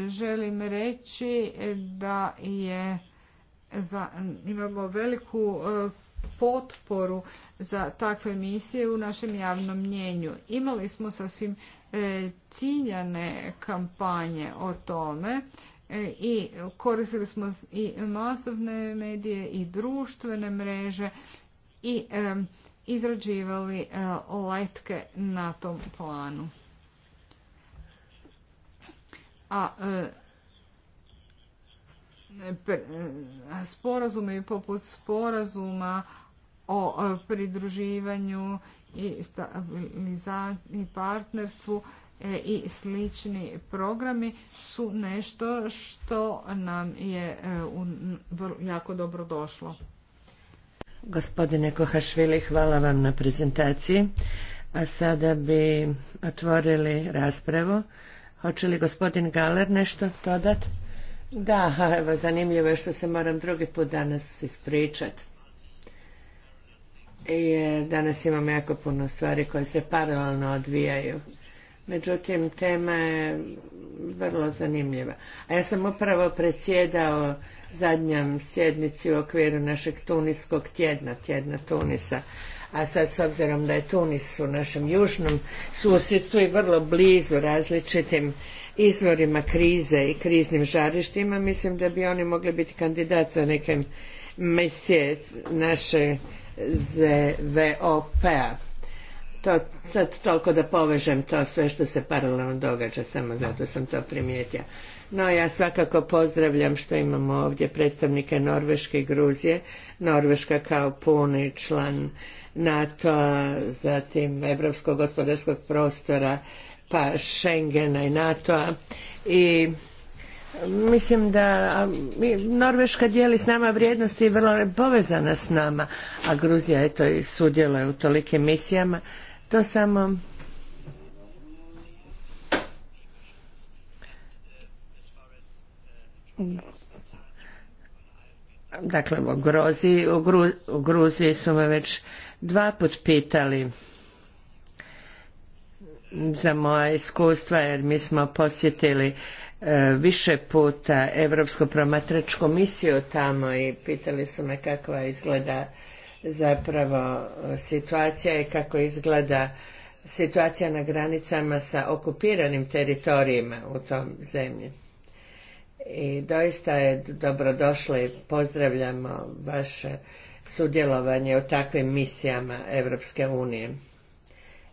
želim reći da je za, imamo veliku e, potporu za takve misije u našem javnom mnjenju. Imali smo sasvim e, ciljane kampanje o tome e, i koristili smo i masovne medije i društvene mreže i izrađivali e, letke na tom planu. A e, sporazumi poput sporazuma o e, pridruživanju i stabilizaciji partnerstvu i slični programi su nešto što nam je jako dobro došlo. Gospodine Kohašvili, hvala vam na prezentaciji. A sada bi otvorili raspravu. Hoće li gospodin Galer nešto dodat? Da, evo, zanimljivo je što se moram drugi put danas ispričati. I e, danas imam jako puno stvari koje se paralelno odvijaju. Međutim, tema je vrlo zanimljiva. A ja sam upravo predsjedao zadnjem sjednici u okviru našeg tuniskog tjedna, tjedna Tunisa. A sad s obzirom da je Tunis u našem južnom susjedstvu i vrlo blizu različitim izvorima krize i kriznim žarištima, mislim da bi oni mogli biti kandidat za neke mesije naše ZVOP-a. To, sad toliko da povežem to sve što se paralelno događa, samo zato sam to primijetila no ja svakako pozdravljam što imamo ovdje predstavnike Norveške i Gruzije. Norveška kao puni član NATO, zatim Europskog gospodarskog prostora, pa Schengena i NATO-a. I mislim da Norveška dijeli s nama vrijednosti i vrlo je povezana s nama, a Gruzija eto i sudjeluje u tolikim misijama. To samo dakle u, Gru, u Gruziji su me već dva put pitali za moja iskustva jer mi smo posjetili e, više puta Evropsku promatračku misiju tamo i pitali su me kakva izgleda zapravo situacija i kako izgleda situacija na granicama sa okupiranim teritorijima u tom zemlji i doista je dobrodošlo i pozdravljamo vaše sudjelovanje u takvim misijama Evropske unije.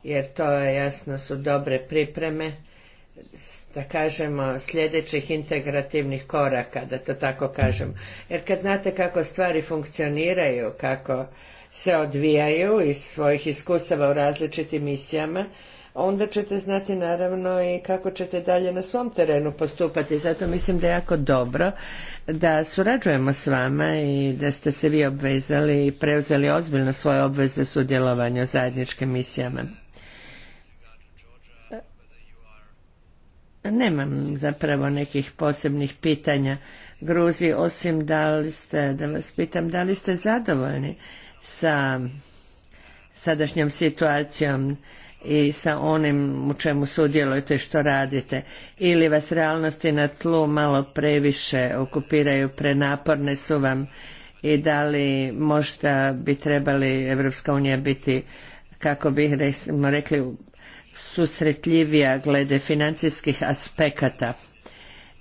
Jer to je jasno su dobre pripreme, da kažemo, sljedećih integrativnih koraka, da to tako kažem. Jer kad znate kako stvari funkcioniraju, kako se odvijaju iz svojih iskustava u različitim misijama, onda ćete znati naravno i kako ćete dalje na svom terenu postupati. Zato mislim da je jako dobro da surađujemo s vama i da ste se vi obvezali i preuzeli ozbiljno svoje obveze sudjelovanja u zajedničkim misijama. E, nemam zapravo nekih posebnih pitanja Gruzi, osim da li ste, da vas pitam, da li ste zadovoljni sa sadašnjom situacijom i sa onim u čemu sudjelujete i što radite ili vas realnosti na tlu malo previše okupiraju, prenaporne su vam i da li možda bi trebali Evropska unija biti kako bi rekli susretljivija glede financijskih aspekata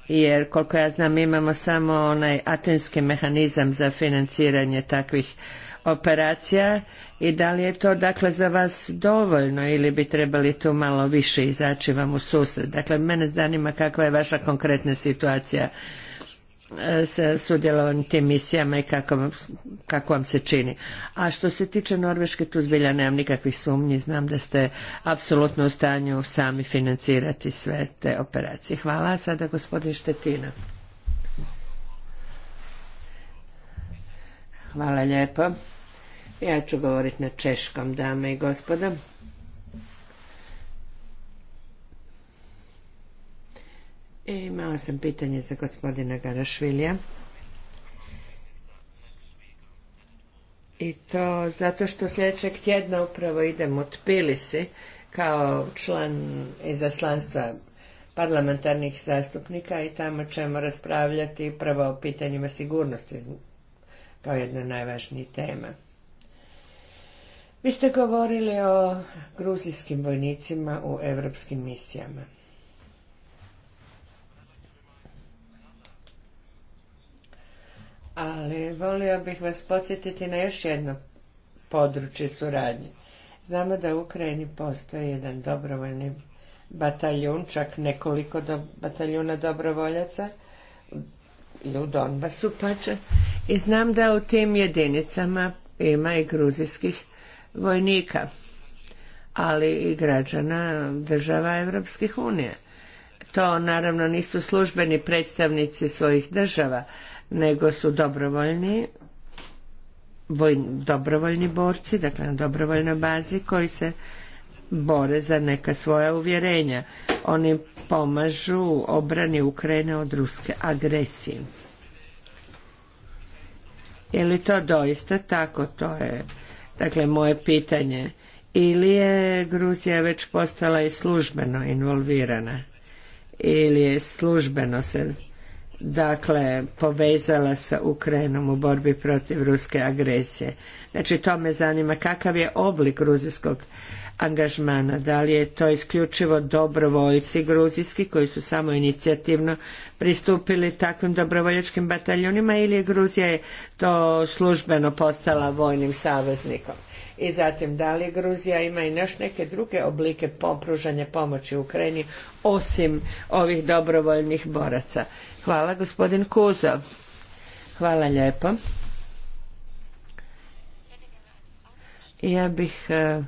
jer koliko ja znam imamo samo onaj atenski mehanizam za financiranje takvih operacija i da li je to dakle za vas dovoljno ili bi trebali tu malo više izaći vam u susret. Dakle, mene zanima kakva je vaša konkretna situacija e, sa sudjelovanjem tim misijama i kako vam, kako vam se čini. A što se tiče Norveške, tu zbilja nemam nikakvih sumnji. Znam da ste apsolutno u stanju sami financirati sve te operacije. Hvala. sada gospodin Štetina. Hvala lijepo. Ja ću govoriti na češkom, dame i gospoda. I imala sam pitanje za gospodina Garašvilija. I to zato što sljedećeg tjedna upravo idem u Tbilisi kao član izaslanstva parlamentarnih zastupnika i tamo ćemo raspravljati upravo o pitanjima sigurnosti kao jedna najvažnija tema. Vi ste govorili o gruzijskim vojnicima u evropskim misijama. Ali volio bih vas podsjetiti na još jedno područje suradnje. Znamo da u Ukrajini postoji jedan dobrovoljni bataljun, čak nekoliko do, bataljuna dobrovoljaca i u Donbasu pače. I znam da u tim jedinicama ima i gruzijskih vojnika, ali i građana država Evropskih unije. To naravno nisu službeni predstavnici svojih država, nego su dobrovoljni dobrovoljni borci, dakle na dobrovoljnoj bazi koji se bore za neka svoja uvjerenja. Oni pomažu obrani Ukrajine od ruske agresije. Je li to doista tako? To je Dakle, moje pitanje, ili je Gruzija već postala i službeno involvirana, ili je službeno se, dakle, povezala sa Ukrajinom u borbi protiv ruske agresije. Znači, to me zanima kakav je oblik gruzijskog angažmana, da li je to isključivo dobrovoljci gruzijski koji su samo inicijativno pristupili takvim dobrovoljačkim bataljonima ili je Gruzija je to službeno postala vojnim saveznikom. I zatim, da li Gruzija ima i još neke druge oblike popružanja pomoći Ukrajini osim ovih dobrovoljnih boraca? Hvala gospodin Kuzov. Hvala lijepo. Ja bih eh,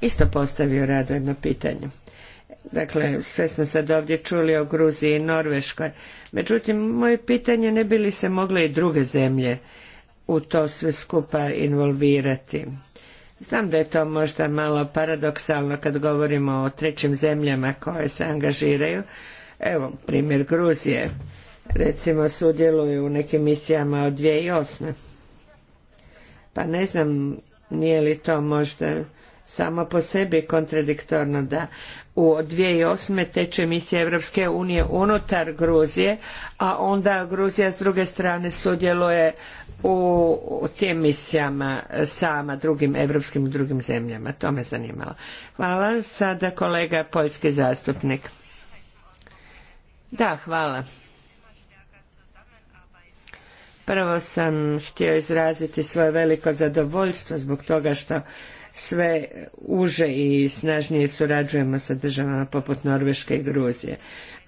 isto postavio rado jedno pitanje. Dakle, sve smo sad ovdje čuli o Gruziji i Norveškoj. Međutim, moje pitanje ne bi li se mogle i druge zemlje u to sve skupa involvirati. Znam da je to možda malo paradoksalno kad govorimo o trećim zemljama koje se angažiraju. Evo, primjer Gruzije. Recimo, sudjeluju u nekim misijama od 2008. Pa ne znam, nije li to možda samo po sebi kontradiktorno da u 2008. teče misija Evropske unije unutar Gruzije, a onda Gruzija s druge strane sudjeluje u, tim misijama sama drugim europskim i drugim zemljama. To me zanimalo. Hvala. Sada kolega poljski zastupnik. Da, hvala. Prvo sam htio izraziti svoje veliko zadovoljstvo zbog toga što sve uže i snažnije surađujemo sa državama poput Norveške i Gruzije.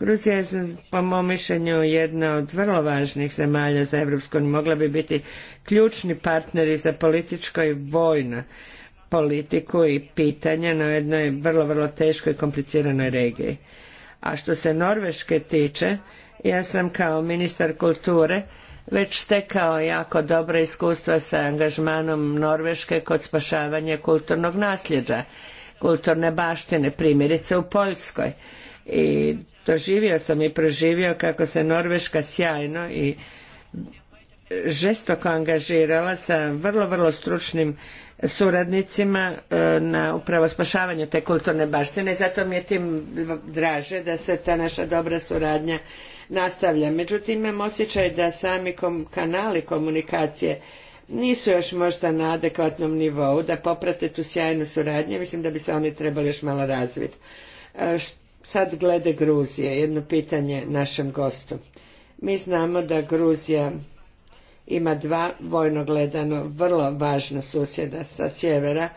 Gruzija je, po mom mišljenju, jedna od vrlo važnih zemalja za Evropsku uniju. Mogla bi biti ključni partneri za političko i vojno politiku i pitanja na jednoj vrlo, vrlo teškoj i kompliciranoj regiji. A što se Norveške tiče, ja sam kao ministar kulture već stekao jako dobra iskustva sa angažmanom Norveške kod spašavanja kulturnog nasljeđa, kulturne baštine, primjerice u Poljskoj. I doživio sam i proživio kako se Norveška sjajno i žestoko angažirala sa vrlo, vrlo stručnim suradnicima e, na upravo spašavanju te kulturne baštine. Zato mi je tim draže da se ta naša dobra suradnja nastavlja. Međutim, imam osjećaj da sami kanali komunikacije nisu još možda na adekvatnom nivou, da poprate tu sjajnu suradnju, mislim da bi se oni trebali još malo razviti. E, sad glede Gruzije, jedno pitanje našem gostu. Mi znamo da Gruzija ima dva vojno gledano vrlo važna susjeda sa sjevera,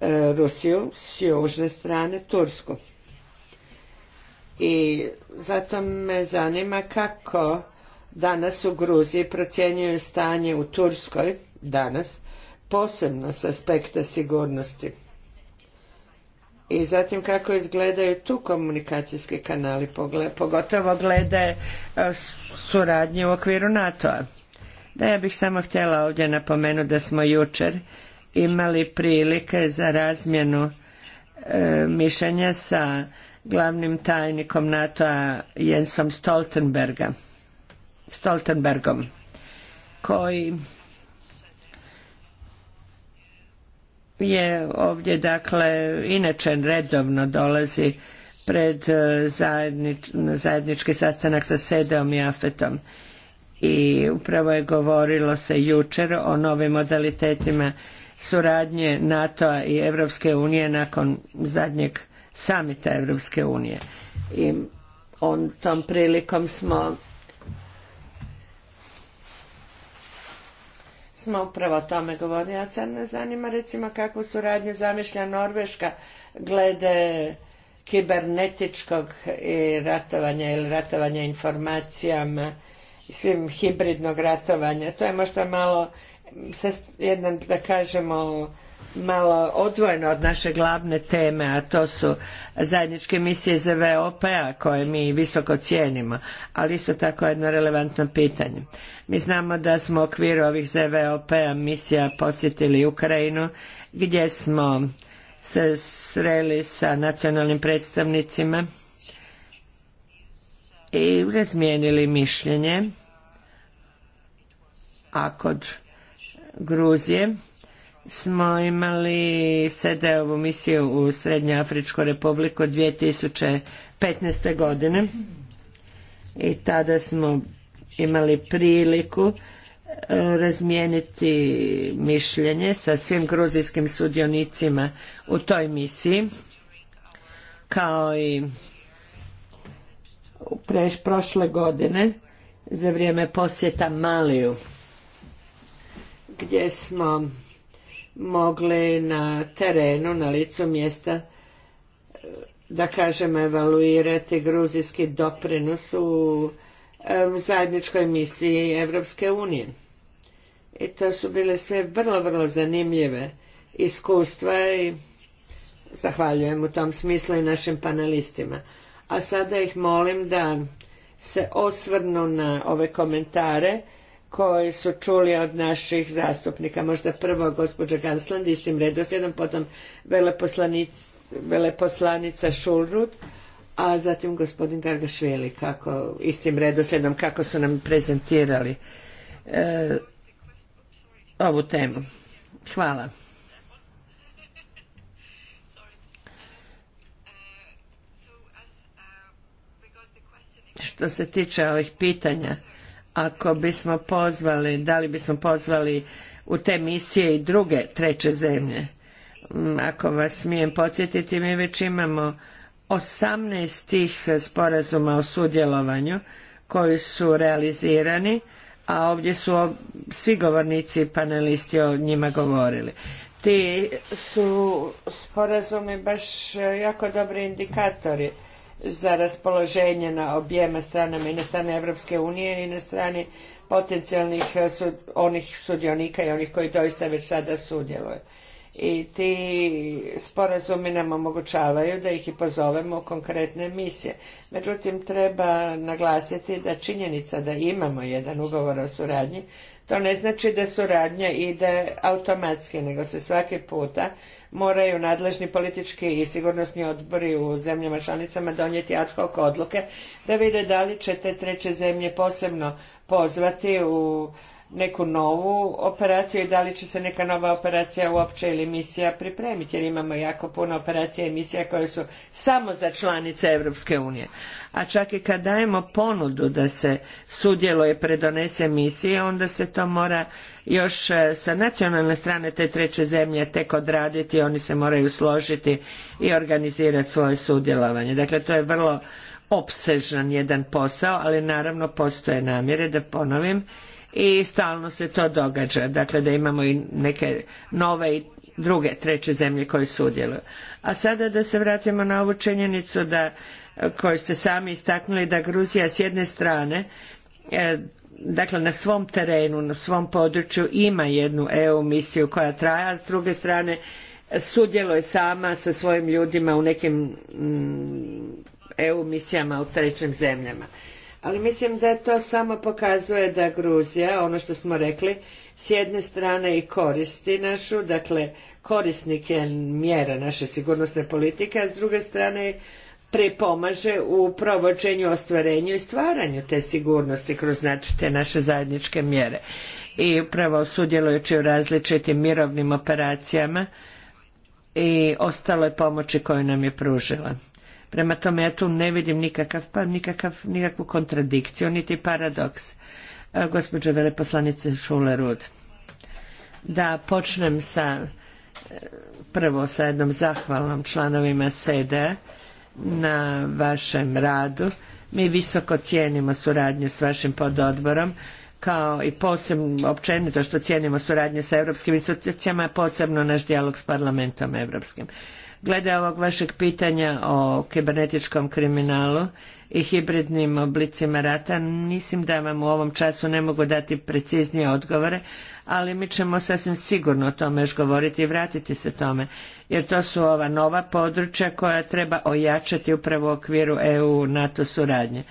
e, Rusiju, s južne strane Tursku. I zato me zanima kako danas u Gruziji procjenjuju stanje u Turskoj danas, posebno s aspekta sigurnosti. I zatim kako izgledaju tu komunikacijski kanali, pogotovo glede e, suradnje u okviru NATO-a. Da ja bih samo htjela ovdje napomenuti da smo jučer imali prilike za razmjenu e, mišljenja sa glavnim tajnikom NATO-a Jensom Stoltenberga, Stoltenbergom, koji je ovdje dakle inače redovno dolazi pred e, zajednič, zajednički sastanak sa Sedom i Afetom i upravo je govorilo se jučer o novim modalitetima suradnje NATO-a i Europske unije nakon zadnjeg samita Europske unije. I on tom prilikom smo smo upravo o tome govorili, a sad me zanima recimo kakvu suradnju zamišlja Norveška glede kibernetičkog i ratovanja ili ratovanja informacijama, svim hibridnog ratovanja. To je možda malo, jedan da kažemo, malo odvojeno od naše glavne teme, a to su zajedničke misije ZVOP-a koje mi visoko cijenimo, ali isto tako jedno relevantno pitanje. Mi znamo da smo u okviru ovih ZVOP-a misija posjetili Ukrajinu gdje smo se sreli sa nacionalnim predstavnicima i razmijenili mišljenje a kod Gruzije smo imali SEDE-ovu misiju u Srednjoafričku republiku 2015. godine i tada smo imali priliku e, razmijeniti mišljenje sa svim gruzijskim sudionicima u toj misiji kao i preš, prošle godine za vrijeme posjeta Maliju gdje smo mogli na terenu, na licu mjesta, e, da kažem, evaluirati gruzijski doprinos e, u zajedničkoj misiji Evropske unije. I to su bile sve vrlo, vrlo zanimljive iskustva i zahvaljujem u tom smislu i našim panelistima. A sada ih molim da se osvrnu na ove komentare koje su čuli od naših zastupnika. Možda prvo gospođa Gansland, istim redosljedom, potom veleposlanica Šulrud, a zatim gospodin Gargašvili, kako, istim redoslijedom kako su nam prezentirali e, ovu temu. Hvala. Što se tiče ovih pitanja, ako bismo pozvali, da li bismo pozvali u te misije i druge treće zemlje. Mm, ako vas smijem podsjetiti, mi već imamo 18 tih sporazuma o sudjelovanju koji su realizirani, a ovdje su svi govornici i panelisti o njima govorili. Ti su sporazumi baš eh, jako dobri indikatori za raspoloženje na objema stranama i na strane Evropske unije i na strani potencijalnih eh, onih sudionika i onih koji doista već sada sudjeluju. I ti sporazumi nam omogućavaju da ih i pozovemo u konkretne misije. Međutim, treba naglasiti da činjenica da imamo jedan ugovor o suradnji, to ne znači da suradnja ide automatski, nego se svaki puta moraju nadležni politički i sigurnosni odbori u zemljama članicama donijeti ad hoc odluke da vide da li će te treće zemlje posebno pozvati u neku novu operaciju i da li će se neka nova operacija uopće ili misija pripremiti jer imamo jako puno operacija i misija koje su samo za članice Europske unije. A čak i kad dajemo ponudu da se sudjeluje predonese misije onda se to mora još e, sa nacionalne strane te treće zemlje tek odraditi, oni se moraju složiti i organizirati svoje sudjelovanje. Dakle, to je vrlo opsežan jedan posao, ali naravno postoje namjere da ponovim i stalno se to događa. Dakle, da imamo i neke nove i druge, treće zemlje koje sudjeluju. A sada da se vratimo na ovu činjenicu da, koju ste sami istaknuli, da Gruzija s jedne strane e, dakle na svom terenu, na svom području ima jednu EU misiju koja traje, a s druge strane sudjeluje sama sa svojim ljudima u nekim mm, EU misijama u trećim zemljama. Ali mislim da to samo pokazuje da Gruzija, ono što smo rekli, s jedne strane i koristi našu, dakle korisnik je mjera naše sigurnosne politike, a s druge strane prepomaže u provođenju, ostvarenju i stvaranju te sigurnosti kroz znači, te naše zajedničke mjere. I upravo sudjelujući u različitim mirovnim operacijama i ostaloj pomoći koju nam je pružila. Prema tome ja tu ne vidim nikakav, pa- nikakav, nikakvu kontradikciju, niti paradoks. E, gospođo veleposlanice Šulerud, da počnem sa e, prvo sa jednom zahvalom članovima SEDE na vašem radu. Mi visoko cijenimo suradnju s vašim pododborom kao i posebno općenito što cijenimo suradnju sa europskim institucijama, posebno naš dijalog s parlamentom europskim. Glede ovog vašeg pitanja o kibernetičkom kriminalu i hibridnim oblicima rata, mislim da vam u ovom času ne mogu dati preciznije odgovore, ali mi ćemo sasvim sigurno o tome još govoriti i vratiti se tome, jer to su ova nova područja koja treba ojačati upravo u okviru EU-NATO suradnje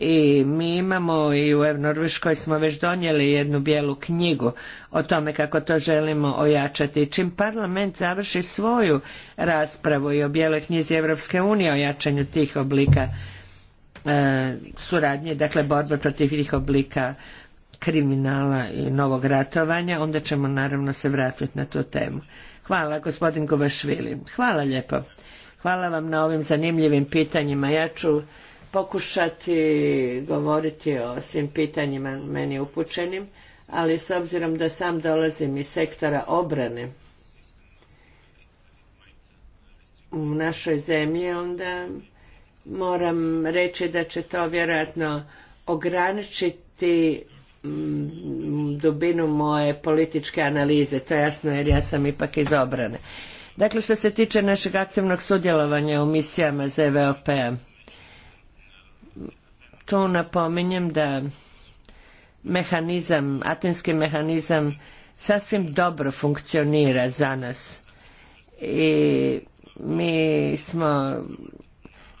i mi imamo i u Norveškoj smo već donijeli jednu bijelu knjigu o tome kako to želimo ojačati. Čim parlament završi svoju raspravu i o bijeloj knjizi Europske unije o jačanju tih oblika e, suradnje, dakle borbe protiv tih oblika kriminala i novog ratovanja, onda ćemo naravno se vratiti na tu temu. Hvala gospodin Gubašvili. Hvala lijepo. Hvala vam na ovim zanimljivim pitanjima. Ja ću pokušati govoriti o svim pitanjima meni upućenim, ali s obzirom da sam dolazim iz sektora obrane u našoj zemlji, onda moram reći da će to vjerojatno ograničiti mm, dubinu moje političke analize, to je jasno jer ja sam ipak iz obrane. Dakle, što se tiče našeg aktivnog sudjelovanja u misijama ZVOP-a, tu napominjem da mehanizam, atinski mehanizam sasvim dobro funkcionira za nas i mi smo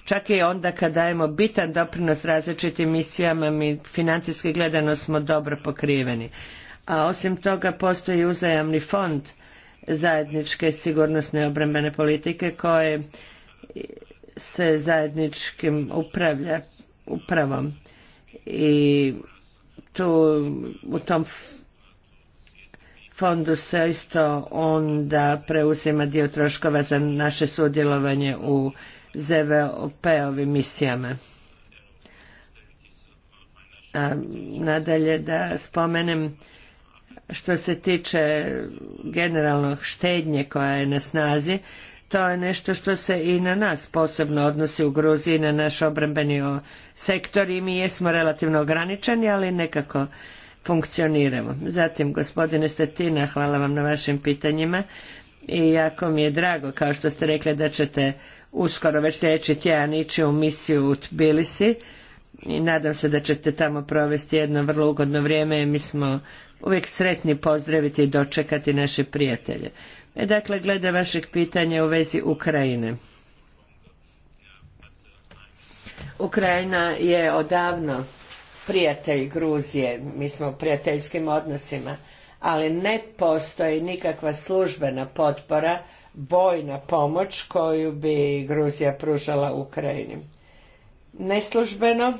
čak i onda kad dajemo bitan doprinos različitim misijama mi financijski gledano smo dobro pokriveni a osim toga postoji uzajamni fond zajedničke sigurnosne i obrambene politike koje se zajedničkim upravlja upravom i tu u tom fondu se isto onda preuzima dio troškova za naše sudjelovanje u ZVOP-ovim misijama. A nadalje da spomenem što se tiče generalnog štednje koja je na snazi, to je nešto što se i na nas posebno odnosi u Gruziji, na naš obrambeni sektor i mi jesmo relativno ograničeni, ali nekako funkcioniramo. Zatim, gospodine Stetina, hvala vam na vašim pitanjima i jako mi je drago, kao što ste rekli, da ćete uskoro već sljedeći tjedan ići u misiju u Tbilisi i nadam se da ćete tamo provesti jedno vrlo ugodno vrijeme. i Mi smo uvijek sretni pozdraviti i dočekati naše prijatelje. E, dakle, glede vašeg pitanja u vezi Ukrajine. Ukrajina je odavno prijatelj Gruzije, mi smo u prijateljskim odnosima, ali ne postoji nikakva službena potpora, bojna pomoć koju bi Gruzija pružala Ukrajini. Neslužbeno,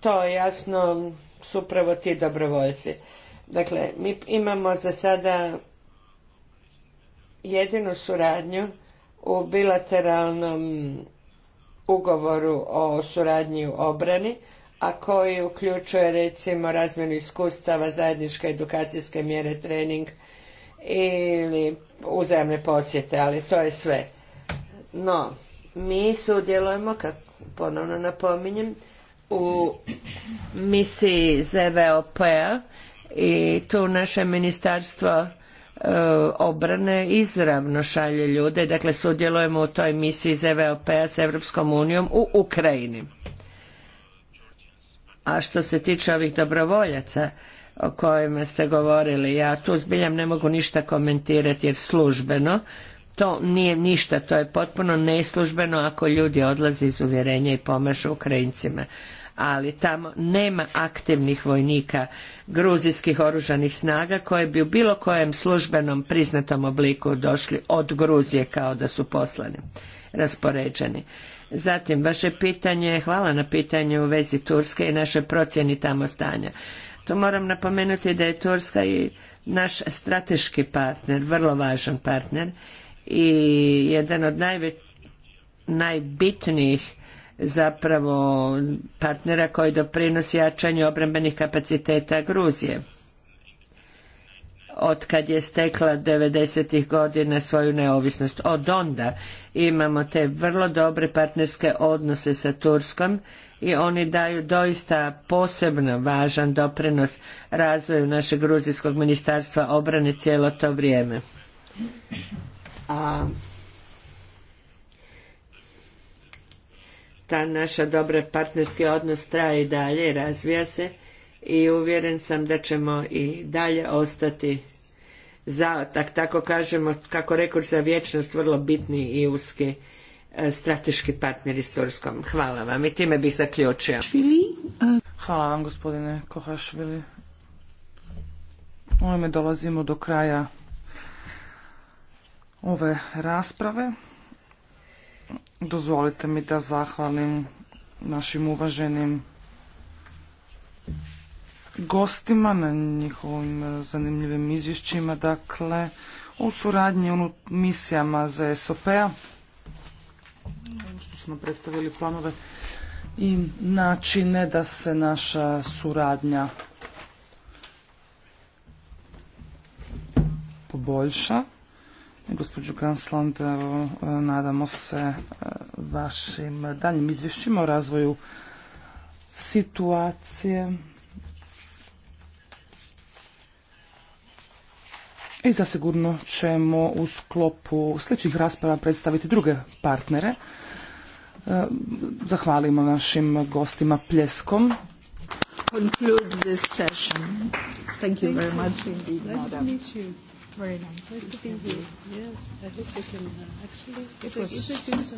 to jasno su upravo ti dobrovoljci. Dakle, mi imamo za sada jedinu suradnju u bilateralnom ugovoru o suradnji u obrani, a koji uključuje recimo razmjenu iskustava, zajedničke edukacijske mjere, trening ili uzajamne posjete, ali to je sve. No, mi sudjelujemo, kako ponovno napominjem, u misiji ZVOP-a i tu naše ministarstvo E, obrane izravno šalje ljude, dakle sudjelujemo u toj misiji ZVOP-a e s Europskom unijom u Ukrajini. A što se tiče ovih dobrovoljaca o kojima ste govorili, ja tu zbiljam ne mogu ništa komentirati jer službeno to nije ništa, to je potpuno neslužbeno ako ljudi odlaze iz uvjerenja i pomažu Ukrajincima ali tamo nema aktivnih vojnika gruzijskih oružanih snaga koje bi u bilo kojem službenom priznatom obliku došli od Gruzije kao da su poslani, raspoređeni. Zatim, vaše pitanje, hvala na pitanju u vezi Turske i naše procjeni tamo stanja. to moram napomenuti da je Turska i naš strateški partner, vrlo važan partner i jedan od najbitnijih zapravo partnera koji doprinosi jačanju obrambenih kapaciteta Gruzije. Od kad je stekla 90. godina svoju neovisnost. Od onda imamo te vrlo dobre partnerske odnose sa Turskom i oni daju doista posebno važan doprinos razvoju našeg gruzijskog ministarstva obrane cijelo to vrijeme. A ta naša dobra partnerski odnos traje i dalje, razvija se i uvjeren sam da ćemo i dalje ostati za, tak, tako kažemo, kako rekord za vječnost, vrlo bitni i uski e, strateški partneri s Turskom. Hvala vam i time bih zaključio. E, Hvala vam gospodine Kohašvili. Ovime dolazimo do kraja ove rasprave. Dozvolite mi da zahvalim našim uvaženim gostima na njihovim zanimljivim izvješćima, dakle, u suradnji u misijama za SOP-a, što smo predstavili planove i načine da se naša suradnja poboljša. Gospođu Kansland, e, nadamo se e, vašim daljim izvješćima o razvoju situacije. I zasigurno ćemo u sklopu sličnih rasprava predstaviti druge partnere. E, zahvalimo našim gostima pljeskom. Conclude this very nice. Nice to be here. Yes, I hope we can uh, actually. It was.